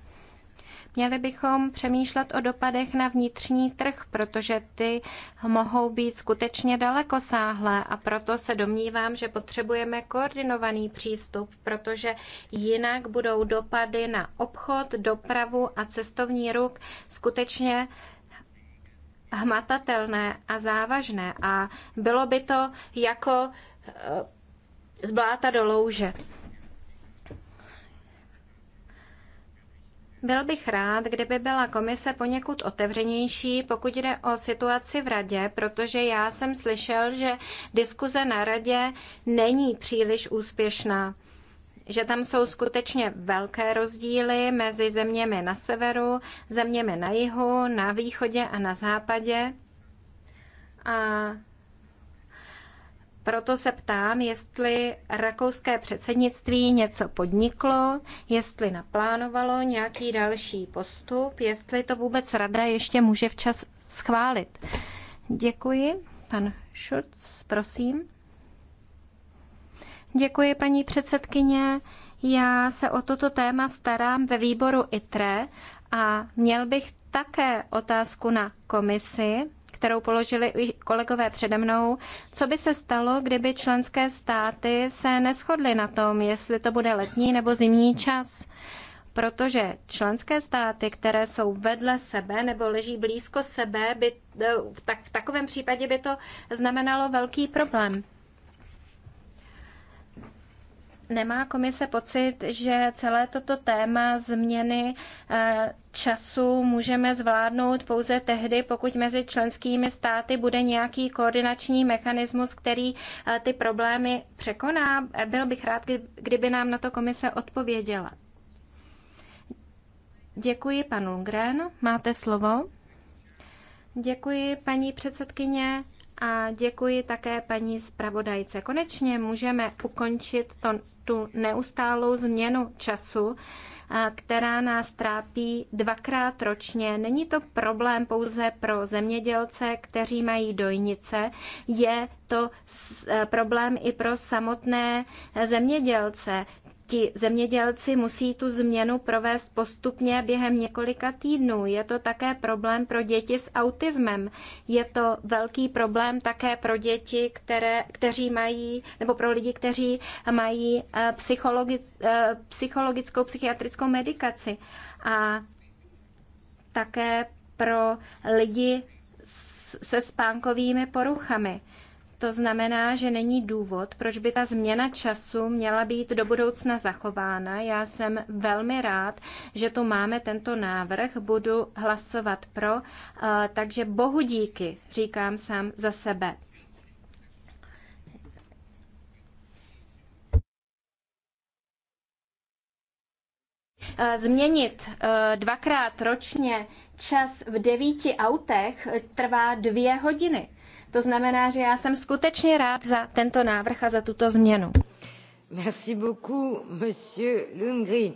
Měli bychom přemýšlet o dopadech na vnitřní trh, protože ty mohou být skutečně daleko sáhlé a proto se domnívám, že potřebujeme koordinovaný přístup, protože jinak budou dopady na obchod, dopravu a cestovní ruch skutečně hmatatelné a závažné a bylo by to jako eh, z bláta do louže. Byl bych rád, kdyby byla komise poněkud otevřenější, pokud jde o situaci v radě, protože já jsem slyšel, že diskuze na radě není příliš úspěšná že tam jsou skutečně velké rozdíly mezi zeměmi na severu, zeměmi na jihu, na východě a na západě. A proto se ptám, jestli rakouské předsednictví něco podniklo, jestli naplánovalo nějaký další postup, jestli to vůbec rada ještě může včas schválit. Děkuji. Pan Šurc, prosím. Děkuji, paní předsedkyně. Já se o toto téma starám ve výboru ITRE a měl bych také otázku na komisi kterou položili i kolegové přede mnou. Co by se stalo, kdyby členské státy se neschodly na tom, jestli to bude letní nebo zimní čas? protože členské státy, které jsou vedle sebe nebo leží blízko sebe, by, eh, tak v takovém případě by to znamenalo velký problém. Nemá komise pocit, že celé toto téma změny eh, času můžeme zvládnout pouze tehdy, pokud mezi členskými státy bude nějaký koordinační mechanismus, který eh, ty problémy překoná? Byl bych rád, kdyby nám na to komise odpověděla. Děkuji, panu Lundgren. Máte slovo. Děkuji, paní předsedkyně a děkuji také paní zpravodajce. Konečně můžeme ukončit to, tu neustálou změnu času, která nás trápí dvakrát ročně. Není to problém pouze pro zemědělce, kteří mají dojnice, je to e, problém i pro samotné zemědělce ti zemědělci musí tu změnu provést postupně během několika týdnů. Je to také problém pro děti s autismem. Je to velký problém také pro děti, které, kteří mají, nebo pro lidi, kteří mají eh, psychologi, eh, psychologickou, psychiatrickou medikaci. A také pro lidi se spánkovými poruchami. To znamená, že není důvod, proč by ta změna času měla být do budoucna zachována. Já jsem velmi rád, že tu máme tento návrh, budu hlasovat pro, eh, takže bohu díky, říkám sám za sebe. Eh, změnit eh, dvakrát ročně čas v devíti autech trvá dvě hodiny. To znamená, že já jsem skutečně rád za tento návrh a za tuto změnu. Merci beaucoup, monsieur Lundgren.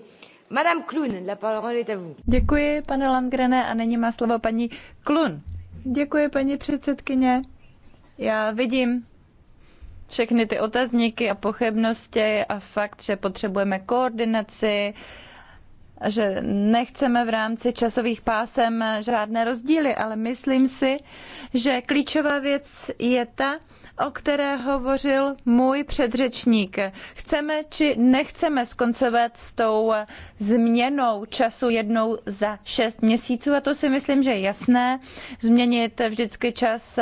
Madame Klun, la parole est à vous. Děkuji, pane Landgrene, a nyní má slovo paní Klun. Děkuji, paní předsedkyně. Já vidím všechny ty otazníky a pochybnosti a fakt, že potřebujeme koordinaci, že nechceme v rámci časových pásem žádné rozdíly, ale myslím si, že klíčová věc je ta, o které hovořil můj předřečník. Chceme či nechceme skoncovat s tou změnou času jednou za šest měsíců a to si myslím, že je jasné. Změnit vždycky čas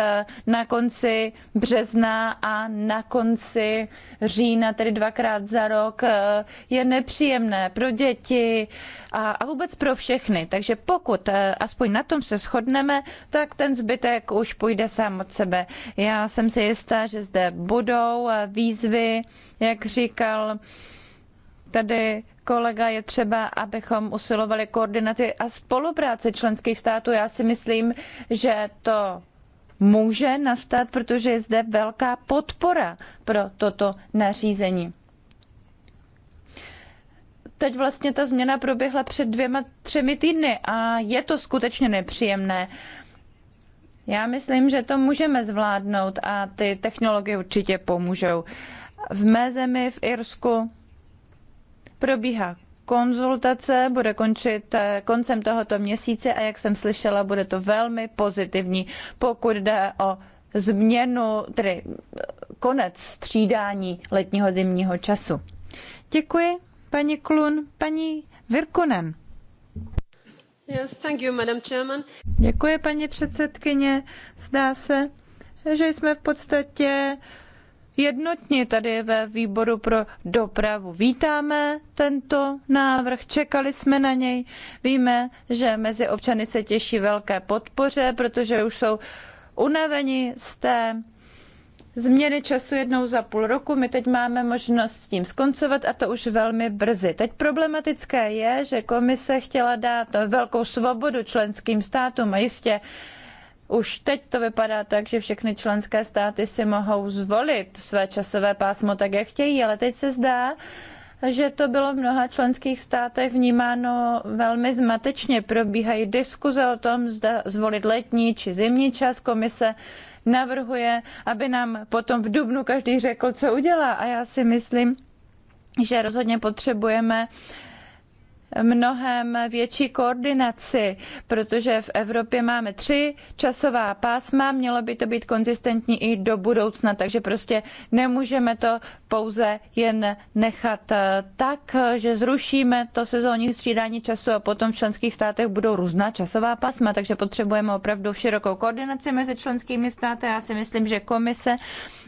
na konci března a na konci října, tedy dvakrát za rok, eh, je nepříjemné pro děti a, a vůbec pro všechny. Takže pokud eh, aspoň na tom se shodneme, tak ten zbytek už půjde sám od sebe. Já jsem si jistá, že zde budou eh, výzvy, jak říkal tady kolega, je třeba, abychom usilovali koordinaci a spolupráci členských států. Já si myslím, že to může nastat, protože je zde velká podpora pro toto nařízení. Teď vlastně ta změna proběhla před dvěma, třemi týdny a je to skutečně nepříjemné. Já myslím, že to můžeme zvládnout a ty technologie určitě pomůžou. V mé zemi, v Irsku, probíhá konzultace bude končit eh, koncem tohoto měsíce a jak jsem slyšela, bude to velmi pozitivní, pokud jde o změnu, tedy eh, konec střídání letního zimního času. Děkuji, paní Klun, paní Virkunen. Yes, thank you, Madam Chairman. Děkuji, paní předsedkyně. Zdá se, že jsme v podstatě jednotně tady ve výboru pro dopravu. Vítáme tento návrh, čekali jsme na něj. Víme, že mezi občany se těší velké podpoře, protože už jsou unaveni z té změny času jednou za půl roku. My teď máme možnost s tím skoncovat a to už velmi brzy. Teď problematické je, že komise chtěla dát velkou svobodu členským státům a jistě už teď to vypadá tak, že všechny členské státy si mohou zvolit své časové pásmo tak, jak chtějí, ale teď se zdá, že to bylo v mnoha členských státech vnímáno velmi zmatečně. Probíhají diskuze o tom, zda zvolit letní či zimní čas. Komise navrhuje, aby nám potom v Dubnu každý řekl, co udělá. A já si myslím, že rozhodně potřebujeme mnohem větší koordinaci, protože v Evropě máme tři časová pásma, mělo by to být konzistentní i do budoucna, takže prostě nemůžeme to pouze jen nechat eh, tak, že zrušíme to sezónní střídání času a potom v členských státech budou různá časová pásma, takže potřebujeme opravdu širokou koordinaci mezi členskými státy. Já si myslím, že komise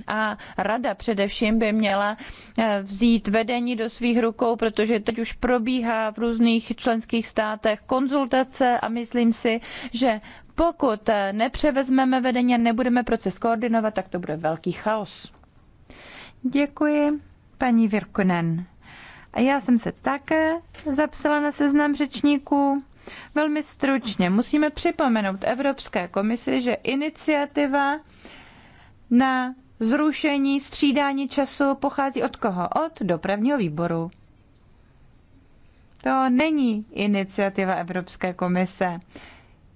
a rada především by měla eh, vzít vedení do svých rukou, protože teď už probíhá v různých různých členských státech konzultace a myslím si, že pokud nepřevezmeme vedení a nebudeme proces koordinovat, tak to bude velký chaos. Děkuji, paní Virkunen. A já jsem se také zapsala na seznam řečníků. Velmi stručně musíme připomenout Evropské komisi, že iniciativa na zrušení střídání času pochází od koho? Od dopravního výboru. To není iniciativa Evropské komise.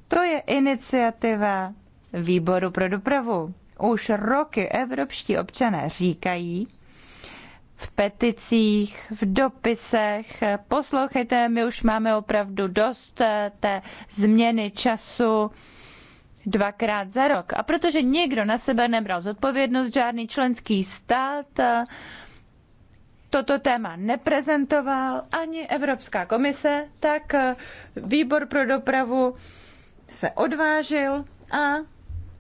To je iniciativa Výboru pro dopravu. Už roky evropští občané říkají, v peticích, v dopisech. Poslouchejte, my už máme opravdu dost eh, té změny času dvakrát za rok. A protože nikdo na sebe nebral zodpovědnost, žádný členský stát, eh, toto téma neprezentoval ani Evropská komise, tak výbor pro dopravu se odvážil a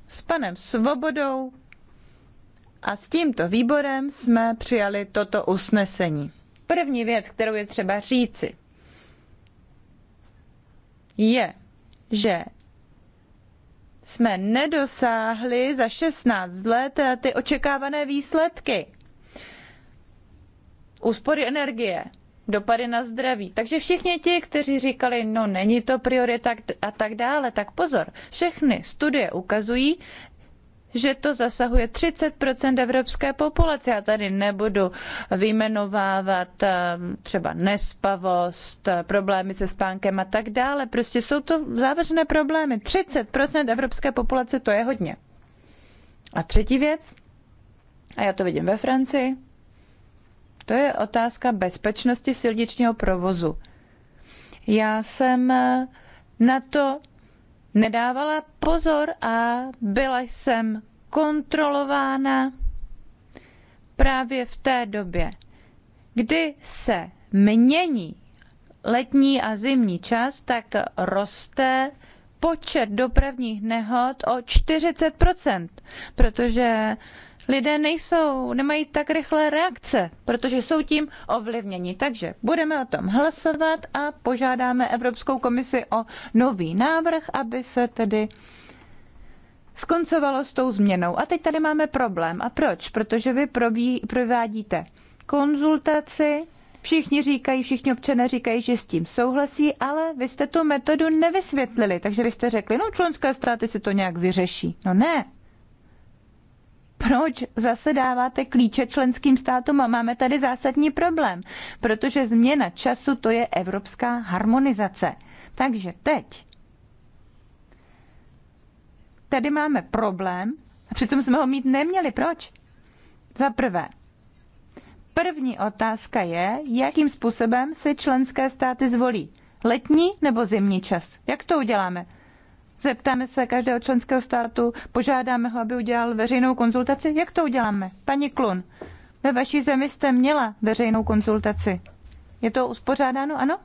s panem Svobodou a s tímto výborem jsme přijali toto usnesení. První věc, kterou je třeba říci, je, že jsme nedosáhli za 16 let ty očekávané výsledky úspory energie, dopady na zdraví. Takže všichni ti, kteří říkali, no není to priorita a tak dále, tak pozor, všechny studie ukazují, že to zasahuje 30 evropské populace. Já tady nebudu vyjmenovávat eh, třeba nespavost, eh, problémy se spánkem a tak dále. Prostě jsou to závažné problémy. 30 evropské populace, to je hodně. A třetí věc, a já to vidím ve Francii, to je otázka bezpečnosti silničního provozu. Já jsem na to nedávala pozor a byla jsem kontrolována právě v té době, kdy se mění letní a zimní čas, tak roste počet dopravních nehod o 40 protože lidé nejsou, nemají tak rychlé reakce, protože jsou tím ovlivněni. Takže budeme o tom hlasovat a požádáme Evropskou komisi o nový návrh, aby se tedy skoncovalo s tou změnou. A teď tady máme problém. A proč? Protože vy probí, provádíte konzultaci, všichni říkají, všichni občané říkají, že s tím souhlasí, ale vy jste tu metodu nevysvětlili. Takže vy jste řekli, no členské státy si to nějak vyřeší. No ne, proč zase dáváte klíče členským státům a máme tady zásadní problém, protože změna času to je evropská harmonizace. Takže teď tady máme problém a přitom jsme ho mít neměli. Proč? Za prvé, první otázka je, jakým způsobem si členské státy zvolí. Letní nebo zimní čas? Jak to uděláme? Zeptáme se každého členského státu, požádáme ho, aby udělal veřejnou konzultaci. Jak to uděláme? Paní Klun, ve vaší zemi jste měla veřejnou konzultaci. Je to uspořádáno, ano?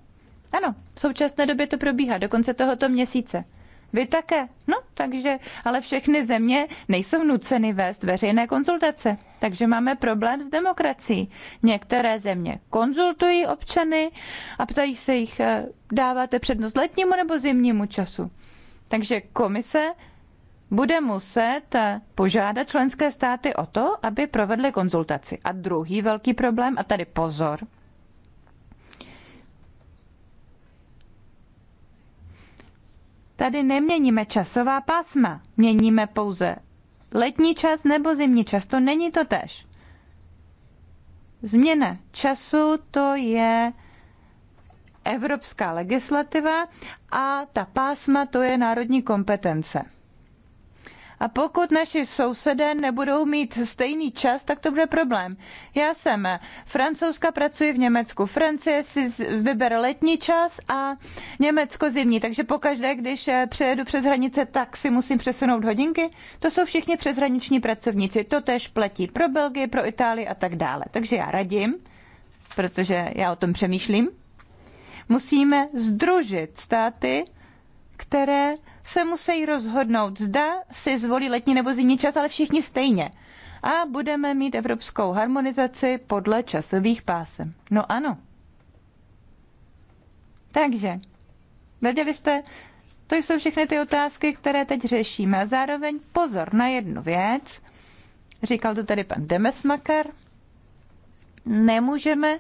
Ano, v současné době to probíhá, do konce tohoto měsíce. Vy také? No, takže, ale všechny země nejsou nuceny vést veřejné konzultace. Takže máme problém s demokracií. Některé země konzultují občany a ptají se jich, eh, dáváte přednost letnímu nebo zimnímu času. Takže komise bude muset požádat členské státy o to, aby provedly konzultaci. A druhý velký problém, a tady pozor, Tady neměníme časová pásma, měníme pouze letní čas nebo zimní čas, to není to tež. Změna času to je evropská legislativa a ta pásma to je národní kompetence. A pokud naši sousedé nebudou mít stejný čas, tak to bude problém. Já jsem francouzka, pracuji v Německu. Francie si vybere letní čas a Německo zimní. Takže pokaždé, když eh, přejedu přes hranice, tak si musím přesunout hodinky. To jsou všichni přeshraniční pracovníci. To tež platí pro Belgii, pro Itálii a tak dále. Takže já radím, protože já o tom přemýšlím. Musíme združit státy, které se musí rozhodnout, zda si zvolí letní nebo zimní čas, ale všichni stejně. A budeme mít evropskou harmonizaci podle časových pásem. No ano. Takže, věděli jste, to jsou všechny ty otázky, které teď řešíme. A zároveň pozor na jednu věc. Říkal to tady pan Demesmaker. Nemůžeme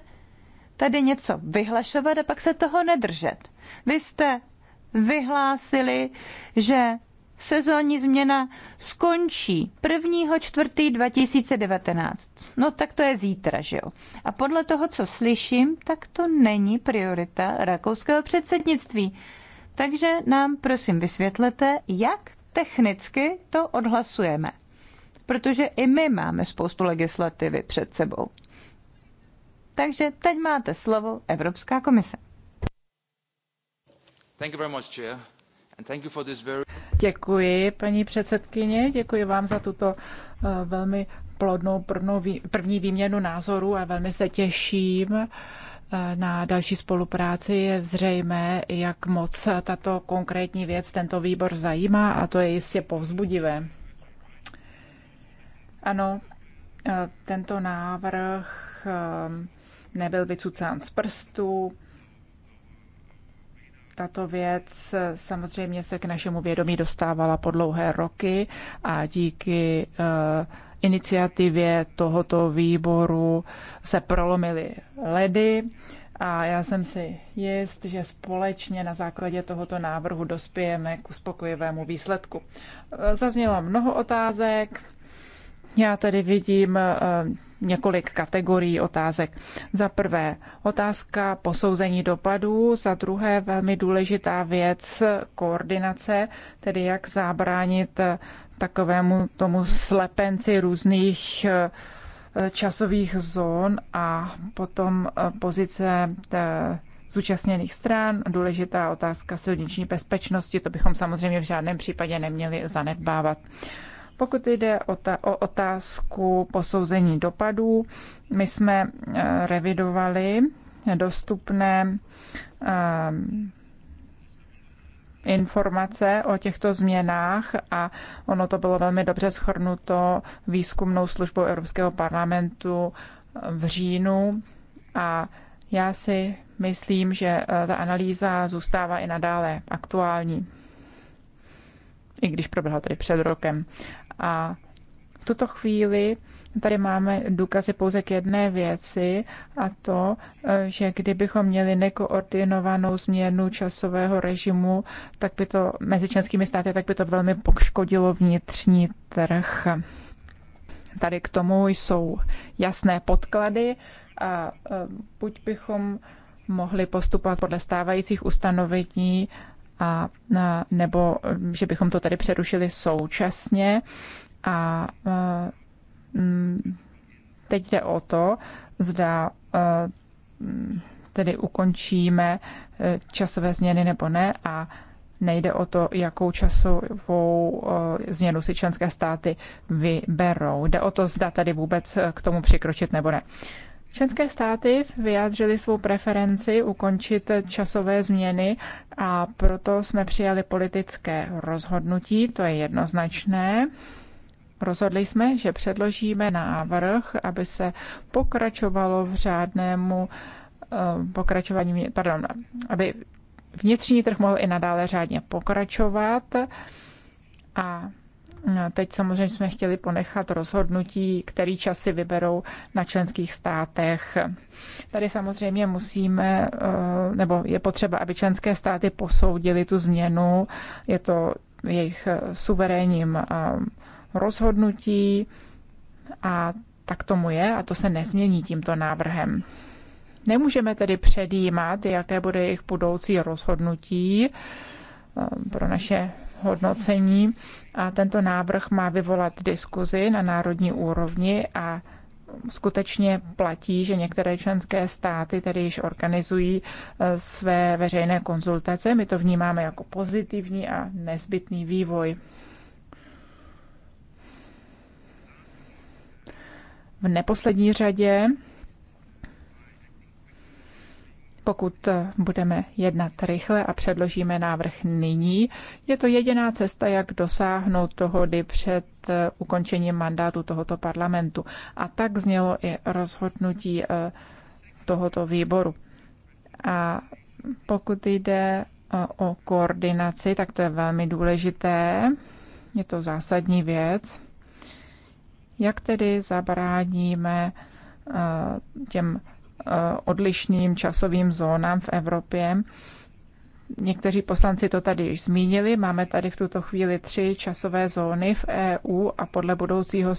tady něco vyhlašovat a pak se toho nedržet. Vy jste vyhlásili, že sezónní změna skončí 1. čtvrtý 2019. No tak to je zítra, že jo? A podle toho, co slyším, tak to není priorita rakouského předsednictví. Takže nám prosím vysvětlete, jak technicky to odhlasujeme. Protože i my máme spoustu legislativy před sebou. Takže teď máte slovo Evropská komise. Thank you very much, Chair. Děkuji, paní předsedkyně, děkuji vám za tuto eh, velmi plodnou první výměnu názorů a velmi se těším eh, na další spolupráci. Je zřejmé, jak moc tato konkrétní věc tento výbor zajímá a to je jistě povzbudivé. Ano, eh, tento návrh nebyl vycucán z prstu. Tato věc samozřejmě se k našemu vědomí dostávala po dlouhé roky a díky eh, iniciativě tohoto výboru se prolomily ledy a já jsem si jist, že společně na základě tohoto návrhu dospějeme k uspokojivému výsledku. Eh, zaznělo mnoho otázek, já tady vidím eh, několik kategorií otázek. Za prvé otázka posouzení dopadů, za druhé velmi důležitá věc koordinace, tedy jak zabránit takovému tomu slepenci různých eh, časových zón a potom eh, pozice eh, zúčastněných stran. Důležitá otázka silniční bezpečnosti, to bychom samozřejmě v žádném případě neměli zanedbávat. Pokud jde o, ta, o otázku posouzení dopadů, my jsme eh, revidovali dostupné eh, informace o těchto změnách a ono to bylo velmi dobře schrnuto výzkumnou službou Evropského parlamentu eh, v říjnu a já si myslím, že ta analýza zůstává i nadále aktuální, i když proběhla tedy před rokem. A v tuto chvíli tady máme důkazy pouze k jedné věci a to, e, že kdybychom měli nekoordinovanou změnu časového režimu, tak by to mezi členskými státy, tak by to velmi poškodilo vnitřní trh. Tady k tomu jsou jasné podklady a e, buď bychom mohli postupovat podle stávajících ustanovení, a, a nebo že bychom to tady přerušili současně a, a m, mm, teď jde o to, zda a, mm, tedy ukončíme e, časové změny nebo ne a nejde o to, jakou časovou e, změnu si členské státy vyberou. Jde o to, zda tady vůbec e, k tomu přikročit nebo ne. Členské státy vyjádřily svou preferenci ukončit časové změny a proto jsme přijali politické rozhodnutí, to je jednoznačné. Rozhodli jsme, že předložíme návrh, aby se pokračovalo v řádnému eh, pokračování, pardon, aby vnitřní trh mohl i nadále řádně pokračovat a Teď samozřejmě jsme chtěli ponechat rozhodnutí, který časy vyberou na členských státech. Tady samozřejmě musíme, eh, nebo je potřeba, aby členské státy posoudili tu změnu. Je to jejich eh, suverénním eh, rozhodnutí a tak tomu je a to se nezmění tímto návrhem. Nemůžeme tedy předjímat, jaké bude jejich budoucí rozhodnutí pro naše hodnocení a tento návrh má vyvolat diskuzi na národní úrovni a skutečně platí, že některé členské státy tedy již organizují e, své veřejné konzultace. My to vnímáme jako pozitivní a nezbytný vývoj. V neposlední řadě pokud eh, budeme jednat rychle a předložíme návrh nyní, je to jediná cesta, jak dosáhnout dohody před eh, ukončením mandátu tohoto parlamentu. A tak znělo i rozhodnutí eh, tohoto výboru. A pokud jde o koordinaci, tak to je velmi důležité. Je to zásadní věc. Jak tedy zabráníme těm Eh, odlišným časovým zónám v Evropě. Někteří poslanci to tady již zmínili. Máme tady v tuto chvíli tři časové zóny v EU a podle budoucího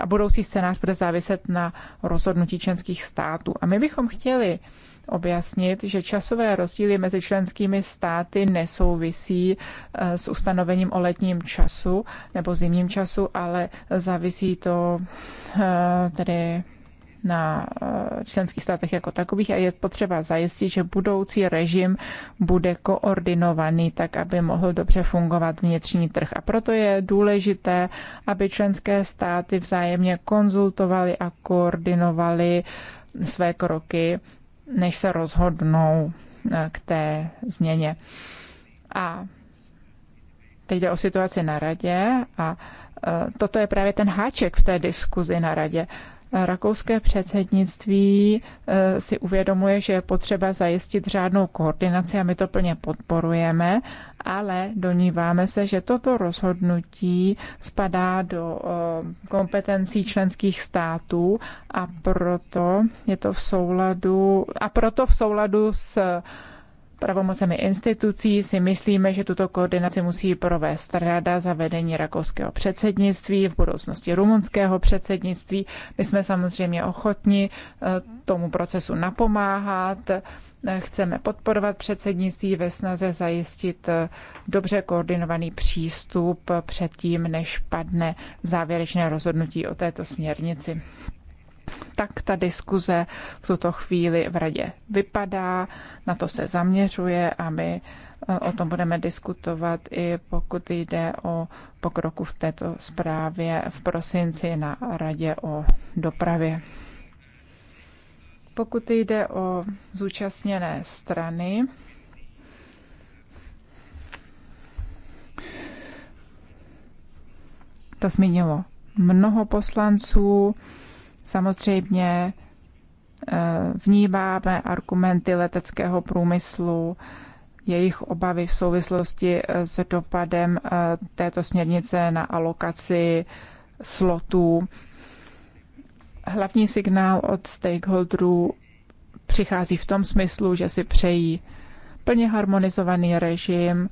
a budoucí scénář bude záviset na rozhodnutí členských států. A my bychom chtěli objasnit, že časové rozdíly mezi členskými státy nesouvisí eh, s ustanovením o letním času nebo zimním času, ale závisí to eh, tedy na eh, členských státech jako takových a je potřeba zajistit, že budoucí režim bude koordinovaný tak, aby mohl dobře fungovat vnitřní trh. A proto je důležité, aby členské státy vzájemně konzultovaly a koordinovaly své kroky, než se rozhodnou eh, k té změně. A teď jde o situaci na radě a eh, toto je právě ten háček v té diskuzi na radě. Rakouské předsednictví eh, si uvědomuje, že je potřeba zajistit řádnou koordinaci a my to plně podporujeme, ale doníváme se, že toto rozhodnutí spadá do eh, kompetencí členských států a proto je to v souladu a proto v souladu s pravomocemi institucí si myslíme, že tuto koordinaci musí provést rada za vedení rakouského předsednictví, v budoucnosti rumunského předsednictví. My jsme samozřejmě ochotni eh, tomu procesu napomáhat. Chceme podporovat předsednictví ve snaze zajistit eh, dobře koordinovaný přístup předtím, než padne závěrečné rozhodnutí o této směrnici tak ta diskuze v tuto chvíli v radě vypadá, na to se zaměřuje a my e, o tom budeme diskutovat i pokud jde o pokroku v této zprávě v prosinci na radě o dopravě. Pokud jde o zúčastněné strany, to zmínilo mnoho poslanců. Samozřejmě eh, vnímáme argumenty leteckého průmyslu, jejich obavy v souvislosti eh, s dopadem eh, této směrnice na alokaci slotů. Hlavní signál od stakeholderů přichází v tom smyslu, že si přejí plně harmonizovaný režim,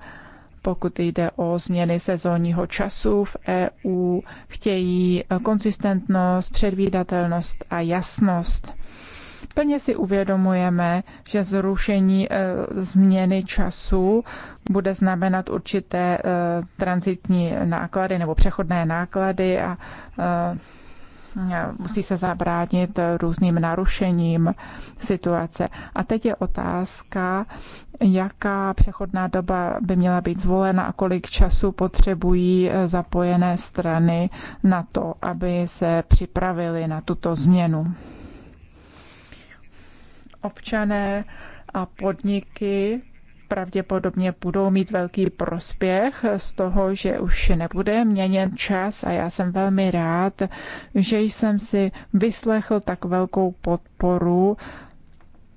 pokud jde o změny sezónního času v EU, chtějí konzistentnost, předvídatelnost a jasnost. Plně si uvědomujeme, že zrušení e, změny času bude znamenat určité e, transitní náklady nebo přechodné náklady a e, Eh, musí se zabránit eh, různým narušením situace. A teď je otázka, jaká přechodná doba by měla být zvolena a kolik času potřebují eh, zapojené strany na to, aby se připravili na tuto změnu. Občané a podniky pravděpodobně budou mít velký prospěch z toho, že už nebude měněn čas a já jsem velmi rád, že jsem si vyslechl tak velkou podporu,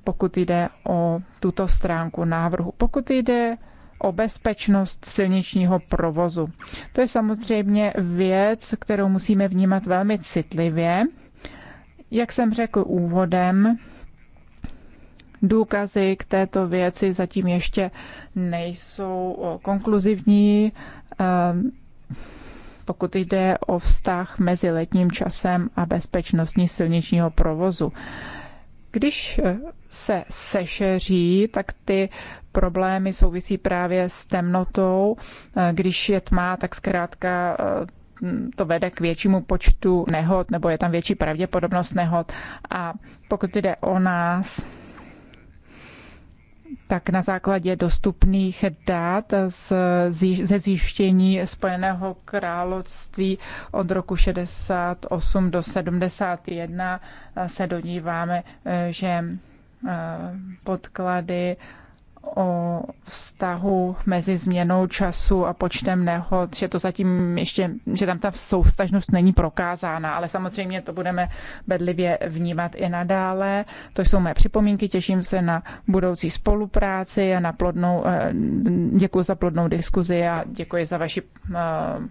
pokud jde o tuto stránku návrhu. Pokud jde o bezpečnost silničního provozu. To je samozřejmě věc, kterou musíme vnímat velmi citlivě. Jak jsem řekl úvodem, Důkazy k této věci zatím ještě nejsou eh, konkluzivní eh, pokud jde o vztah mezi letním časem a bezpečnostní silničního provozu. Když eh, se sešeří, tak ty problémy souvisí právě s temnotou. Když je tma, tak zkrátka to vede k většímu počtu nehod, nebo je tam větší pravděpodobnost nehod. A pokud jde o nás, tak na základě dostupných dát z, ze zjištění Spojeného království od roku 68 do 71 se doníváme, eh, že eh, podklady o vztahu mezi změnou času a počtem nehod, že to zatím ještě, že tam ta soustažnost není prokázána, ale samozřejmě to budeme bedlivě vnímat i nadále. To jsou mé připomínky, těším se na budoucí spolupráci a na plodnou, eh, děkuji za plodnou diskuzi a děkuji za vaši eh,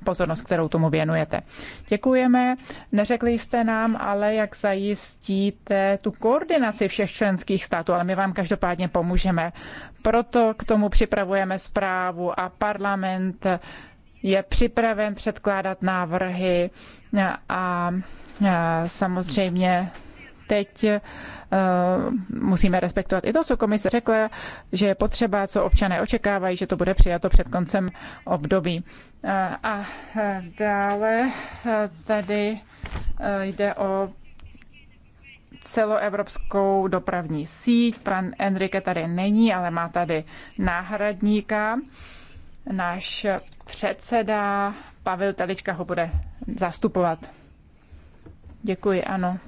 pozornost, kterou tomu věnujete. Děkujeme. Neřekli jste nám ale, jak zajistíte tu koordinaci všech členských států, ale my vám každopádně pomůžeme proto k tomu připravujeme zprávu a parlament je připraven předkládat návrhy a samozřejmě teď e, musíme respektovat i to, co komise řekla, že je potřeba, co občané očekávají, že to bude přijato před koncem období. E, a e, dále tady jde o celoevropskou dopravní síť. Pan Enrique tady není, ale má tady náhradníka. Náš předseda Pavel Telička ho bude zastupovat. Děkuji, ano.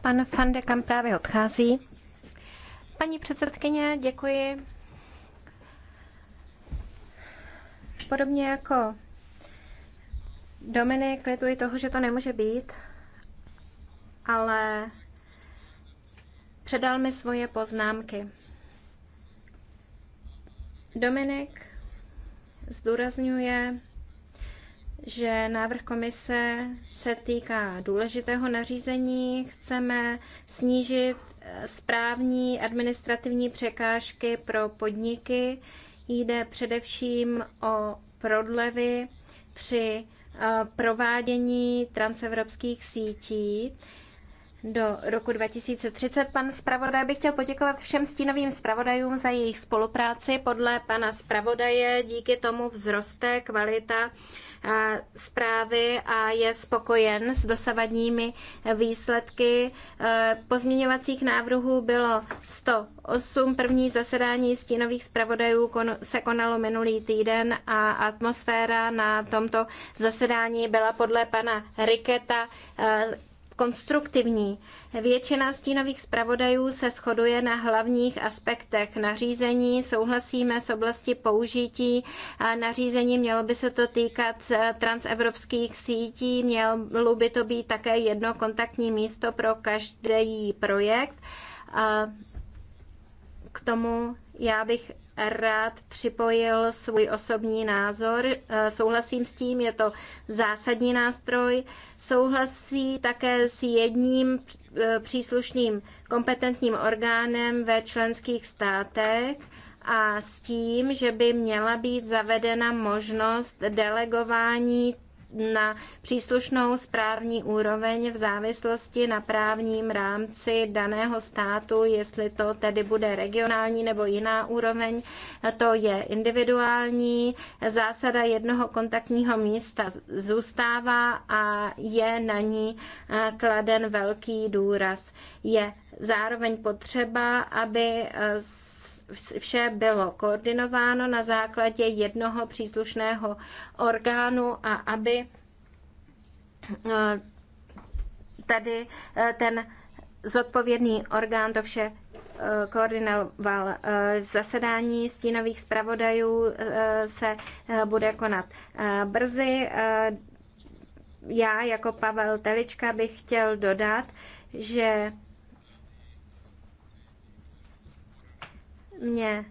Pan van de Kamp právě odchází. Paní předsedkyně, děkuji. Podobně jako Dominik, lituji toho, že to nemůže být, ale předal mi svoje poznámky. Dominik zdůrazňuje, že návrh komise se týká důležitého nařízení. Chceme snížit eh, správní administrativní překážky pro podniky. Jde především o prodlevy při provádění transevropských sítí do roku 2030. Pan zpravodaj bych chtěl poděkovat všem stínovým zpravodajům za jejich spolupráci. Podle pana zpravodaje díky tomu vzroste kvalita zprávy a je spokojen s dosavadními výsledky. E, pozměňovacích návrhů bylo 108. První zasedání stínových zpravodajů se konalo minulý týden a atmosféra na tomto zasedání byla podle pana Riketa e, konstruktivní. Většina stínových zpravodajů se shoduje na hlavních aspektech nařízení. Souhlasíme s oblasti použití nařízení. Mělo by se to týkat eh, transevropských sítí, mělo by to být také jedno kontaktní místo pro každý projekt. K tomu já bych rád připojil svůj osobní názor. E, souhlasím s tím, je to zásadní nástroj. Souhlasí také s jedním e, příslušným kompetentním orgánem ve členských státech a s tím, že by měla být zavedena možnost delegování na příslušnou správní úroveň v závislosti na právním rámci daného státu, jestli to tedy bude regionální nebo jiná úroveň, to je individuální. Zásada jednoho kontaktního místa zůstává a je na ní eh, kladen velký důraz. Je zároveň potřeba, aby s eh, vše bylo koordinováno na základě jednoho příslušného orgánu a aby eh, tady eh, ten zodpovědný orgán to vše eh, koordinoval. Zasedání stínových zpravodajů se bude konat brzy. Já jako Pavel Telička bych chtěl dodat, že mě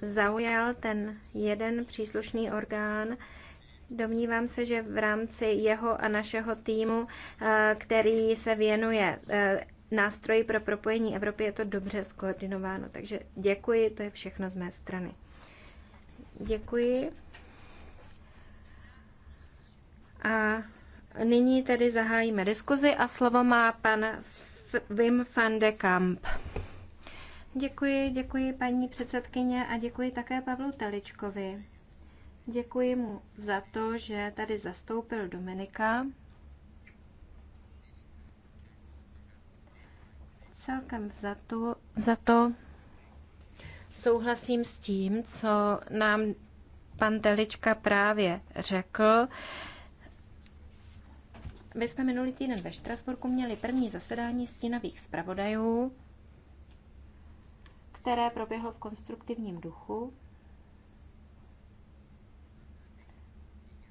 zaujal ten jeden příslušný orgán. Domnívám se, že v rámci jeho a našeho týmu, eh, který se věnuje eh, nástroji pro propojení Evropy, je to dobře skoordinováno. Takže děkuji, to je všechno z mé strany. Děkuji. A nyní tedy zahájíme diskuzi a slovo má pan Wim van de Kamp. Děkuji, děkuji paní předsedkyně a děkuji také Pavlu Teličkovi. Děkuji mu za to, že tady zastoupil Dominika. Celkem za to, za to souhlasím s tím, co nám pan Telička právě řekl my jsme minulý týden ve Štrasburku měli první zasedání stínových zpravodajů, které proběhlo v konstruktivním duchu.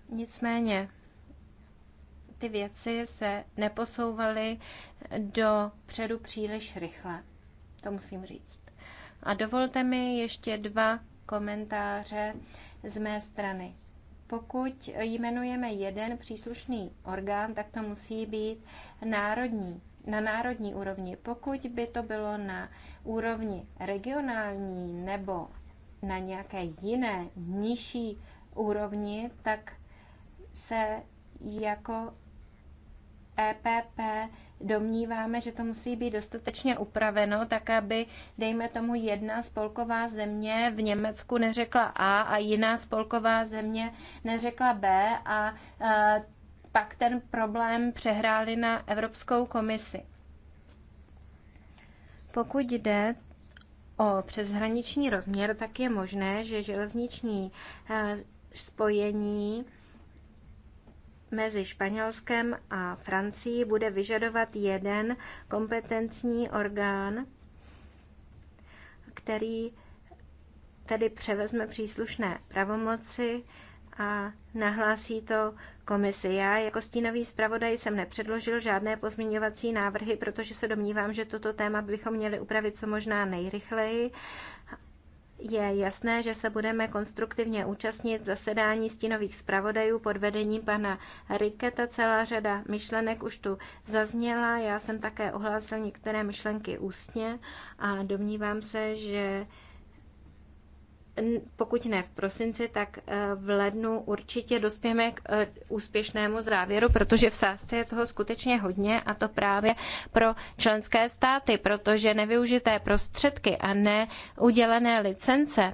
Nicméně ty věci se neposouvaly do předu příliš rychle. To musím říct. A dovolte mi ještě dva komentáře z mé strany. Pokud jmenujeme jeden příslušný orgán, tak to musí být národní, na národní úrovni. Pokud by to bylo na úrovni regionální nebo na nějaké jiné nižší úrovni, tak se jako EPP domníváme, že to musí být dostatečně upraveno, tak aby, dejme tomu, jedna spolková země v Německu neřekla A a jiná spolková země neřekla B a, a e, pak ten problém přehráli na Evropskou komisi. Pokud jde o přeshraniční rozměr, tak je možné, že železniční e, spojení mezi Španělskem a Francií bude vyžadovat jeden kompetentní orgán, který tedy převezme příslušné pravomoci a nahlásí to komisi. Já jako stínový zpravodaj jsem nepředložil žádné pozměňovací návrhy, protože se domnívám, že toto téma bychom měli upravit co možná nejrychleji je jasné, že se budeme konstruktivně účastnit zasedání stínových zpravodajů pod vedením pana Riketa. Celá řada myšlenek už tu zazněla. Já jsem také ohlásil některé myšlenky ústně a domnívám se, že pokud ne v prosinci, tak eh, v lednu určitě dospějeme k eh, úspěšnému závěru, protože v sázce je toho skutečně hodně a to právě pro členské státy, protože nevyužité prostředky a neudělené licence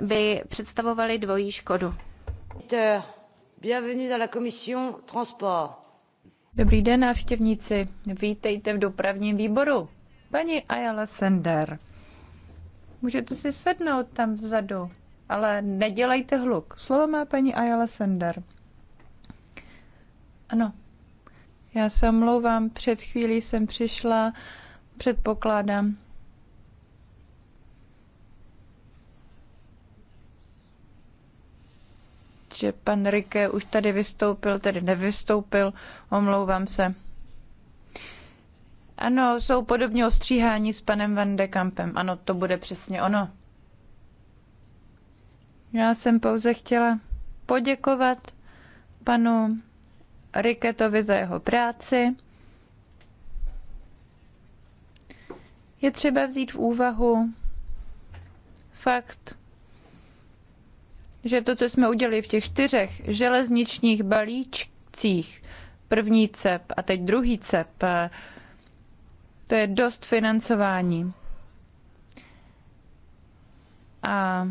by představovaly dvojí škodu. Dobrý den, návštěvníci. Vítejte v dopravním výboru. Paní Ayala Sender. Můžete si sednout tam vzadu, ale nedělejte hluk. Slovo má paní Ayala Sender. Ano, já se omlouvám, před chvílí jsem přišla, předpokládám. že pan Rike už tady vystoupil, tedy nevystoupil, omlouvám se. Ano, jsou podobně ostříháni s panem Van de Kampem. Ano, to bude přesně ono. Já jsem pouze chtěla poděkovat panu Riketovi za jeho práci. Je třeba vzít v úvahu fakt, že to, co jsme udělali v těch čtyřech železničních balíčcích, první cep a teď druhý cep, to je dost financování. A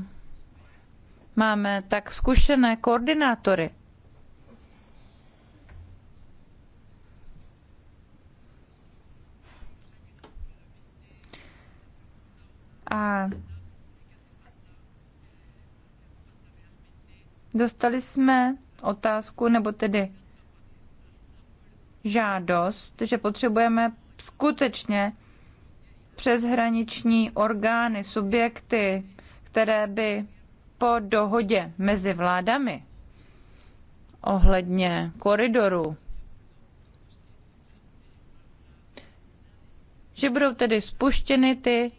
máme tak zkušené koordinátory. A dostali jsme otázku, nebo tedy žádost, že potřebujeme skutečně přeshraniční orgány, subjekty, které by po dohodě mezi vládami ohledně koridoru, že budou tedy spuštěny ty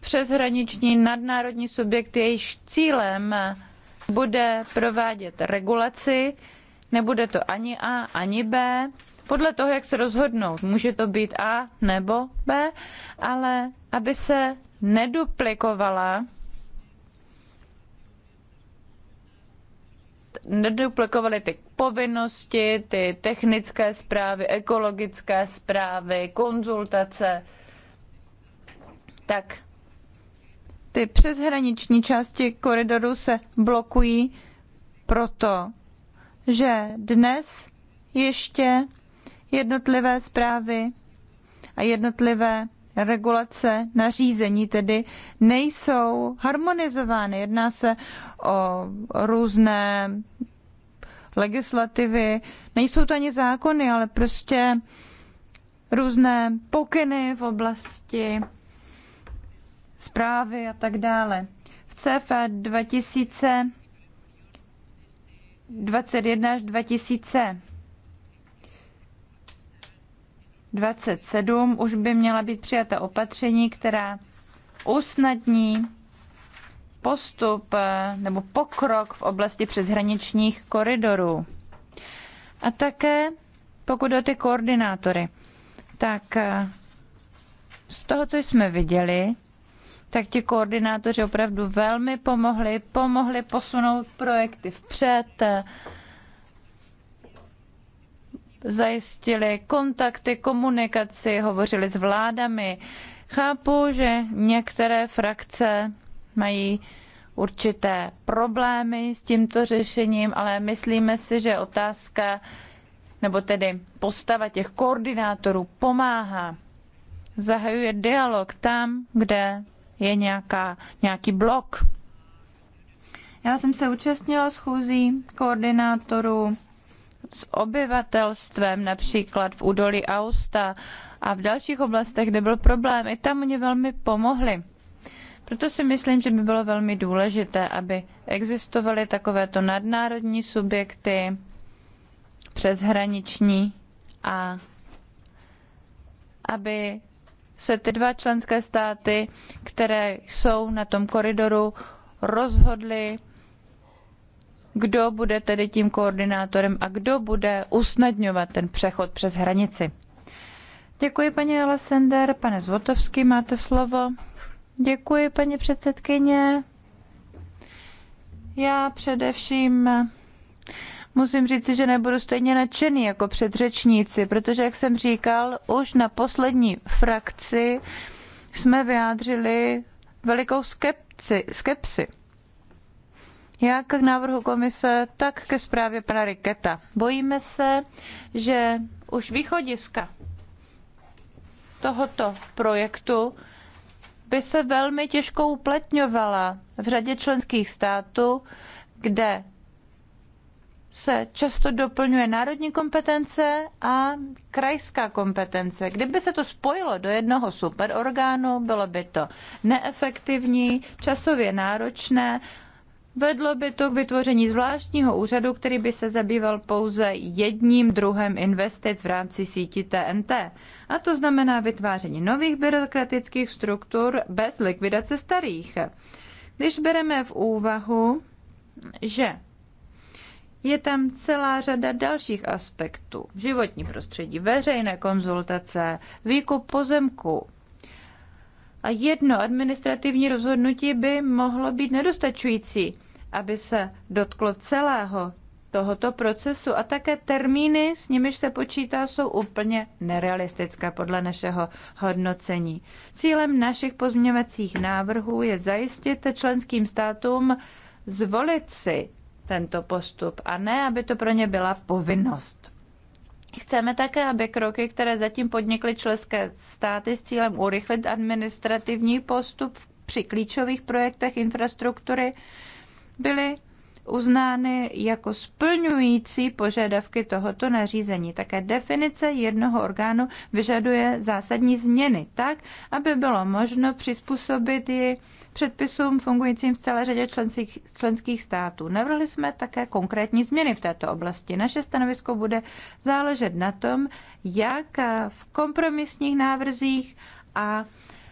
přeshraniční nadnárodní subjekty, jejichž cílem bude provádět regulaci, nebude to ani A, ani B, podle toho, jak se rozhodnou. Může to být A nebo B, ale aby se neduplikovala neduplikovaly ty povinnosti, ty technické zprávy, ekologické zprávy, konzultace, tak ty přeshraniční části koridoru se blokují proto, že dnes ještě jednotlivé zprávy a jednotlivé regulace, nařízení tedy nejsou harmonizovány. Jedná se o různé legislativy, nejsou to ani zákony, ale prostě různé pokyny v oblasti zprávy a tak dále. V CF 2021 až 2000 27 už by měla být přijata opatření, která usnadní postup eh, nebo pokrok v oblasti přeshraničních koridorů. A také pokud o ty koordinátory, tak eh, z toho, co jsme viděli, tak ti koordinátoři opravdu velmi pomohli, pomohli posunout projekty vpřed, eh, zajistili kontakty, komunikaci, hovořili s vládami. Chápu, že některé frakce mají určité problémy s tímto řešením, ale myslíme si, že otázka nebo tedy postava těch koordinátorů pomáhá. Zahajuje dialog tam, kde je nějaká, nějaký blok. Já jsem se účastnila schůzí koordinátorů s obyvatelstvem, například v údolí Austa a v dalších oblastech, kde byl problém. I tam mě velmi pomohli. Proto si myslím, že by bylo velmi důležité, aby existovaly takovéto nadnárodní subjekty, přeshraniční a aby se ty dva členské státy, které jsou na tom koridoru, rozhodly kdo bude tedy tím koordinátorem a kdo bude usnadňovat ten přechod přes hranici. Děkuji, paní Alessander. Pane Zvotovský, máte slovo. Děkuji, paní předsedkyně. Já především musím říci, že nebudu stejně nadšený jako předřečníci, protože, jak jsem říkal, už na poslední frakci jsme vyjádřili velikou skepci, skepsi jak k návrhu komise, tak ke zprávě pana Riketa. Bojíme se, že už východiska tohoto projektu by se velmi těžko upletňovala v řadě členských států, kde se často doplňuje národní kompetence a krajská kompetence. Kdyby se to spojilo do jednoho superorgánu, bylo by to neefektivní, časově náročné Vedlo by to k vytvoření zvláštního úřadu, který by se zabýval pouze jedním druhem investic v rámci síti TNT. A to znamená vytváření nových byrokratických struktur bez likvidace starých. Když bereme v úvahu, že je tam celá řada dalších aspektů. Životní prostředí, veřejné konzultace, výkup pozemku, a jedno administrativní rozhodnutí by mohlo být nedostačující, aby se dotklo celého tohoto procesu a také termíny, s nimiž se počítá, jsou úplně nerealistické podle našeho hodnocení. Cílem našich pozměňovacích návrhů je zajistit členským státům zvolit si tento postup a ne, aby to pro ně byla povinnost. Chceme také, aby kroky, které zatím podnikly členské státy s cílem urychlit administrativní postup při klíčových projektech infrastruktury, byly uznány jako splňující požadavky tohoto nařízení. Také definice jednoho orgánu vyžaduje zásadní změny tak, aby bylo možno přizpůsobit ji předpisům fungujícím v celé řadě členských, členských států. Navrhli jsme také konkrétní změny v této oblasti. Naše stanovisko bude záležet na tom, jak v kompromisních návrzích a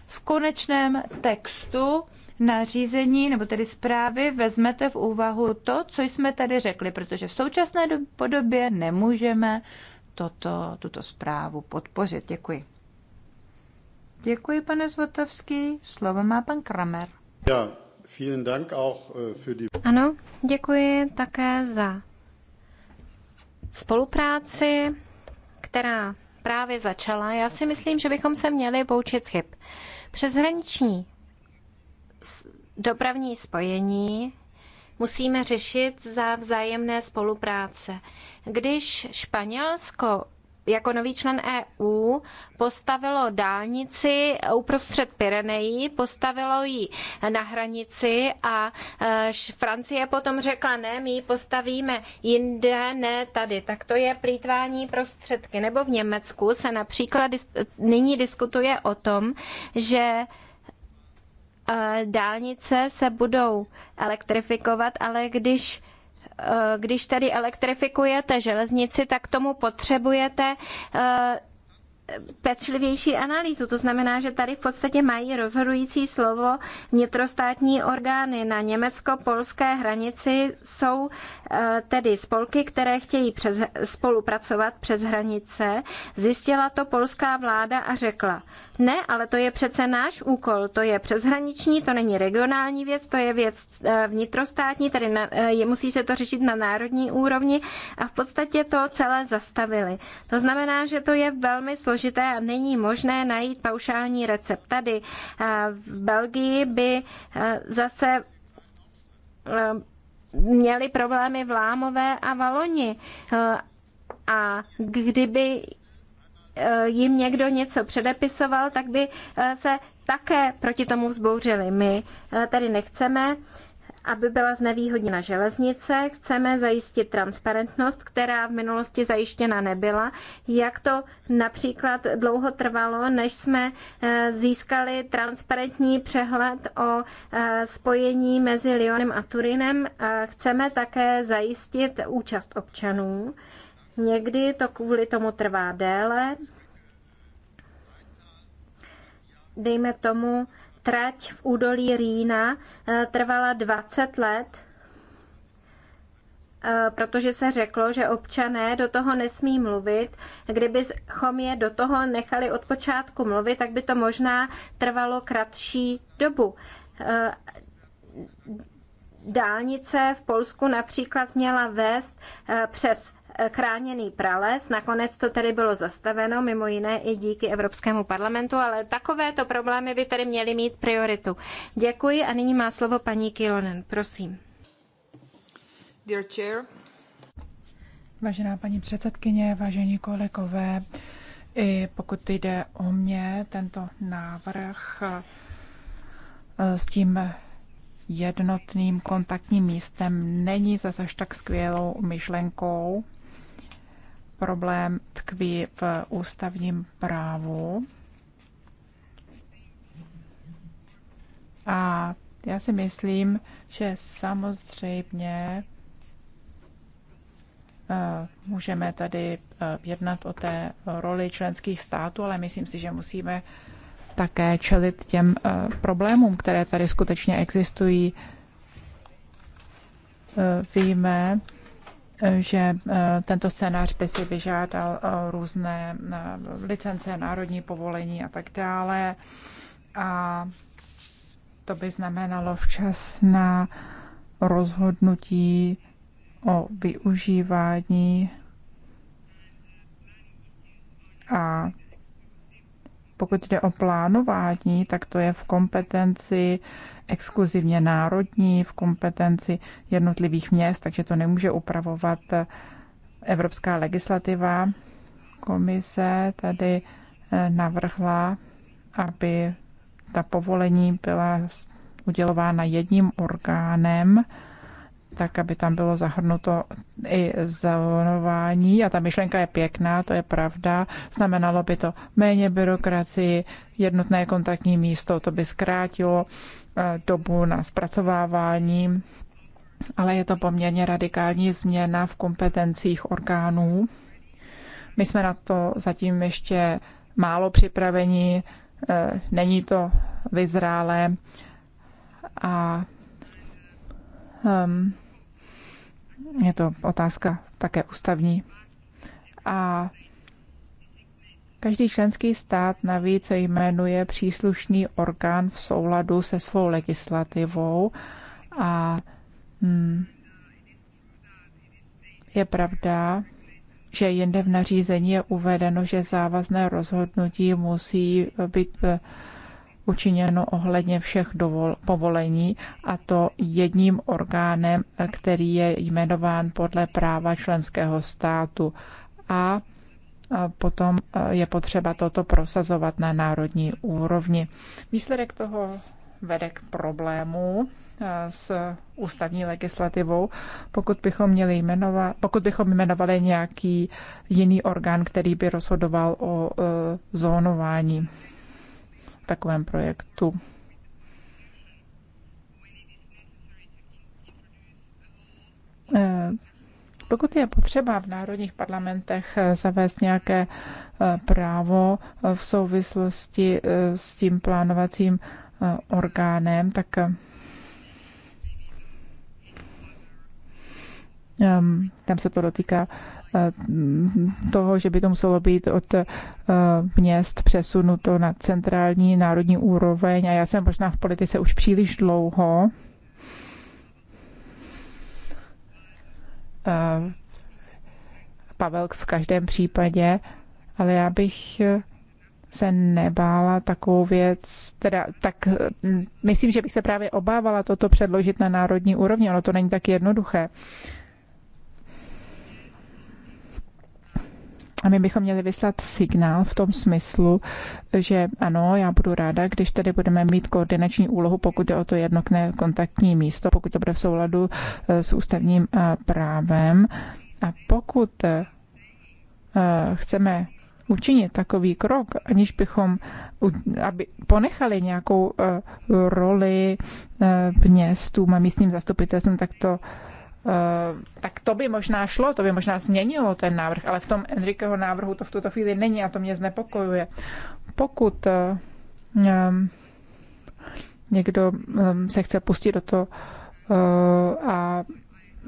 v konečném textu nařízení nebo tedy zprávy vezmete v úvahu to, co jsme tady řekli, protože v současné podobě nemůžeme toto, tuto zprávu podpořit. Děkuji. Děkuji, pane Zvotovský. Slovo má pan Kramer. Ja, vielen Dank auch äh, für die... Ano, děkuji také za spolupráci, která právě začala. Já si myslím, že bychom se měli poučit chyb. Přeshraniční dopravní spojení musíme řešit za vzájemné spolupráce. Když Španělsko jako nový člen EU postavilo dálnici uprostřed Pyrenejí, postavilo ji na hranici a e, Francie potom řekla, ne, my ji postavíme jinde, ne tady. Tak to je plítvání prostředky. Nebo v Německu se například nyní diskutuje o tom, že dálnice se budou elektrifikovat, ale když eh, když tady elektrifikujete železnici, tak tomu potřebujete eh, pečlivější analýzu. To znamená, že tady v podstatě mají rozhodující slovo vnitrostátní orgány. Na německo-polské hranici jsou eh, tedy spolky, které chtějí přes, spolupracovat přes hranice. Zjistila to polská vláda a řekla, ne, ale to je přece náš úkol. To je přeshraniční, to není regionální věc, to je věc eh, vnitrostátní, tedy na, eh, je, musí se to řešit na národní úrovni a v podstatě to celé zastavili. To znamená, že to je velmi složité a není možné najít paušální recept. Tady eh, v Belgii by zase měli problémy v Lámové a Valoni. A kdyby Eh, jim někdo něco předepisoval, tak by eh, se také proti tomu vzbouřili. My eh, tady nechceme, aby byla znevýhodněna železnice, chceme zajistit transparentnost, která v minulosti zajištěna nebyla. Jak to například dlouho trvalo, než jsme získali transparentní přehled o spojení mezi Lyonem a Turinem. Chceme také zajistit účast občanů. Někdy to kvůli tomu trvá déle. Dejme tomu, trať v údolí Rýna eh, trvala 20 let, eh, protože se řeklo, že občané do toho nesmí mluvit. Kdybychom je do toho nechali od počátku mluvit, tak by to možná trvalo kratší dobu. Eh, dálnice v Polsku například měla vést přes Eh, chráněný prales. Nakonec to tedy bylo zastaveno, mimo jiné i díky Evropskému parlamentu, ale takovéto problémy by tedy měly mít prioritu. Děkuji a nyní má slovo paní Kilonen. Prosím. Dear chair. Vážená paní předsedkyně, vážení kolegové, i pokud jde o mě, tento návrh eh, s tím jednotným kontaktním místem není zase až tak skvělou myšlenkou problém tkví v ústavním právu. A já si myslím, že samozřejmě eh, můžeme tady eh, jednat o té roli členských států, ale myslím si, že musíme také čelit těm eh, problémům, které tady skutečně existují. Víme, že eh, tento scénář by si vyžádal eh, různé eh, licence, národní povolení a tak dále. A to by znamenalo včas na rozhodnutí o využívání a pokud jde o plánování, tak to je v kompetenci exkluzivně národní, v kompetenci jednotlivých měst, takže to nemůže upravovat evropská legislativa. Komise tady eh, navrhla, aby ta povolení byla udělována jedním orgánem, tak aby tam bylo zahrnuto i zavonování. A ta myšlenka je pěkná, to je pravda. Znamenalo by to méně byrokracii, jednotné kontaktní místo, to by zkrátilo eh, dobu na zpracovávání, ale je to poměrně radikální změna v kompetencích orgánů. My jsme na to zatím ještě málo připraveni, eh, není to vyzrálé a um, je to otázka také ústavní. A každý členský stát navíc jmenuje příslušný orgán v souladu se svou legislativou a hmm, je pravda, že jinde v nařízení je uvedeno, že závazné rozhodnutí musí být eh, učiněno ohledně všech dovol, povolení, a to jedním orgánem, který je jmenován podle práva členského státu. A potom je potřeba toto prosazovat na národní úrovni. Výsledek toho vede k problému s ústavní legislativou, pokud bychom, měli jmenovat, pokud bychom jmenovali nějaký jiný orgán, který by rozhodoval o e, zónování takovém projektu. Eh, pokud je potřeba v národních parlamentech eh, zavést nějaké eh, právo v souvislosti s tím plánovacím orgánem, tak ehm, tam se to dotýká Eh, toho, že by to muselo být od eh, měst přesunuto na centrální národní úroveň a já jsem možná v politice už příliš dlouho. Eh, Pavel v každém případě, ale já bych se nebála takovou věc, teda tak hm, myslím, že bych se právě obávala toto předložit na národní úrovni, ono to není tak jednoduché. Uh, A my bychom měli vyslat signál v tom smyslu, že ano, já budu ráda, když tady budeme mít koordinační úlohu, pokud je o to jednotné kontaktní místo, pokud to bude v souladu eh, s ústavním eh, právem. A pokud eh, chceme učinit takový krok, aniž bychom aby ponechali nějakou roli městům a místním zastupitelstvům, tak to Eh, tak to by možná šlo, to by možná změnilo ten návrh, ale v tom Enriqueho návrhu to v tuto chvíli není a to mě znepokojuje. Pokud eh, někdo se chce pustit do toho eh, a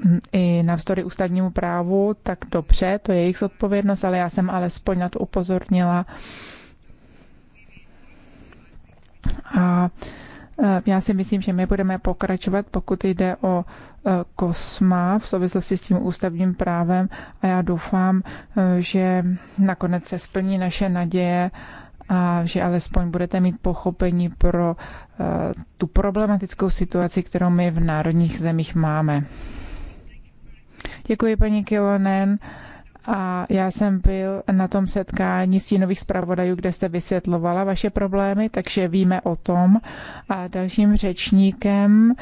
hm, i navzdory ústavnímu právu, tak dobře, to je jejich zodpovědnost, ale já jsem alespoň na to upozornila. A já si myslím, že my budeme pokračovat, pokud jde o Kosma v souvislosti s tím ústavním právem a já doufám, eh, že nakonec se splní naše naděje a že alespoň budete mít pochopení pro eh, tu problematickou situaci, kterou my v národních zemích máme. Děkuji, paní Kilonen. A já jsem byl na tom setkání stínových zpravodajů, kde jste vysvětlovala vaše problémy, takže víme o tom. A dalším řečníkem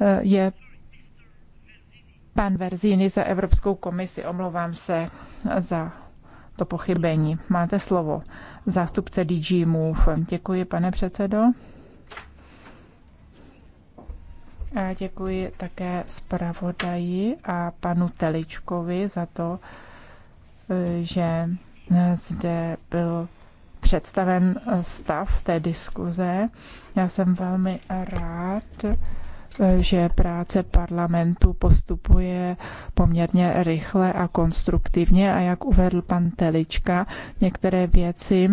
eh, je Pan Verzíny za Evropskou komisi, omlouvám se za to pochybení. Máte slovo. Zástupce DG Move. Děkuji, pane předsedo. A děkuji také zpravodaji a panu Teličkovi za to, že zde byl představen stav té diskuze. Já jsem velmi rád, že práce parlamentu postupuje poměrně rychle a konstruktivně a jak uvedl pan Telička, některé věci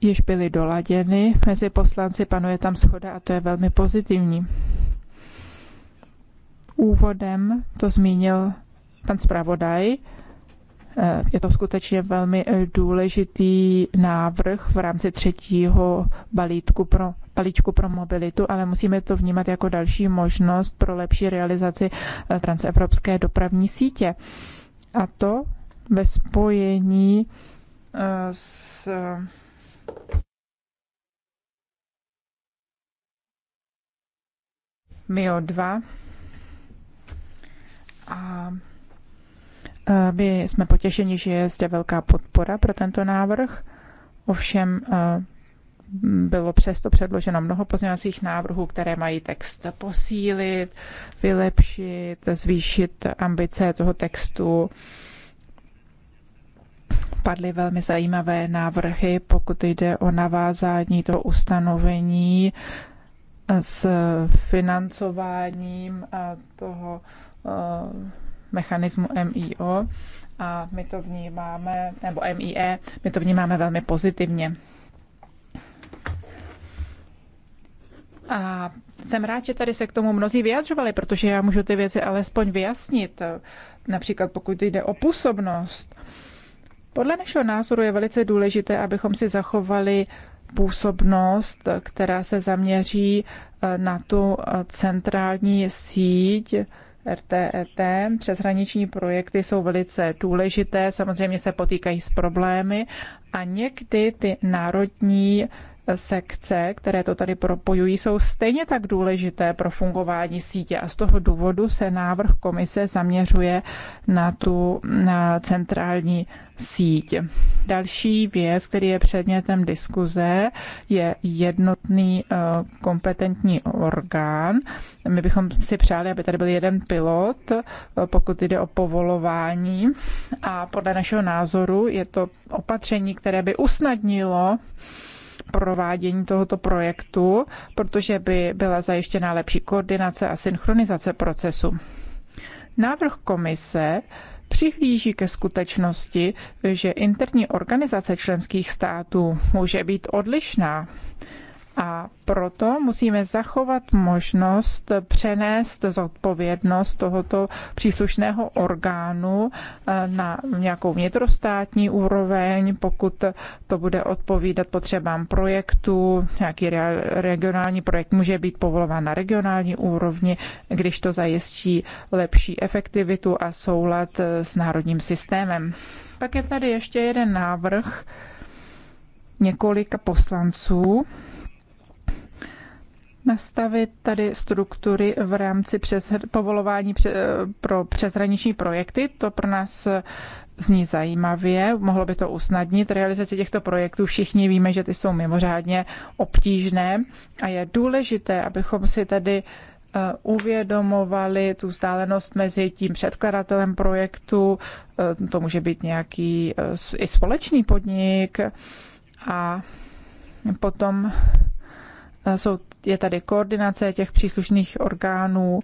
již byly doladěny. Mezi poslanci panuje tam schoda a to je velmi pozitivní. Úvodem to zmínil pan zpravodaj Eh, je to skutečně velmi eh, důležitý návrh v rámci třetího balíčku pro, balíčku pro mobilitu, ale musíme to vnímat jako další možnost pro lepší realizaci eh, transevropské dopravní sítě. A to ve spojení s MIO 2 a Eh, my jsme potěšeni, že je zde velká podpora pro tento návrh, ovšem eh, bylo přesto předloženo mnoho pozměňovacích návrhů, které mají text posílit, vylepšit, zvýšit ambice toho textu. Padly velmi zajímavé návrhy, pokud jde o navázání toho ustanovení eh, s financováním toho mechanismu MIO a my to vnímáme, nebo MIE, my to vnímáme velmi pozitivně. A jsem rád, že tady se k tomu mnozí vyjadřovali, protože já můžu ty věci alespoň vyjasnit, například pokud jde o působnost. Podle našeho názoru je velice důležité, abychom si zachovali působnost, která se zaměří eh, na tu eh, centrální síť, RTET. E Přeshraniční projekty jsou velice důležité, samozřejmě se potýkají s problémy a někdy ty národní sekce, které to tady propojují, jsou stejně tak důležité pro fungování sítě a z toho důvodu se návrh komise zaměřuje na tu na centrální síť. Další věc, který je předmětem diskuze, je jednotný eh, kompetentní orgán. My bychom si přáli, aby tady byl jeden pilot, eh, pokud jde o povolování a podle našeho názoru je to opatření, které by usnadnilo provádění tohoto projektu, protože by byla zajištěna lepší koordinace a synchronizace procesu. Návrh komise přihlíží ke skutečnosti, že interní organizace členských států může být odlišná a proto musíme zachovat možnost přenést zodpovědnost tohoto příslušného orgánu eh, na nějakou vnitrostátní úroveň, pokud to bude odpovídat potřebám projektu. Nějaký regionální projekt může být povolován na regionální úrovni, když to zajistí lepší efektivitu a soulad eh, s národním systémem. Pak je tady ještě jeden návrh několika poslanců, nastavit tady struktury v rámci přes, povolování pře, pro přeshraniční projekty. To pro nás zní zajímavě, mohlo by to usnadnit realizaci těchto projektů. Všichni víme, že ty jsou mimořádně obtížné a je důležité, abychom si tedy eh, uvědomovali tu stálenost mezi tím předkladatelem projektu, eh, to může být nějaký eh, i společný podnik a potom Eh, jsou, je tady koordinace těch příslušných orgánů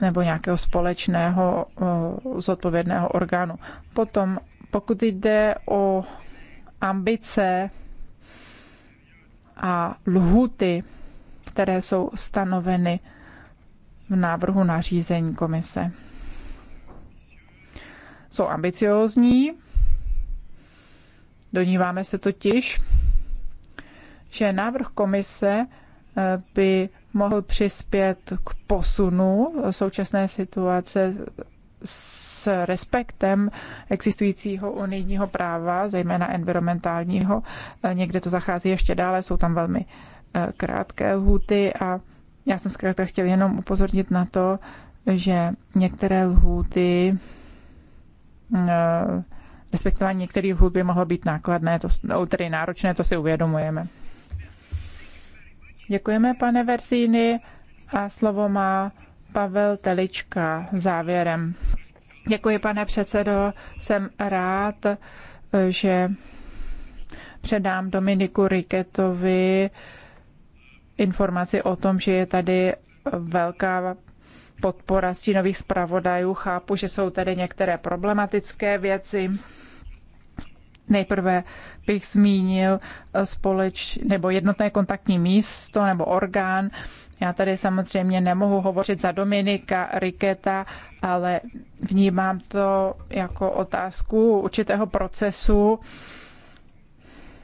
nebo nějakého společného eh, zodpovědného orgánu. Potom, pokud jde o ambice a lhuty, které jsou stanoveny v návrhu nařízení komise. Jsou ambiciózní, doníváme se totiž, že návrh komise eh, by mohl přispět k posunu současné situace s respektem existujícího unijního práva, zejména environmentálního. Eh, někde to zachází ještě dále, jsou tam velmi eh, krátké lhůty a já jsem zkrátka chtěl jenom upozornit na to, že některé lhůty, respektování některých lhůt by mohlo být nákladné, to, tedy náročné, to si uvědomujeme. Děkujeme, pane Verzíny, a slovo má Pavel Telička závěrem. Děkuji, pane předsedo. Jsem rád, že předám Dominiku Riketovi informaci o tom, že je tady velká podpora stínových zpravodajů. Chápu, že jsou tady některé problematické věci, Nejprve bych zmínil eh, společ nebo jednotné kontaktní místo nebo orgán. Já tady samozřejmě nemohu hovořit za Dominika Riketa, ale vnímám to jako otázku určitého procesu.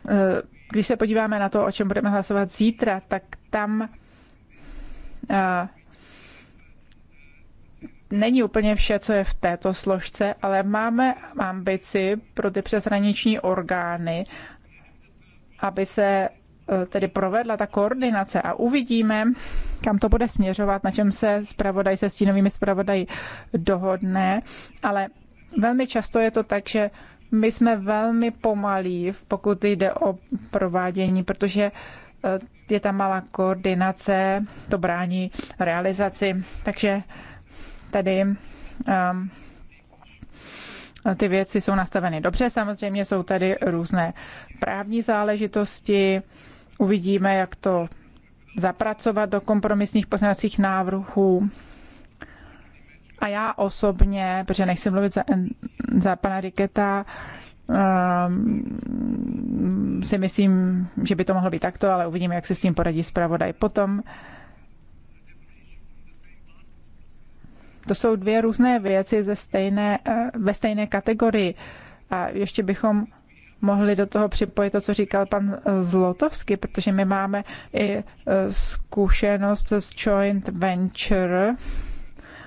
Eh, když se podíváme na to, o čem budeme hlasovat zítra, tak tam eh, není úplně vše, co je v této složce, ale máme ambici pro ty přeshraniční orgány, aby se eh, tedy provedla ta koordinace a uvidíme, kam to bude směřovat, na čem se zpravodaj se stínovými zpravodaji dohodne, ale velmi často je to tak, že my jsme velmi pomalí, pokud jde o provádění, protože eh, je tam malá koordinace, to brání realizaci, takže tedy um, ty věci jsou nastaveny dobře. Samozřejmě jsou tady různé právní záležitosti. Uvidíme, jak to zapracovat do kompromisních poznacích návrhů. A já osobně, protože nechci mluvit za, za pana Riketa, um, si myslím, že by to mohlo být takto, ale uvidíme, jak se s tím poradí zpravodaj potom. Uh, To jsou dvě různé věci ze stejné, eh, ve stejné kategorii. A ještě bychom mohli do toho připojit to, co říkal pan eh, Zlotovský, protože my máme i eh, zkušenost s joint venture,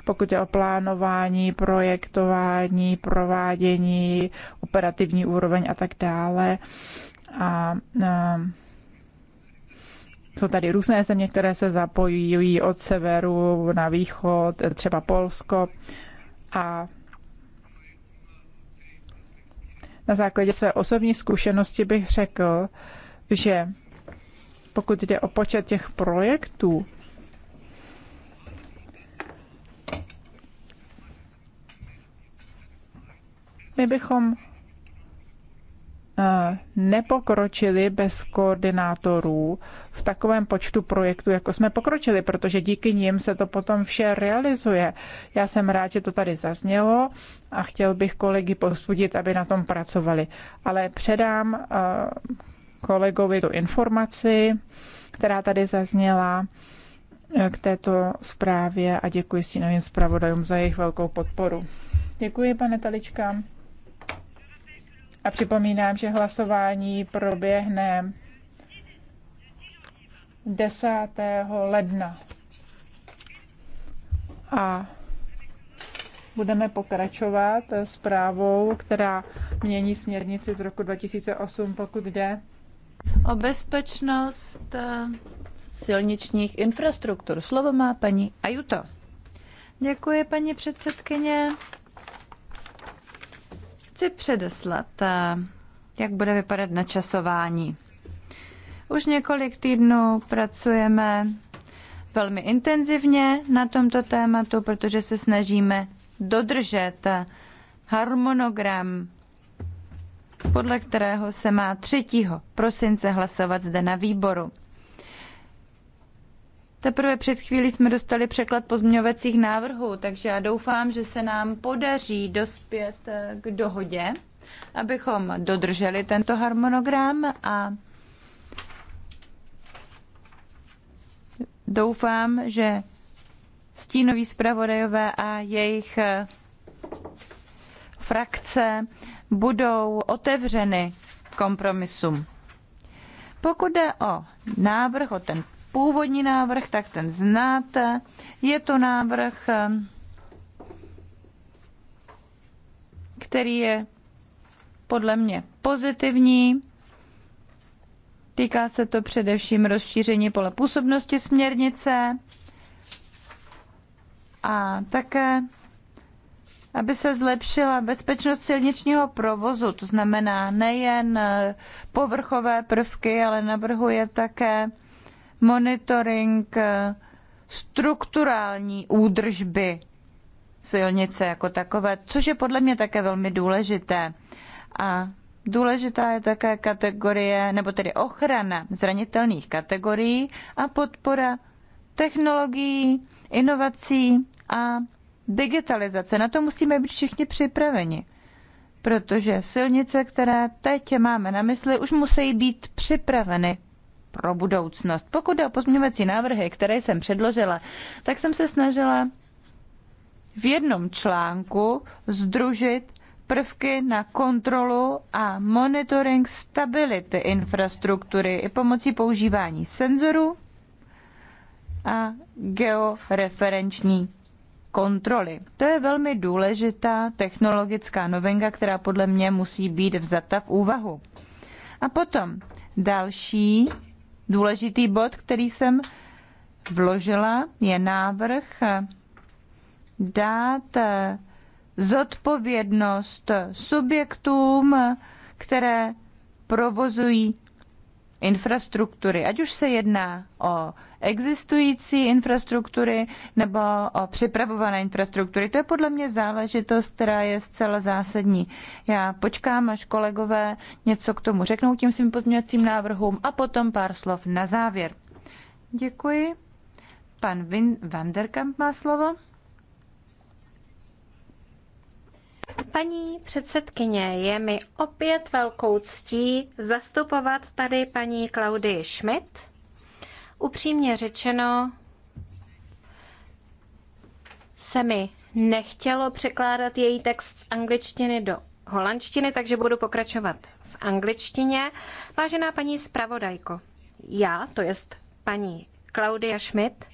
pokud je o plánování, projektování, provádění, operativní úroveň a tak dále. A, a jsou tady různé země, které se zapojují od severu na východ, třeba Polsko. A na základě své osobní zkušenosti bych řekl, že pokud jde o počet těch projektů, my bychom Eh, nepokročili bez koordinátorů v takovém počtu projektů, jako jsme pokročili, protože díky nim se to potom vše realizuje. Já jsem rád, že to tady zaznělo a chtěl bych kolegy postudit, aby na tom pracovali. Ale předám eh, kolegovi tu informaci, která tady zazněla eh, k této zprávě a děkuji si novým zpravodajům za jejich velkou podporu. Děkuji, pane Talička. A připomínám, že hlasování proběhne 10. ledna. A budeme pokračovat s právou, která mění směrnici z roku 2008, pokud jde o bezpečnost eh, silničních infrastruktur. Slovo má paní Ajuto. Děkuji, paní předsedkyně. Chci předeslat, eh, jak bude vypadat načasování. Už několik týdnů pracujeme velmi intenzivně na tomto tématu, protože se snažíme dodržet harmonogram, podle kterého se má 3. prosince hlasovat zde na výboru. Teprve před chvílí jsme dostali překlad pozměňovacích návrhů, takže já doufám, že se nám podaří dospět eh, k dohodě, abychom dodrželi tento harmonogram a doufám, že stínoví zpravodajové a jejich eh, frakce budou otevřeny kompromisům. Pokud jde o návrh, o ten původní návrh, tak ten znáte. Je to návrh, který je podle mě pozitivní. Týká se to především rozšíření pole působnosti směrnice a také, aby se zlepšila bezpečnost silničního provozu. To znamená nejen povrchové prvky, ale navrhuje také monitoring eh, strukturální údržby silnice jako takové, což je podle mě také velmi důležité. A důležitá je také kategorie, nebo tedy ochrana zranitelných kategorií a podpora technologií, inovací a digitalizace. Na to musíme být všichni připraveni, protože silnice, které teď máme na mysli, už musí být připraveny pro budoucnost. Pokud jde o pozměňovací návrhy, které jsem předložila, tak jsem se snažila v jednom článku združit prvky na kontrolu a monitoring stability infrastruktury i pomocí používání senzorů a georeferenční kontroly. To je velmi důležitá technologická novinka, která podle mě musí být vzata v úvahu. A potom další důležitý bod, který jsem vložila, je návrh dát zodpovědnost subjektům, které provozují infrastruktury, ať už se jedná o existující infrastruktury nebo o připravované infrastruktury. To je podle mě záležitost, která je zcela zásadní. Já počkám, až kolegové něco k tomu řeknou tím svým pozměňovacím návrhům a potom pár slov na závěr. Děkuji. Pan Vin Vanderkamp má slovo. Paní předsedkyně, je mi opět velkou ctí zastupovat tady paní Klaudii Schmidt. Upřímně řečeno, se mi nechtělo překládat její text z angličtiny do holandštiny, takže budu pokračovat v angličtině. Vážená paní zpravodajko, já, to jest paní Klaudia Schmidt,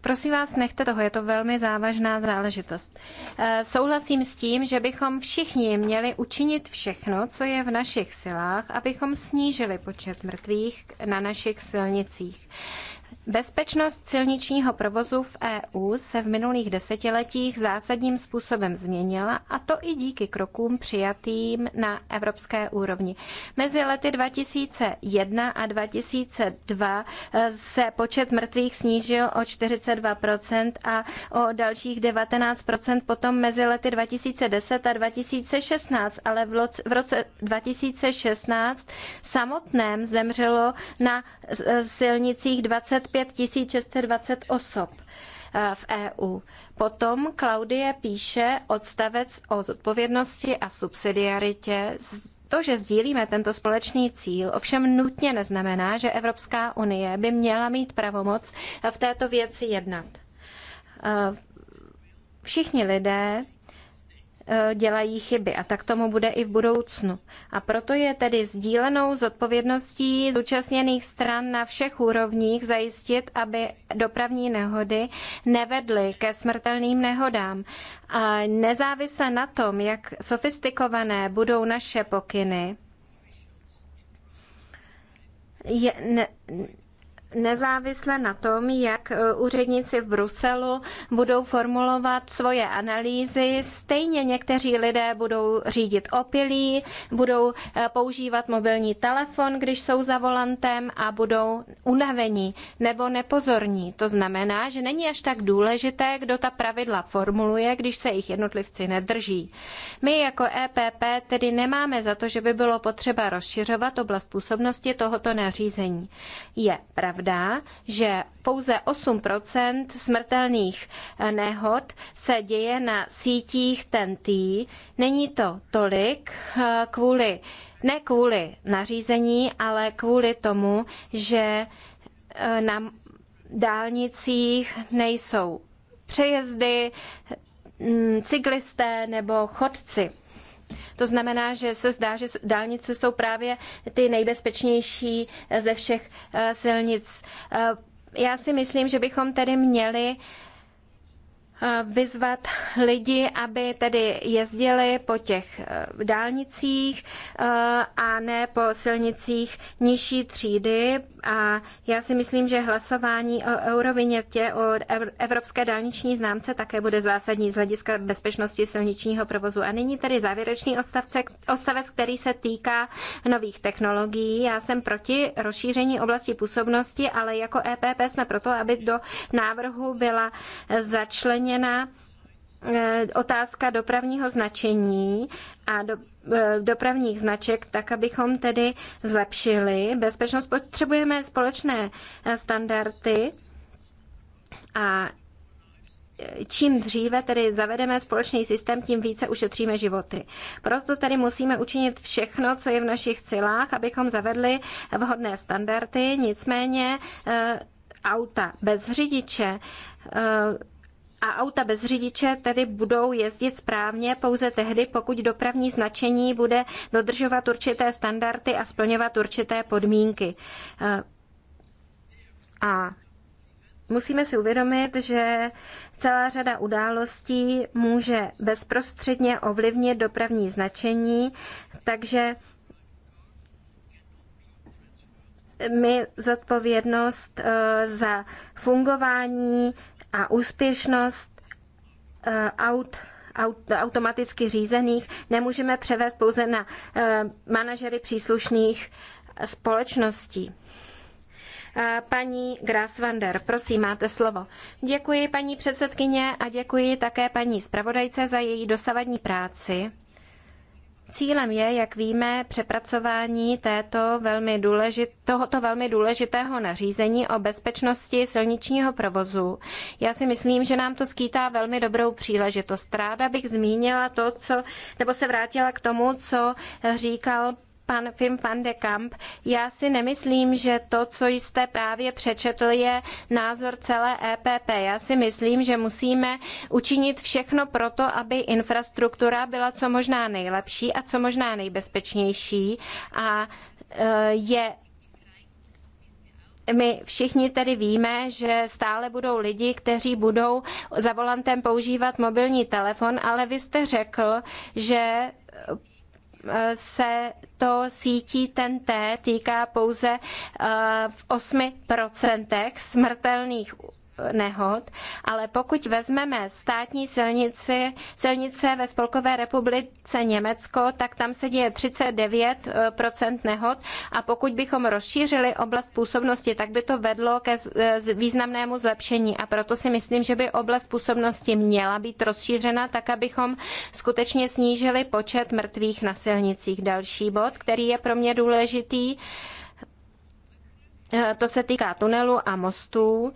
Prosím vás, nechte toho, je to velmi závažná záležitost. Eh, souhlasím s tím, že bychom všichni měli učinit všechno, co je v našich silách, abychom snížili počet mrtvých na našich silnicích. Bezpečnost silničního provozu v EU se v minulých desetiletích zásadním způsobem změnila a to i díky krokům přijatým na evropské úrovni. Mezi lety 2001 a 2002 se počet mrtvých snížil o 42% a o dalších 19% potom mezi lety 2010 a 2016, ale v roce 2016 samotném zemřelo na silnicích 25 25 620 osob eh, v EU. Potom Klaudie píše odstavec o zodpovědnosti a subsidiaritě. To, že sdílíme tento společný cíl, ovšem nutně neznamená, že Evropská unie by měla mít pravomoc v této věci jednat. Eh, všichni lidé E, dělají chyby a tak tomu bude i v budoucnu. A proto je tedy sdílenou zodpovědností zúčastněných stran na všech úrovních zajistit, aby dopravní nehody nevedly ke smrtelným nehodám. A nezávisle na tom, jak sofistikované budou naše pokyny, je, ne, nezávisle na tom, jak e, úředníci v Bruselu budou formulovat svoje analýzy, stejně někteří lidé budou řídit opilí, budou e, používat mobilní telefon, když jsou za volantem a budou unavení nebo nepozorní. To znamená, že není až tak důležité, kdo ta pravidla formuluje, když se jich jednotlivci nedrží. My jako EPP tedy nemáme za to, že by bylo potřeba rozšiřovat oblast působnosti tohoto nařízení. Je pravda, pravda, že pouze 8 smrtelných eh, nehod se děje na sítích TNT. Není to tolik eh, kvůli, ne kvůli nařízení, ale kvůli tomu, že eh, na dálnicích nejsou přejezdy, mm, cyklisté nebo chodci. To znamená, že se zdá, že dálnice jsou právě ty nejbezpečnější eh, ze všech eh, silnic. Eh, já si myslím, že bychom tedy měli vyzvat lidi, aby tedy jezdili po těch dálnicích a ne po silnicích nižší třídy, a já si myslím, že hlasování o eurovinětě, o evropské dálniční známce také bude zásadní z hlediska bezpečnosti silničního provozu. A nyní tedy závěrečný odstavce, odstavec, který se týká nových technologií. Já jsem proti rozšíření oblasti působnosti, ale jako EPP jsme proto, aby do návrhu byla začleněna e, otázka dopravního značení a do, E, dopravních značek, tak abychom tedy zlepšili bezpečnost. Potřebujeme společné e, standardy a čím dříve tedy zavedeme společný systém, tím více ušetříme životy. Proto tedy musíme učinit všechno, co je v našich silách, abychom zavedli vhodné standardy, nicméně e, auta bez řidiče a auta bez řidiče tedy budou jezdit správně pouze tehdy, pokud dopravní značení bude dodržovat určité standardy a splňovat určité podmínky. Eh, a musíme si uvědomit, že celá řada událostí může bezprostředně ovlivnit dopravní značení, takže my zodpovědnost eh, za fungování a úspěšnost eh, aut automaticky řízených nemůžeme převést pouze na eh, manažery příslušných eh, společností. Paní Grasvander, prosím, máte slovo. Děkuji paní předsedkyně a děkuji také paní zpravodajce za její dosavadní práci. Cílem je, jak víme, přepracování této velmi důležit, tohoto velmi důležitého nařízení o bezpečnosti silničního provozu. Já si myslím, že nám to skýtá velmi dobrou příležitost. Ráda bych zmínila to, co, nebo se vrátila k tomu, co říkal pan Wim van de Kamp. Já si nemyslím, že to, co jste právě přečetl, je názor celé EPP. Já si myslím, že musíme učinit všechno pro to, aby infrastruktura byla co možná nejlepší a co možná nejbezpečnější a e, je my všichni tedy víme, že stále budou lidi, kteří budou za volantem používat mobilní telefon, ale vy jste řekl, že se to sítí ten t týká pouze eh, v 8% smrtelných nehod, ale pokud vezmeme státní silnici, silnice ve Spolkové republice Německo, tak tam se děje 39 nehod a pokud bychom rozšířili oblast působnosti, tak by to vedlo ke významnému zlepšení a proto si myslím, že by oblast působnosti měla být rozšířena tak, abychom skutečně snížili počet mrtvých na silnicích. Další bod, který je pro mě důležitý, eh, to se týká tunelu a mostů.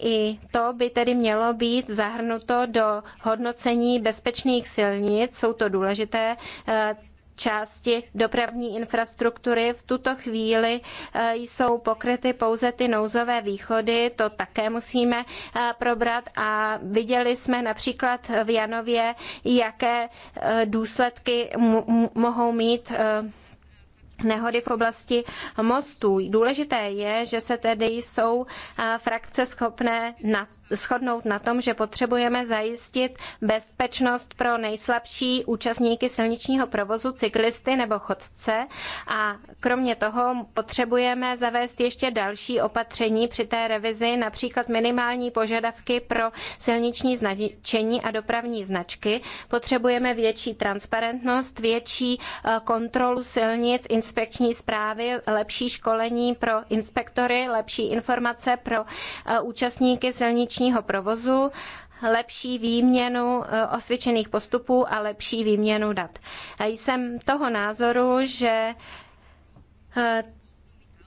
I to by tedy mělo být zahrnuto do hodnocení bezpečných silnic. Jsou to důležité eh, části dopravní infrastruktury. V tuto chvíli eh, jsou pokryty pouze ty nouzové východy, to také musíme eh, probrat a viděli jsme například v Janově, jaké důsledky mohou mít nehody v oblasti mostů. Důležité je, že se tedy jsou eh, frakce schopné na shodnout na tom, že potřebujeme zajistit bezpečnost pro nejslabší účastníky silničního provozu, cyklisty nebo chodce a kromě toho potřebujeme zavést ještě další opatření při té revizi, například minimální požadavky pro silniční značení a dopravní značky. Potřebujeme větší transparentnost, větší eh, kontrolu silnic, inspekční zprávy, lepší školení pro inspektory, lepší informace pro eh, účastníky silničního silničního provozu, lepší výměnu e, osvědčených postupů a lepší výměnu dat. Jsem toho názoru, že e,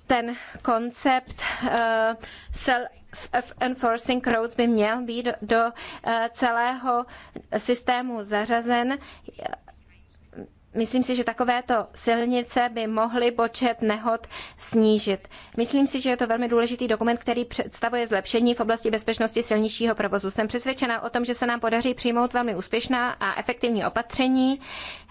ten koncept e, self-enforcing roads by měl být do celého systému zařazen. Myslím si, že takovéto silnice by mohly počet nehod snížit. Myslím si, že je to velmi důležitý dokument, který představuje zlepšení v oblasti bezpečnosti silničního provozu. Jsem přesvědčena o tom, že se nám podaří přijmout velmi úspěšná a efektivní opatření.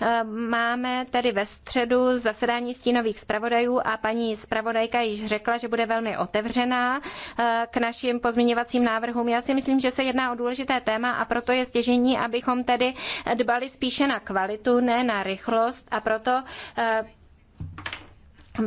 Eh, máme tedy ve středu zasedání stínových zpravodajů a paní zpravodajka již řekla, že bude velmi otevřená eh, k našim pozměňovacím návrhům. Já si myslím, že se jedná o důležité téma a proto je stěžení, abychom tedy dbali spíše na kvalitu, ne na rychlost rychlost a proto eh,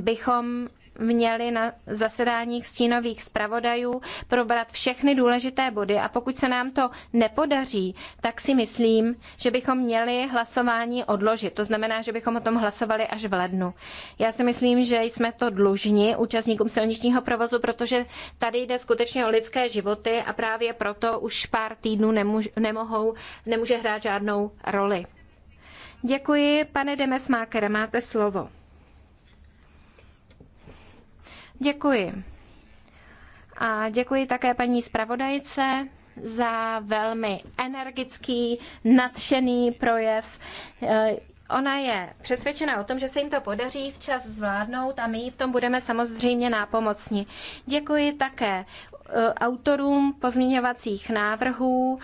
bychom měli na zasedáních stínových zpravodajů probrat všechny důležité body a pokud se nám to nepodaří, tak si myslím, že bychom měli hlasování odložit. To znamená, že bychom o tom hlasovali až v lednu. Já si myslím, že jsme to dlužni účastníkům silničního provozu, protože tady jde skutečně o lidské životy a právě proto už pár týdnů nemohou, nemůže hrát žádnou roli. Děkuji, pane Demesmákere, máte slovo. Děkuji. A děkuji také paní zpravodajce za velmi energický, nadšený projev. Eh, ona je přesvědčena o tom, že se jim to podaří včas zvládnout a my jí v tom budeme samozřejmě nápomocni. Děkuji také eh, autorům pozměňovacích návrhů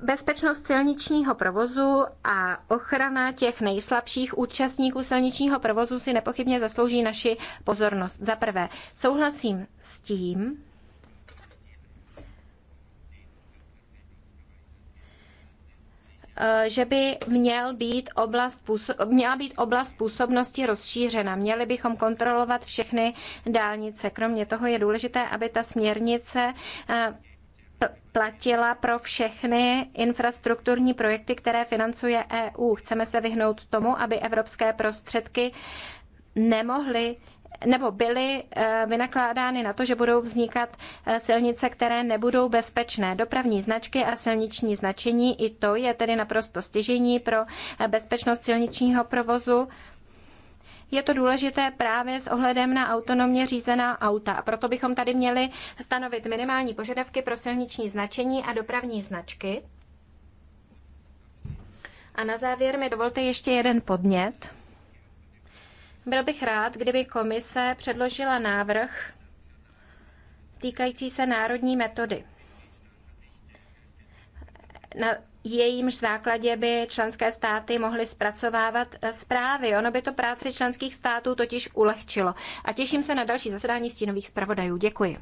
bezpečnost silničního provozu a ochrana těch nejslabších účastníků silničního provozu si nepochybně zaslouží naši pozornost. Za prvé, souhlasím s tím, eh, že by měl být oblast měla být oblast působnosti rozšířena. Měli bychom kontrolovat všechny dálnice. Kromě toho je důležité, aby ta směrnice eh, platila pro všechny infrastrukturní projekty, které financuje EU. Chceme se vyhnout tomu, aby evropské prostředky nemohly nebo byly eh, vynakládány na to, že budou vznikat eh, silnice, které nebudou bezpečné. Dopravní značky a silniční značení, i to je tedy naprosto stěžení pro eh, bezpečnost silničního provozu je to důležité právě s ohledem na autonomně řízená auta. A proto bychom tady měli stanovit minimální požadavky pro silniční značení a dopravní značky. A na závěr mi dovolte ještě jeden podnět. Byl bych rád, kdyby komise předložila návrh týkající se národní metody. Na jejímž základě by členské státy mohly zpracovávat eh, zprávy. Ono by to práci členských států totiž ulehčilo. A těším se na další zasedání stínových zpravodajů. Děkuji.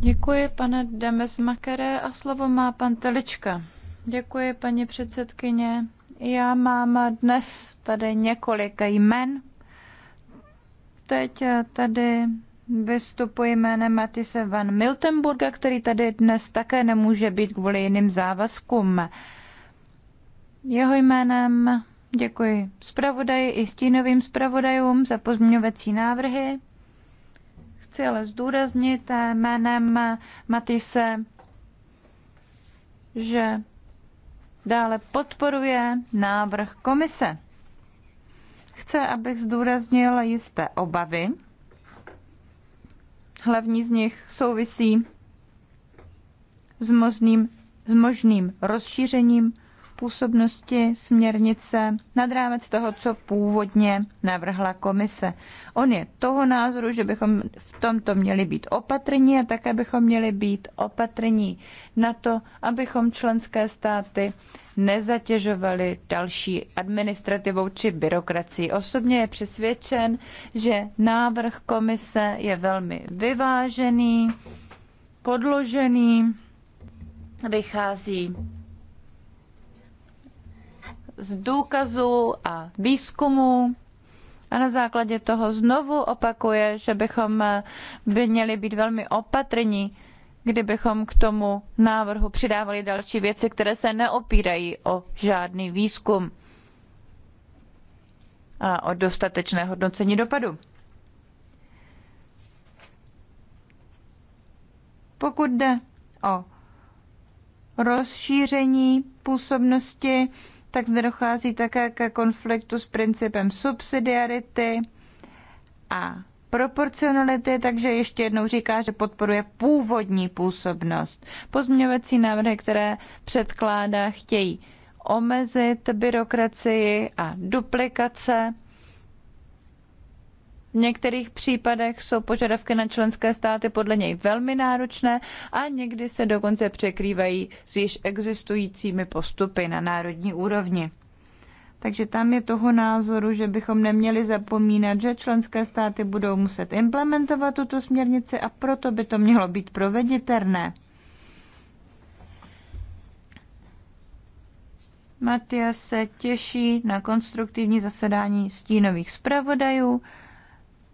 Děkuji, pane Demesmakere, a slovo má pan Telička. Děkuji, paní předsedkyně. Já mám dnes tady několik jmen. Teď eh, tady Vystupuji jménem Matise van Miltenburga, který tady dnes také nemůže být kvůli jiným závazkům. Jeho jménem děkuji zpravodaji i stínovým zpravodajům za pozměňovací návrhy. Chci ale zdůraznit jménem Matise, že dále podporuje návrh komise. Chce, abych zdůraznil jisté obavy, Hlavní z nich souvisí s možným, s možným rozšířením působnosti směrnice nad rámec toho, co původně navrhla komise. On je toho názoru, že bychom v tomto měli být opatrní a také bychom měli být opatrní na to, abychom členské státy nezatěžovali další administrativou či byrokracií. Osobně je přesvědčen, že návrh komise je velmi vyvážený, podložený, vychází z důkazů a výzkumu a na základě toho znovu opakuje, že bychom by měli být velmi opatrní kdybychom k tomu návrhu přidávali další věci, které se neopírají o žádný výzkum a o dostatečné hodnocení dopadu. Pokud jde o rozšíření působnosti, tak zde dochází také ke konfliktu s principem subsidiarity a proporcionality, takže ještě jednou říká, že podporuje původní působnost. Pozměňovací návrhy, které předkládá, chtějí omezit byrokracii a duplikace. V některých případech jsou požadavky na členské státy podle něj velmi náročné a někdy se dokonce překrývají s již existujícími postupy na národní úrovni. Takže tam je toho názoru, že bychom neměli zapomínat, že členské státy budou muset implementovat tuto směrnici a proto by to mělo být proveditelné. Matias se těší na konstruktivní zasedání stínových zpravodajů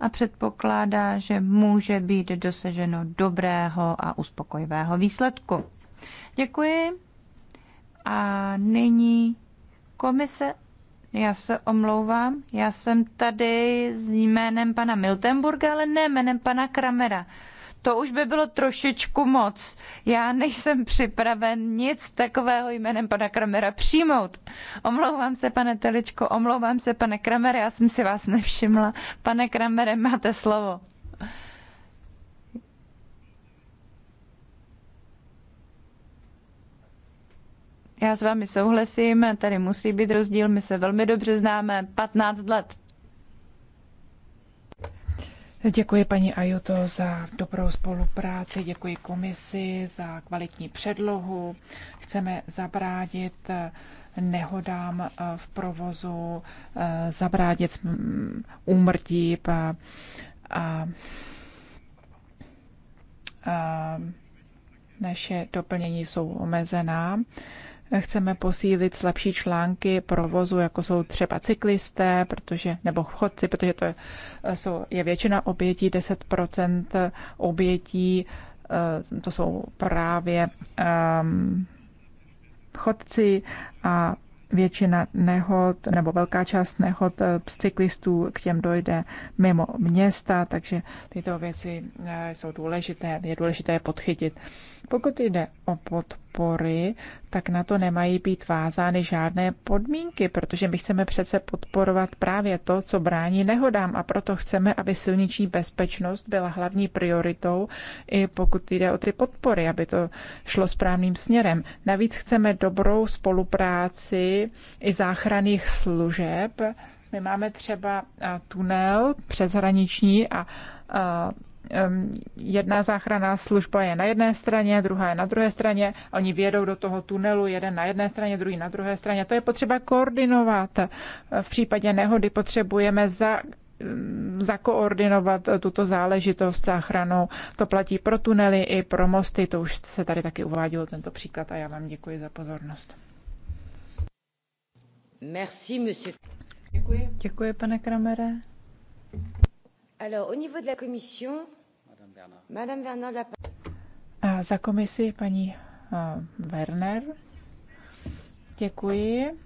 a předpokládá, že může být dosaženo dobrého a uspokojivého výsledku. Děkuji. A nyní komise já se omlouvám, já jsem tady s jménem pana Miltenburga, ale ne jménem pana Kramera. To už by bylo trošičku moc. Já nejsem připraven nic takového jménem pana Kramera přijmout. Omlouvám se, pane Teličko, omlouvám se, pane Kramere, já jsem si vás nevšimla. Pane Kramere, máte slovo. Já s vámi souhlasím, tady musí být rozdíl, my se velmi dobře známe, 15 let. Děkuji paní Ajuto za dobrou spolupráci, děkuji komisi za kvalitní předlohu. Chceme zabránit nehodám v provozu, zabránit úmrtí a, a, a naše doplnění jsou omezená. Chceme posílit slabší články provozu, jako jsou třeba cyklisté protože, nebo chodci, protože to je, jsou, je většina obětí, 10% obětí, eh, to jsou právě um, chodci a většina nehod nebo velká část nehod eh, z cyklistů k těm dojde mimo města, takže tyto věci eh, jsou důležité, je důležité je podchytit. Pokud jde o podpory, tak na to nemají být vázány žádné podmínky, protože my chceme přece podporovat právě to, co brání nehodám a proto chceme, aby silniční bezpečnost byla hlavní prioritou, i pokud jde o ty podpory, aby to šlo správným směrem. Navíc chceme dobrou spolupráci i záchranných služeb. My máme třeba tunel přeshraniční a jedna záchranná služba je na jedné straně, druhá je na druhé straně, oni vědou do toho tunelu, jeden na jedné straně, druhý na druhé straně. To je potřeba koordinovat. Eh, v případě nehody potřebujeme za mm, zakoordinovat tuto záležitost záchranou. To platí pro tunely i pro mosty, to už se tady taky uvádělo tento příklad a já vám děkuji za pozornost. Merci, monsieur. Děkuji. Děkuji, pane Kramere. Alors, au niveau de la commission, a za komisi paní eh, Werner. Děkuji.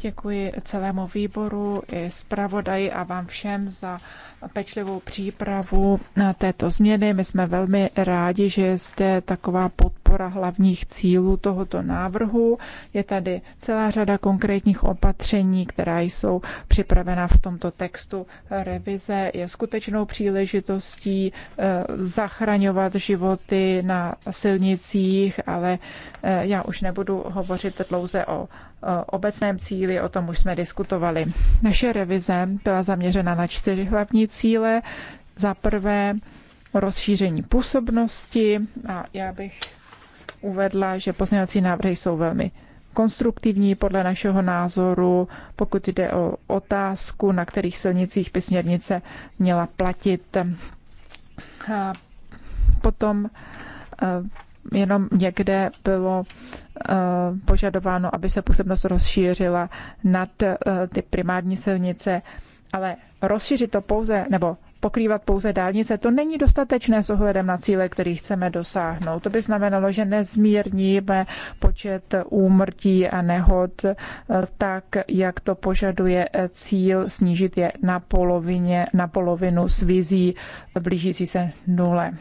Děkuji celému výboru i zpravodaji a vám všem za pečlivou přípravu této změny. My jsme velmi rádi, že je zde taková podpora hlavních cílů tohoto návrhu. Je tady celá řada konkrétních opatření, která jsou připravena v tomto textu. Revize je skutečnou příležitostí eh, zachraňovat životy na silnicích, ale eh, já už nebudu hovořit dlouze o obecném cíli, o tom už jsme diskutovali. Naše revize byla zaměřena na čtyři hlavní cíle. Za prvé rozšíření působnosti a já bych uvedla, že pozměňovací návrhy jsou velmi konstruktivní podle našeho názoru, pokud jde o otázku, na kterých silnicích by směrnice měla platit. A potom e, jenom někde bylo e, požadováno, aby se působnost rozšířila nad e, ty primární silnice ale rozšířit to pouze nebo pokrývat pouze dálnice, to není dostatečné s ohledem na cíle, který chceme dosáhnout. To by znamenalo, že nezmírníme počet úmrtí a nehod eh, tak, jak to požaduje eh, cíl snížit je na, polovině, na polovinu s vizí blížící se nule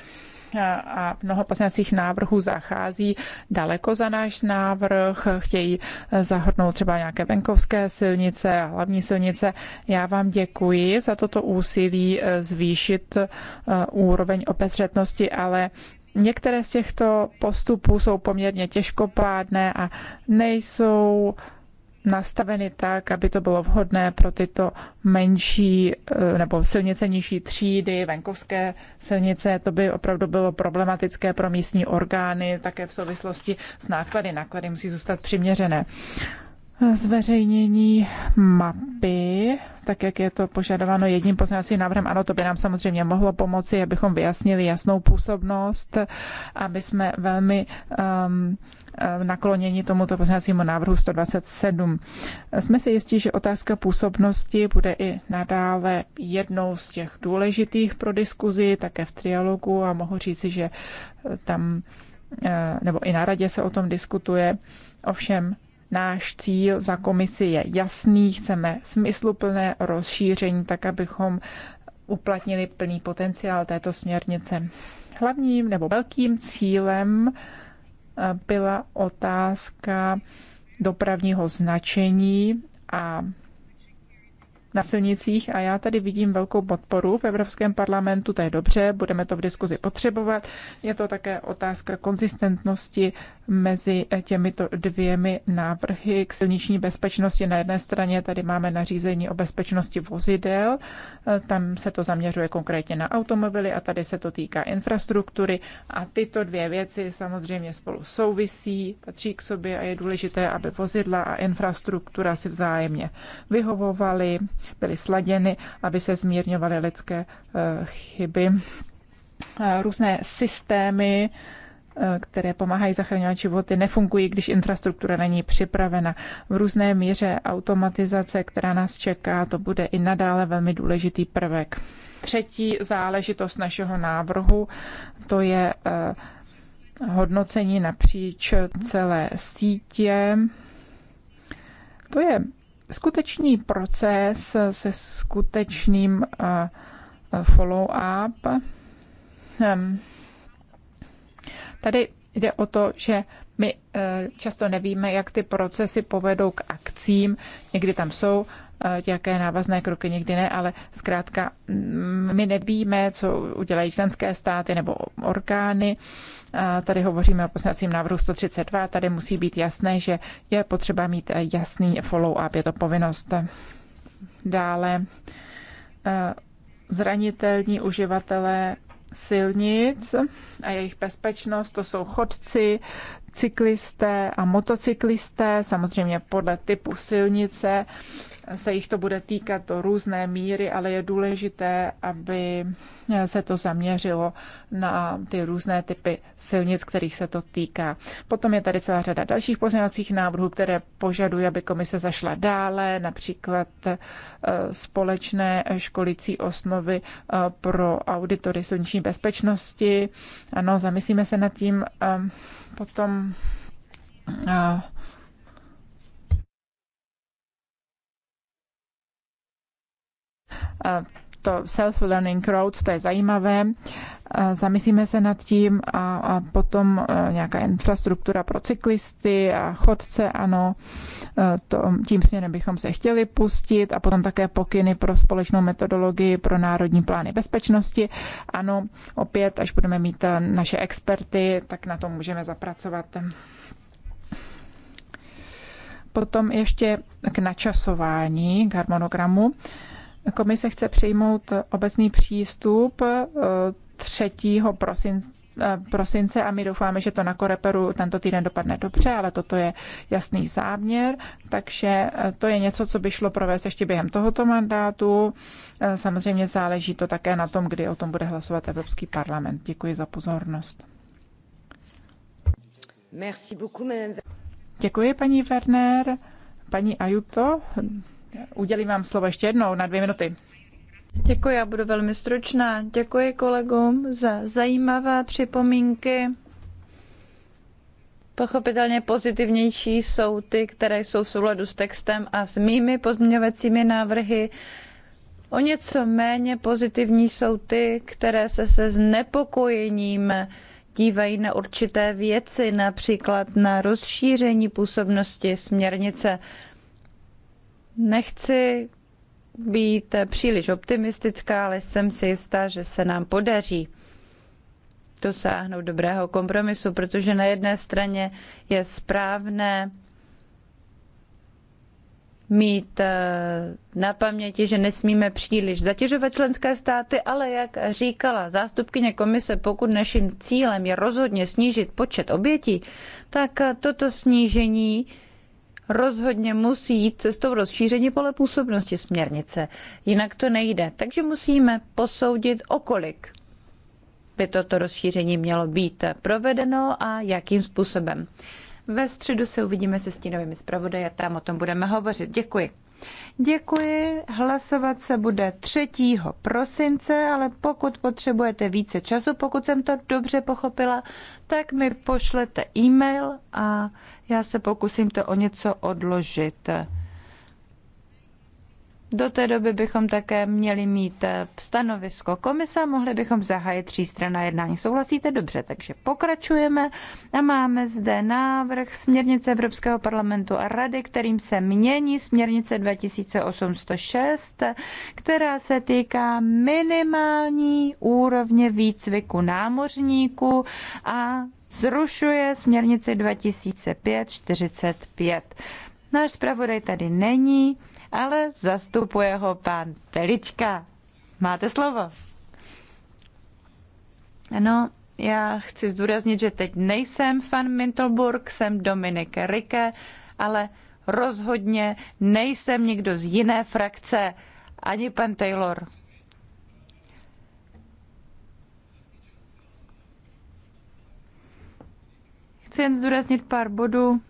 a mnoho poslaneckých návrhů zachází daleko za náš návrh, chtějí zahrnout třeba nějaké venkovské silnice a hlavní silnice. Já vám děkuji za toto úsilí eh, zvýšit eh, úroveň obezřetnosti, ale některé z těchto postupů jsou poměrně těžkopádné a nejsou nastaveny tak, aby to bylo vhodné pro tyto menší eh, nebo silnice nižší třídy, venkovské silnice. To by opravdu bylo problematické pro místní orgány, také v souvislosti s náklady. Náklady musí zůstat přiměřené. Zveřejnění mapy, tak jak je to požadováno jedním pozměňovacím návrhem, ano, to by nám samozřejmě mohlo pomoci, abychom vyjasnili jasnou působnost, aby jsme velmi um, nakloněni tomuto pozměňovacímu návrhu 127. Jsme si jistí, že otázka působnosti bude i nadále jednou z těch důležitých pro diskuzi, také v trialogu a mohu říci, že tam eh, nebo i na radě se o tom diskutuje. Ovšem Náš cíl za komisi je jasný, chceme smysluplné rozšíření, tak abychom uplatnili plný potenciál této směrnice. Hlavním nebo velkým cílem byla otázka dopravního značení a na silnicích a já tady vidím velkou podporu v Evropském parlamentu, to je dobře, budeme to v diskuzi potřebovat. Je to také otázka konzistentnosti mezi těmito dvěmi návrhy k silniční bezpečnosti. Na jedné straně tady máme nařízení o bezpečnosti vozidel, tam se to zaměřuje konkrétně na automobily a tady se to týká infrastruktury a tyto dvě věci samozřejmě spolu souvisí, patří k sobě a je důležité, aby vozidla a infrastruktura si vzájemně vyhovovaly, byly sladěny, aby se zmírňovaly lidské eh, chyby. Eh, různé systémy, Eh, které pomáhají zachraňovat životy, nefungují, když infrastruktura není připravena. V různé míře automatizace, která nás čeká, to bude i nadále velmi důležitý prvek. Třetí záležitost našeho návrhu, to je eh, hodnocení napříč celé sítě. To je skutečný proces se skutečným eh, follow-up ehm, Tady jde o to, že my eh, často nevíme, jak ty procesy povedou k akcím. Někdy tam jsou eh, nějaké návazné kroky, někdy ne, ale zkrátka mm, my nevíme, co udělají členské státy nebo orgány. Eh, tady hovoříme o posledním návrhu 132. Tady musí být jasné, že je potřeba mít jasný follow-up, je to povinnost. Dále zranitelní uživatelé silnic a jejich bezpečnost, to jsou chodci, cyklisté a motocyklisté, samozřejmě podle typu silnice se jich to bude týkat do různé míry, ale je důležité, aby se to zaměřilo na ty různé typy silnic, kterých se to týká. Potom je tady celá řada dalších pozměňovacích návrhů, které požadují, aby komise zašla dále, například eh, společné školicí osnovy eh, pro auditory silniční bezpečnosti. Ano, zamyslíme se nad tím eh, potom to self-learning road, to je zajímavé. Zamyslíme se nad tím a, a potom e, nějaká infrastruktura pro cyklisty a chodce, ano, e, to, tím směrem bychom se chtěli pustit a potom také pokyny pro společnou metodologii pro národní plány bezpečnosti. Ano, opět, až budeme mít e, naše experty, tak na to můžeme zapracovat. Potom ještě k načasování, k harmonogramu. Komise chce přijmout obecný přístup 3. Eh, eh, prosince a my doufáme, že to na Koreperu tento týden dopadne dobře, ale toto je jasný záměr, takže eh, to je něco, co by šlo provést ještě během tohoto mandátu. Samozřejmě záleží to také na tom, kdy o tom bude hlasovat Evropský parlament. Děkuji za pozornost. Děkuji, paní Werner. Paní Ajuto, udělím vám slovo ještě jednou na dvě minuty. Děkuji, já budu velmi stručná. Děkuji kolegům za zajímavé připomínky. Pochopitelně pozitivnější jsou ty, které jsou v souladu s textem a s mými pozměňovacími návrhy. O něco méně pozitivní jsou ty, které se se znepokojením dívají na určité věci, například na rozšíření působnosti směrnice. Nechci být příliš optimistická, ale jsem si jistá, že se nám podaří dosáhnout dobrého kompromisu, protože na jedné straně je správné mít eh, na paměti, že nesmíme příliš zatěžovat členské státy, ale jak říkala zástupkyně komise, pokud naším cílem je rozhodně snížit počet obětí, tak eh, toto snížení rozhodně musí jít cestou rozšíření pole působnosti směrnice. Jinak to nejde. Takže musíme posoudit, okolik by toto rozšíření mělo být provedeno a jakým způsobem. Ve středu se uvidíme se stínovými zpravodaji a tam o tom budeme hovořit. Děkuji. Děkuji. Hlasovat se bude 3. prosince, ale pokud potřebujete více času, pokud jsem to dobře pochopila, tak mi pošlete e-mail a já se pokusím to o něco odložit. Do té doby bychom také měli mít eh, stanovisko komise mohli bychom zahájit třístranná jednání. Souhlasíte? Dobře, takže pokračujeme a máme zde návrh směrnice Evropského parlamentu a rady, kterým se mění směrnice 2806, která se týká minimální úrovně výcviku námořníků a zrušuje směrnici 2005-45. Náš zpravodaj tady není, ale zastupuje ho Pan Telička. Máte slovo. Ano, já chci zdůraznit, že teď nejsem fan Mintelburg, jsem Dominik Rike, ale rozhodně nejsem nikdo z jiné frakce, ani pan Taylor. Chci jen zdůraznit pár bodů,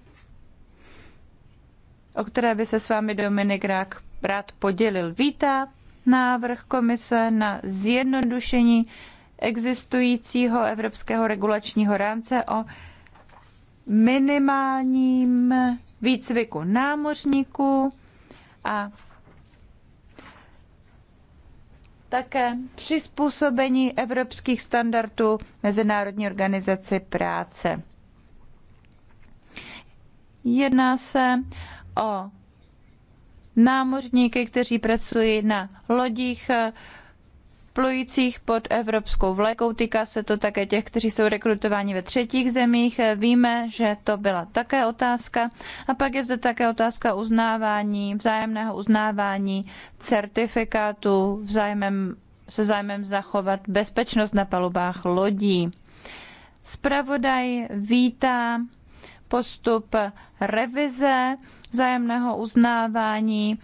o které by se s vámi Dominik Rák rád podělil. Vítá návrh komise na zjednodušení existujícího evropského regulačního rámce o minimálním výcviku námořníků a také přizpůsobení evropských standardů Mezinárodní organizaci práce. Jedná se o námořníky, kteří pracují na lodích eh, plujících pod evropskou vlajkou. Týká se to také těch, kteří jsou rekrutováni ve třetích zemích. Eh, víme, že to byla také otázka. A pak je zde také otázka uznávání, vzájemného uznávání certifikátů vzájemem, se zájmem zachovat bezpečnost na palubách lodí. Spravodaj vítá postup revize vzájemného uznávání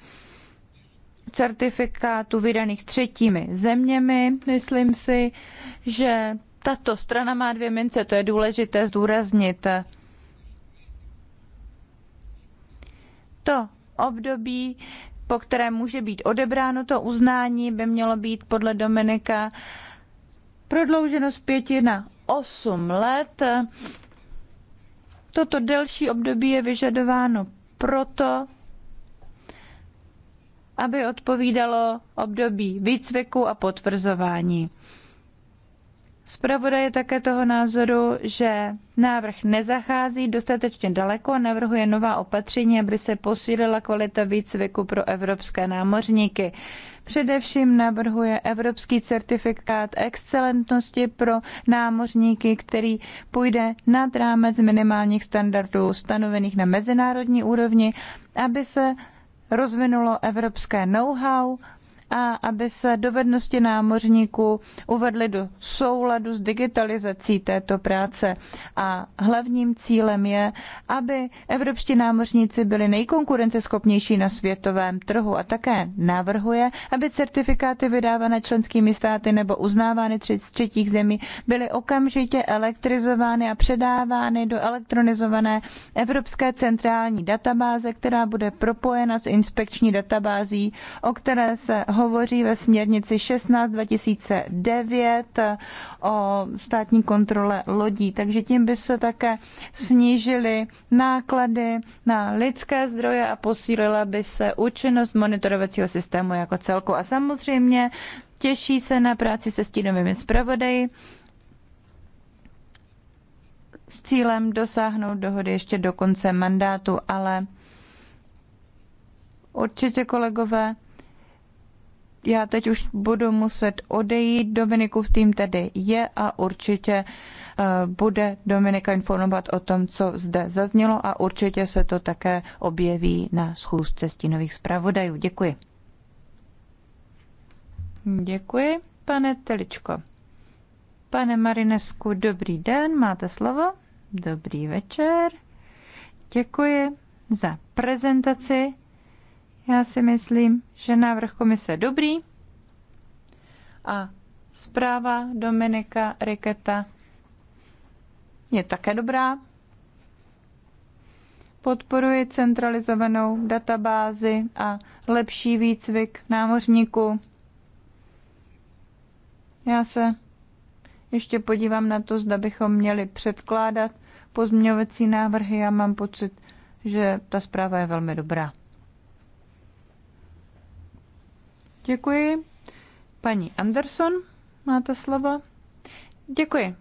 certifikátů vydaných třetími zeměmi. Myslím si, že tato strana má dvě mince, to je důležité zdůraznit. To období, po které může být odebráno to uznání, by mělo být podle Dominika prodlouženo z pěti na osm let. Toto delší období je vyžadováno proto, aby odpovídalo období výcviku a potvrzování. Zpravodaj je také toho názoru, že návrh nezachází dostatečně daleko a navrhuje nová opatření, aby se posílila kvalita výcviku pro evropské námořníky. Především navrhuje evropský certifikát excelentnosti pro námořníky, který půjde nad rámec minimálních standardů stanovených na mezinárodní úrovni, aby se rozvinulo evropské know-how a aby se dovednosti námořníků uvedly do souladu s digitalizací této práce. A hlavním cílem je, aby evropští námořníci byli nejkonkurenceschopnější na světovém trhu a také navrhuje, aby certifikáty vydávané členskými státy nebo uznávány z třetích zemí byly okamžitě elektrizovány a předávány do elektronizované Evropské centrální databáze, která bude propojena s inspekční databází, o které se hovoří ve směrnici 16 2009 o státní kontrole lodí. Takže tím by se také snížily náklady na lidské zdroje a posílila by se účinnost monitorovacího systému jako celku. A samozřejmě těší se na práci se stínovými zpravodaji s cílem dosáhnout dohody ještě do konce mandátu, ale určitě kolegové já teď už budu muset odejít. Dominiku v tým tedy je a určitě eh, bude Dominika informovat o tom, co zde zaznělo a určitě se to také objeví na schůzce stínových zpravodajů. Děkuji. Děkuji, pane Teličko. Pane Marinesku, dobrý den, máte slovo. Dobrý večer. Děkuji za prezentaci já si myslím, že návrh komise dobrý a zpráva Dominika Riketa je také dobrá. Podporuji centralizovanou databázi a lepší výcvik námořníků. Já se ještě podívám na to, zda bychom měli předkládat pozměňovací návrhy. Já mám pocit, že ta zpráva je velmi dobrá. Děkuji. Paní Anderson, máte slovo. Děkuji.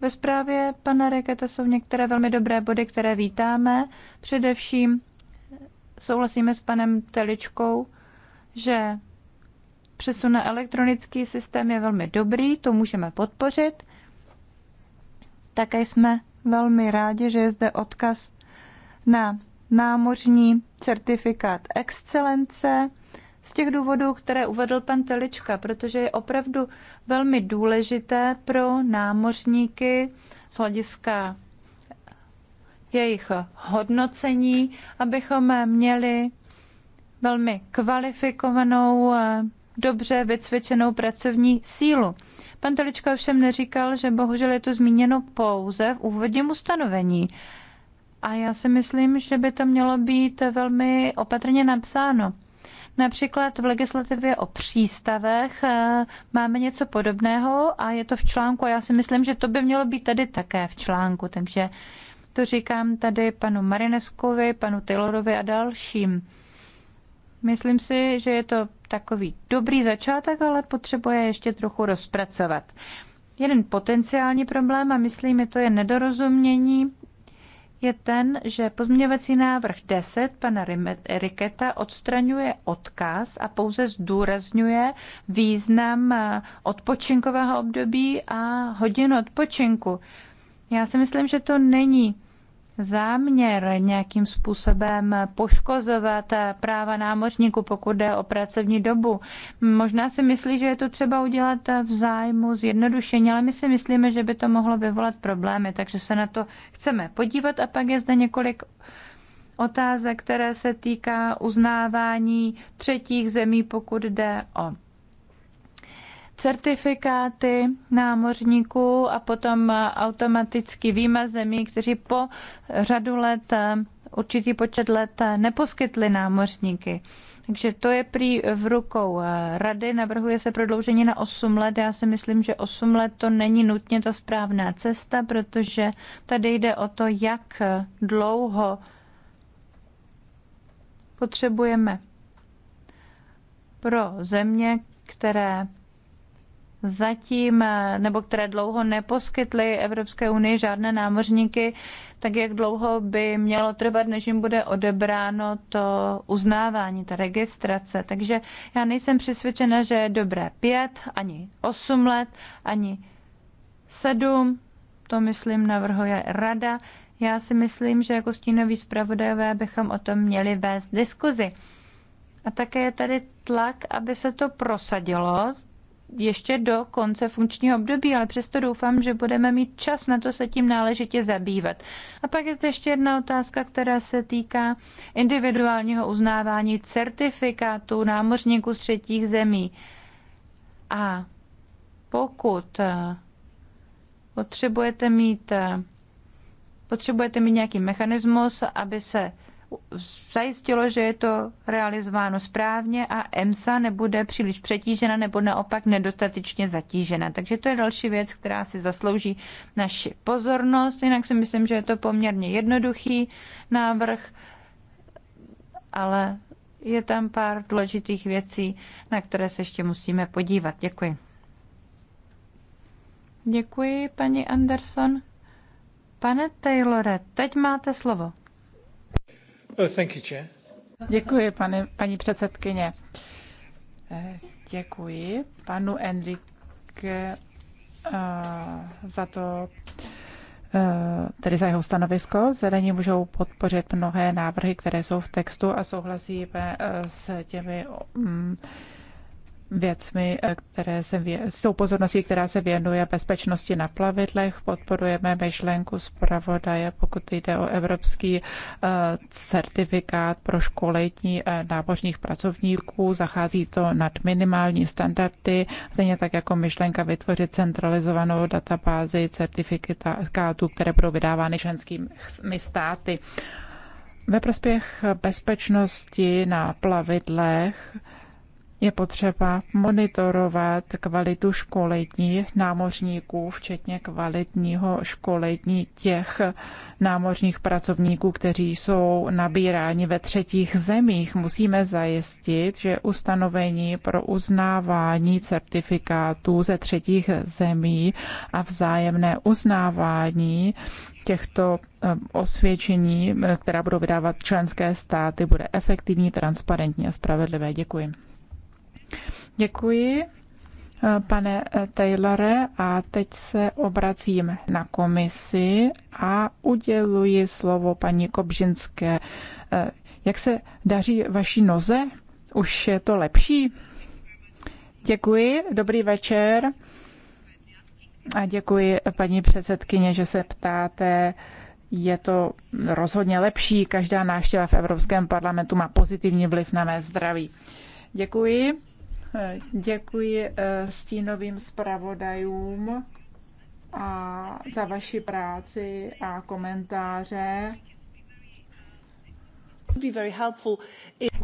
Ve zprávě pana Reketa jsou některé velmi dobré body, které vítáme. Především souhlasíme s panem Teličkou, že přesun na elektronický systém je velmi dobrý, to můžeme podpořit. Také jsme velmi rádi, že je zde odkaz na námořní certifikát excelence z těch důvodů, které uvedl pan Telička, protože je opravdu velmi důležité pro námořníky z hlediska jejich hodnocení, abychom měli velmi kvalifikovanou, dobře vycvičenou pracovní sílu. Pan Telička ovšem neříkal, že bohužel je to zmíněno pouze v úvodním ustanovení. A já si myslím, že by to mělo být velmi opatrně napsáno. Například v legislativě o přístavech eh, máme něco podobného a je to v článku. Já si myslím, že to by mělo být tady také v článku. Takže to říkám tady panu Marineskovi, panu Taylorovi a dalším. Myslím si, že je to takový dobrý začátek, ale potřebuje ještě trochu rozpracovat. Jeden potenciální problém, a myslím, že to je nedorozumění, je ten, že pozměňovací návrh 10 pana Riketa odstraňuje odkaz a pouze zdůrazňuje význam eh, odpočinkového období a hodin odpočinku. Já si myslím, že to není záměr nějakým způsobem poškozovat práva námořníků, pokud jde o pracovní dobu. Možná si myslí, že je to třeba udělat v zájmu zjednodušení, ale my si myslíme, že by to mohlo vyvolat problémy, takže se na to chceme podívat a pak je zde několik otázek, které se týká uznávání třetích zemí, pokud jde o certifikáty námořníků a potom automaticky výma zemí, kteří po řadu let, eh, určitý počet let eh, neposkytli námořníky. Takže to je prý v rukou eh, rady, navrhuje se prodloužení na 8 let. Já si myslím, že 8 let to není nutně ta správná cesta, protože tady jde o to, jak dlouho potřebujeme pro země, které zatím, eh, nebo které dlouho neposkytly Evropské unii žádné námořníky, tak jak dlouho by mělo trvat, než jim bude odebráno to uznávání, ta registrace. Takže já nejsem přesvědčena, že je dobré pět, ani osm let, ani sedm, to myslím navrhuje rada. Já si myslím, že jako stínoví zpravodajové bychom o tom měli vést diskuzi. A také je tady tlak, aby se to prosadilo, ještě do konce funkčního období, ale přesto doufám, že budeme mít čas na to se tím náležitě zabývat. A pak je zde ještě jedna otázka, která se týká individuálního uznávání certifikátu námořníků z třetích zemí. A pokud eh, potřebujete mít eh, potřebujete mít nějaký mechanismus, aby se zajistilo, že je to realizováno správně a EMSA nebude příliš přetížena nebo naopak nedostatečně zatížena. Takže to je další věc, která si zaslouží naši pozornost. Jinak si myslím, že je to poměrně jednoduchý návrh, ale je tam pár důležitých věcí, na které se ještě musíme podívat. Děkuji. Děkuji, paní Anderson. Pane Taylore, teď máte slovo. Oh, Děkuji, pane, paní předsedkyně. Děkuji panu Enrik eh, za to, eh, tedy za jeho stanovisko. Zelení můžou podpořit mnohé návrhy, které jsou v textu a souhlasíme eh, s těmi mm, věcmi, eh, které se vě, s tou pozorností, která se věnuje bezpečnosti na plavidlech. Podporujeme myšlenku zpravodaje, pokud jde o evropský eh, certifikát pro školení eh, nábožních pracovníků. Zachází to nad minimální standardy, stejně tak jako myšlenka vytvořit centralizovanou databázi certifikátů, které budou vydávány členskými státy. Ve prospěch bezpečnosti na plavidlech je potřeba monitorovat kvalitu školení námořníků, včetně kvalitního školení těch námořních pracovníků, kteří jsou nabíráni ve třetích zemích. Musíme zajistit, že ustanovení pro uznávání certifikátů ze třetích zemí a vzájemné uznávání těchto eh, osvědčení, eh, která budou vydávat členské státy, bude efektivní, transparentní a spravedlivé. Děkuji. Děkuji, eh, pane eh, Taylore, a teď se obracím na komisi a uděluji slovo paní Kobžinské. Eh, jak se daří vaší noze? Už je to lepší? Děkuji, dobrý večer. A děkuji, paní předsedkyně, že se ptáte. Je to rozhodně lepší. Každá návštěva v Evropském parlamentu má pozitivní vliv na mé zdraví. Děkuji. Děkuji eh, stínovým zpravodajům a za vaši práci a komentáře.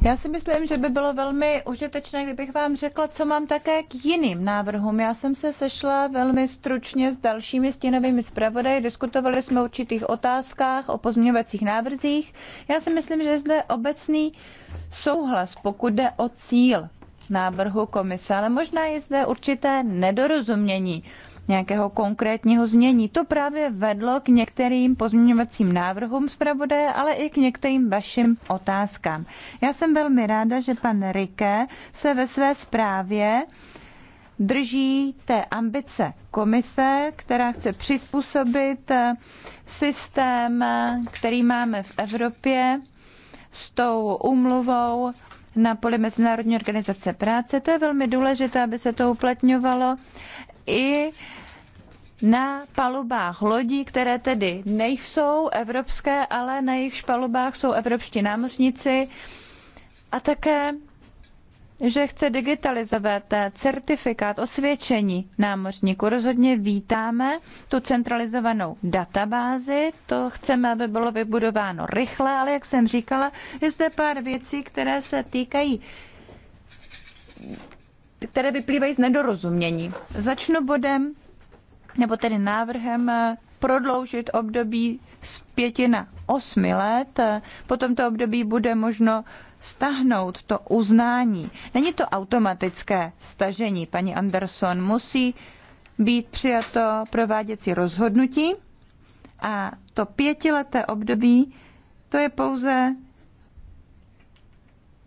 Já si myslím, že by bylo velmi užitečné, kdybych vám řekla, co mám také k jiným návrhům. Já jsem se sešla velmi stručně s dalšími stěnovými zpravodaji, diskutovali jsme o určitých otázkách, o pozměňovacích návrzích. Já si myslím, že je zde obecný souhlas, pokud jde o cíl návrhu komise, ale možná je zde určité nedorozumění nějakého konkrétního znění. To právě vedlo k některým pozměňovacím návrhům zpravodaje, ale i k některým vašim otázkám. Já jsem velmi ráda, že pan Rike se ve své zprávě drží té ambice komise, která chce přizpůsobit systém, který máme v Evropě s tou úmluvou na poli Mezinárodní organizace práce. To je velmi důležité, aby se to uplatňovalo i na palubách lodí, které tedy nejsou evropské, ale na jejich palubách jsou evropští námořníci a také že chce digitalizovat eh, certifikát osvědčení námořníku. Rozhodně vítáme tu centralizovanou databázi, to chceme, aby bylo vybudováno rychle, ale jak jsem říkala, je zde pár věcí, které se týkají které vyplývají z nedorozumění. Začnu bodem, nebo tedy návrhem eh, prodloužit období z pěti na osmi let. Po tomto období bude možno stahnout to uznání. Není to automatické stažení, paní Anderson. Musí být přijato prováděcí rozhodnutí a to pětileté období to je pouze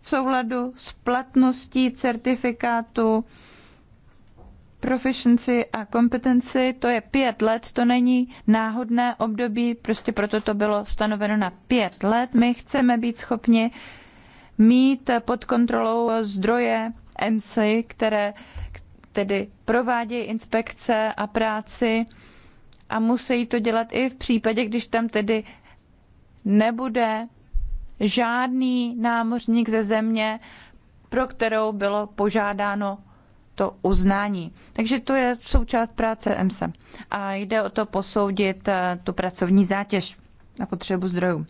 v souladu s platností certifikátu proficiency a kompetenci, to je pět let, to není náhodné období, prostě proto to bylo stanoveno na pět let. My chceme být schopni mít pod kontrolou zdroje MC, které tedy provádějí inspekce a práci a musí to dělat i v případě, když tam tedy nebude žádný námořník ze země, pro kterou bylo požádáno to uznání. Takže to je součást práce EMSA. A jde o to posoudit eh, tu pracovní zátěž na potřebu zdrojů.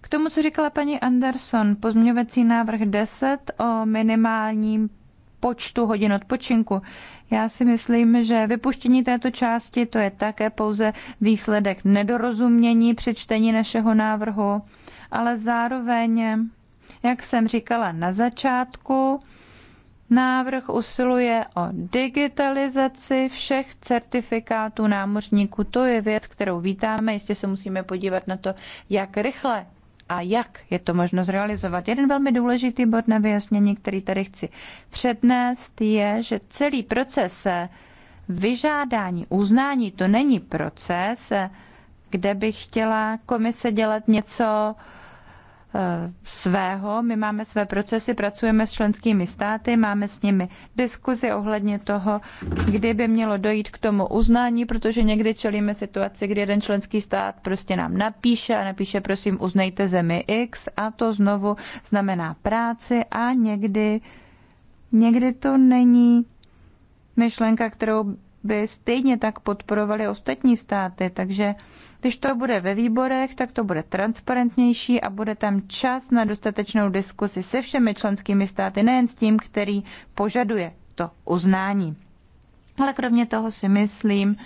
K tomu, co říkala paní Anderson, pozměňovací návrh 10 o minimálním počtu hodin odpočinku. Já si myslím, že vypuštění této části to je také pouze výsledek nedorozumění přečtení našeho návrhu, ale zároveň, jak jsem říkala na začátku, Návrh usiluje o digitalizaci všech certifikátů námořníků. To je věc, kterou vítáme. Jistě se musíme podívat na to, jak rychle a jak je to možno zrealizovat. Jeden velmi důležitý bod na vyjasnění, který tady chci přednést, je, že celý proces vyžádání, uznání, to není proces, kde bych chtěla komise dělat něco Eh, svého. My máme své procesy, pracujeme s členskými státy, máme s nimi diskuzi ohledně toho, kdy by mělo dojít k tomu uznání, protože někdy čelíme situaci, kdy jeden členský stát prostě nám napíše a napíše, prosím, uznejte zemi X a to znovu znamená práci a někdy, někdy to není myšlenka, kterou by stejně tak podporovali ostatní státy, takže když to bude ve výborech, tak to bude transparentnější a bude tam čas na dostatečnou diskusi se všemi členskými státy, nejen s tím, který požaduje to uznání. Ale kromě toho si myslím,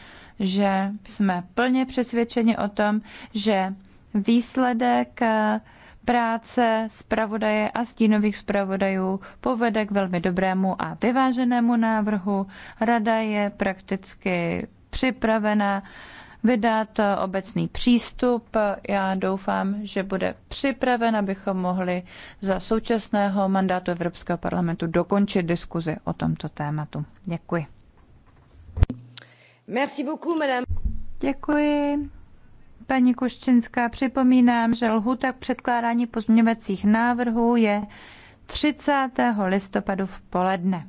že jsme plně přesvědčeni o tom, že výsledek eh, práce zpravodaje a stínových zpravodajů povede k velmi dobrému a vyváženému návrhu. Rada je prakticky připravena vydat eh, obecný přístup. Já doufám, že bude připraven, abychom mohli za současného mandátu Evropského parlamentu dokončit diskuzi o tomto tématu. Děkuji. Merci beaucoup, madame. Děkuji. Paní Kuščinská, připomínám, že lhůta k předkládání pozměňovacích návrhů je 30. listopadu v poledne.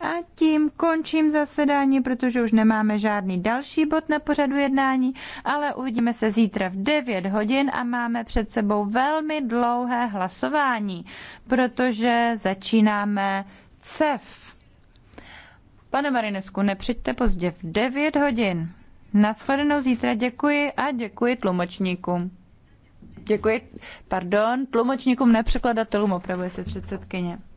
A tím končím zasedání, protože už nemáme žádný další bod na pořadu jednání, ale uvidíme se zítra v 9 hodin a máme před sebou velmi dlouhé hlasování, protože začínáme CEF. Pane Marinesku, nepřijďte pozdě v 9 hodin. Naschledanou zítra děkuji a děkuji tlumočníkům. Děkuji, pardon, tlumočníkům, nepřekladatelům, opravuje se předsedkyně.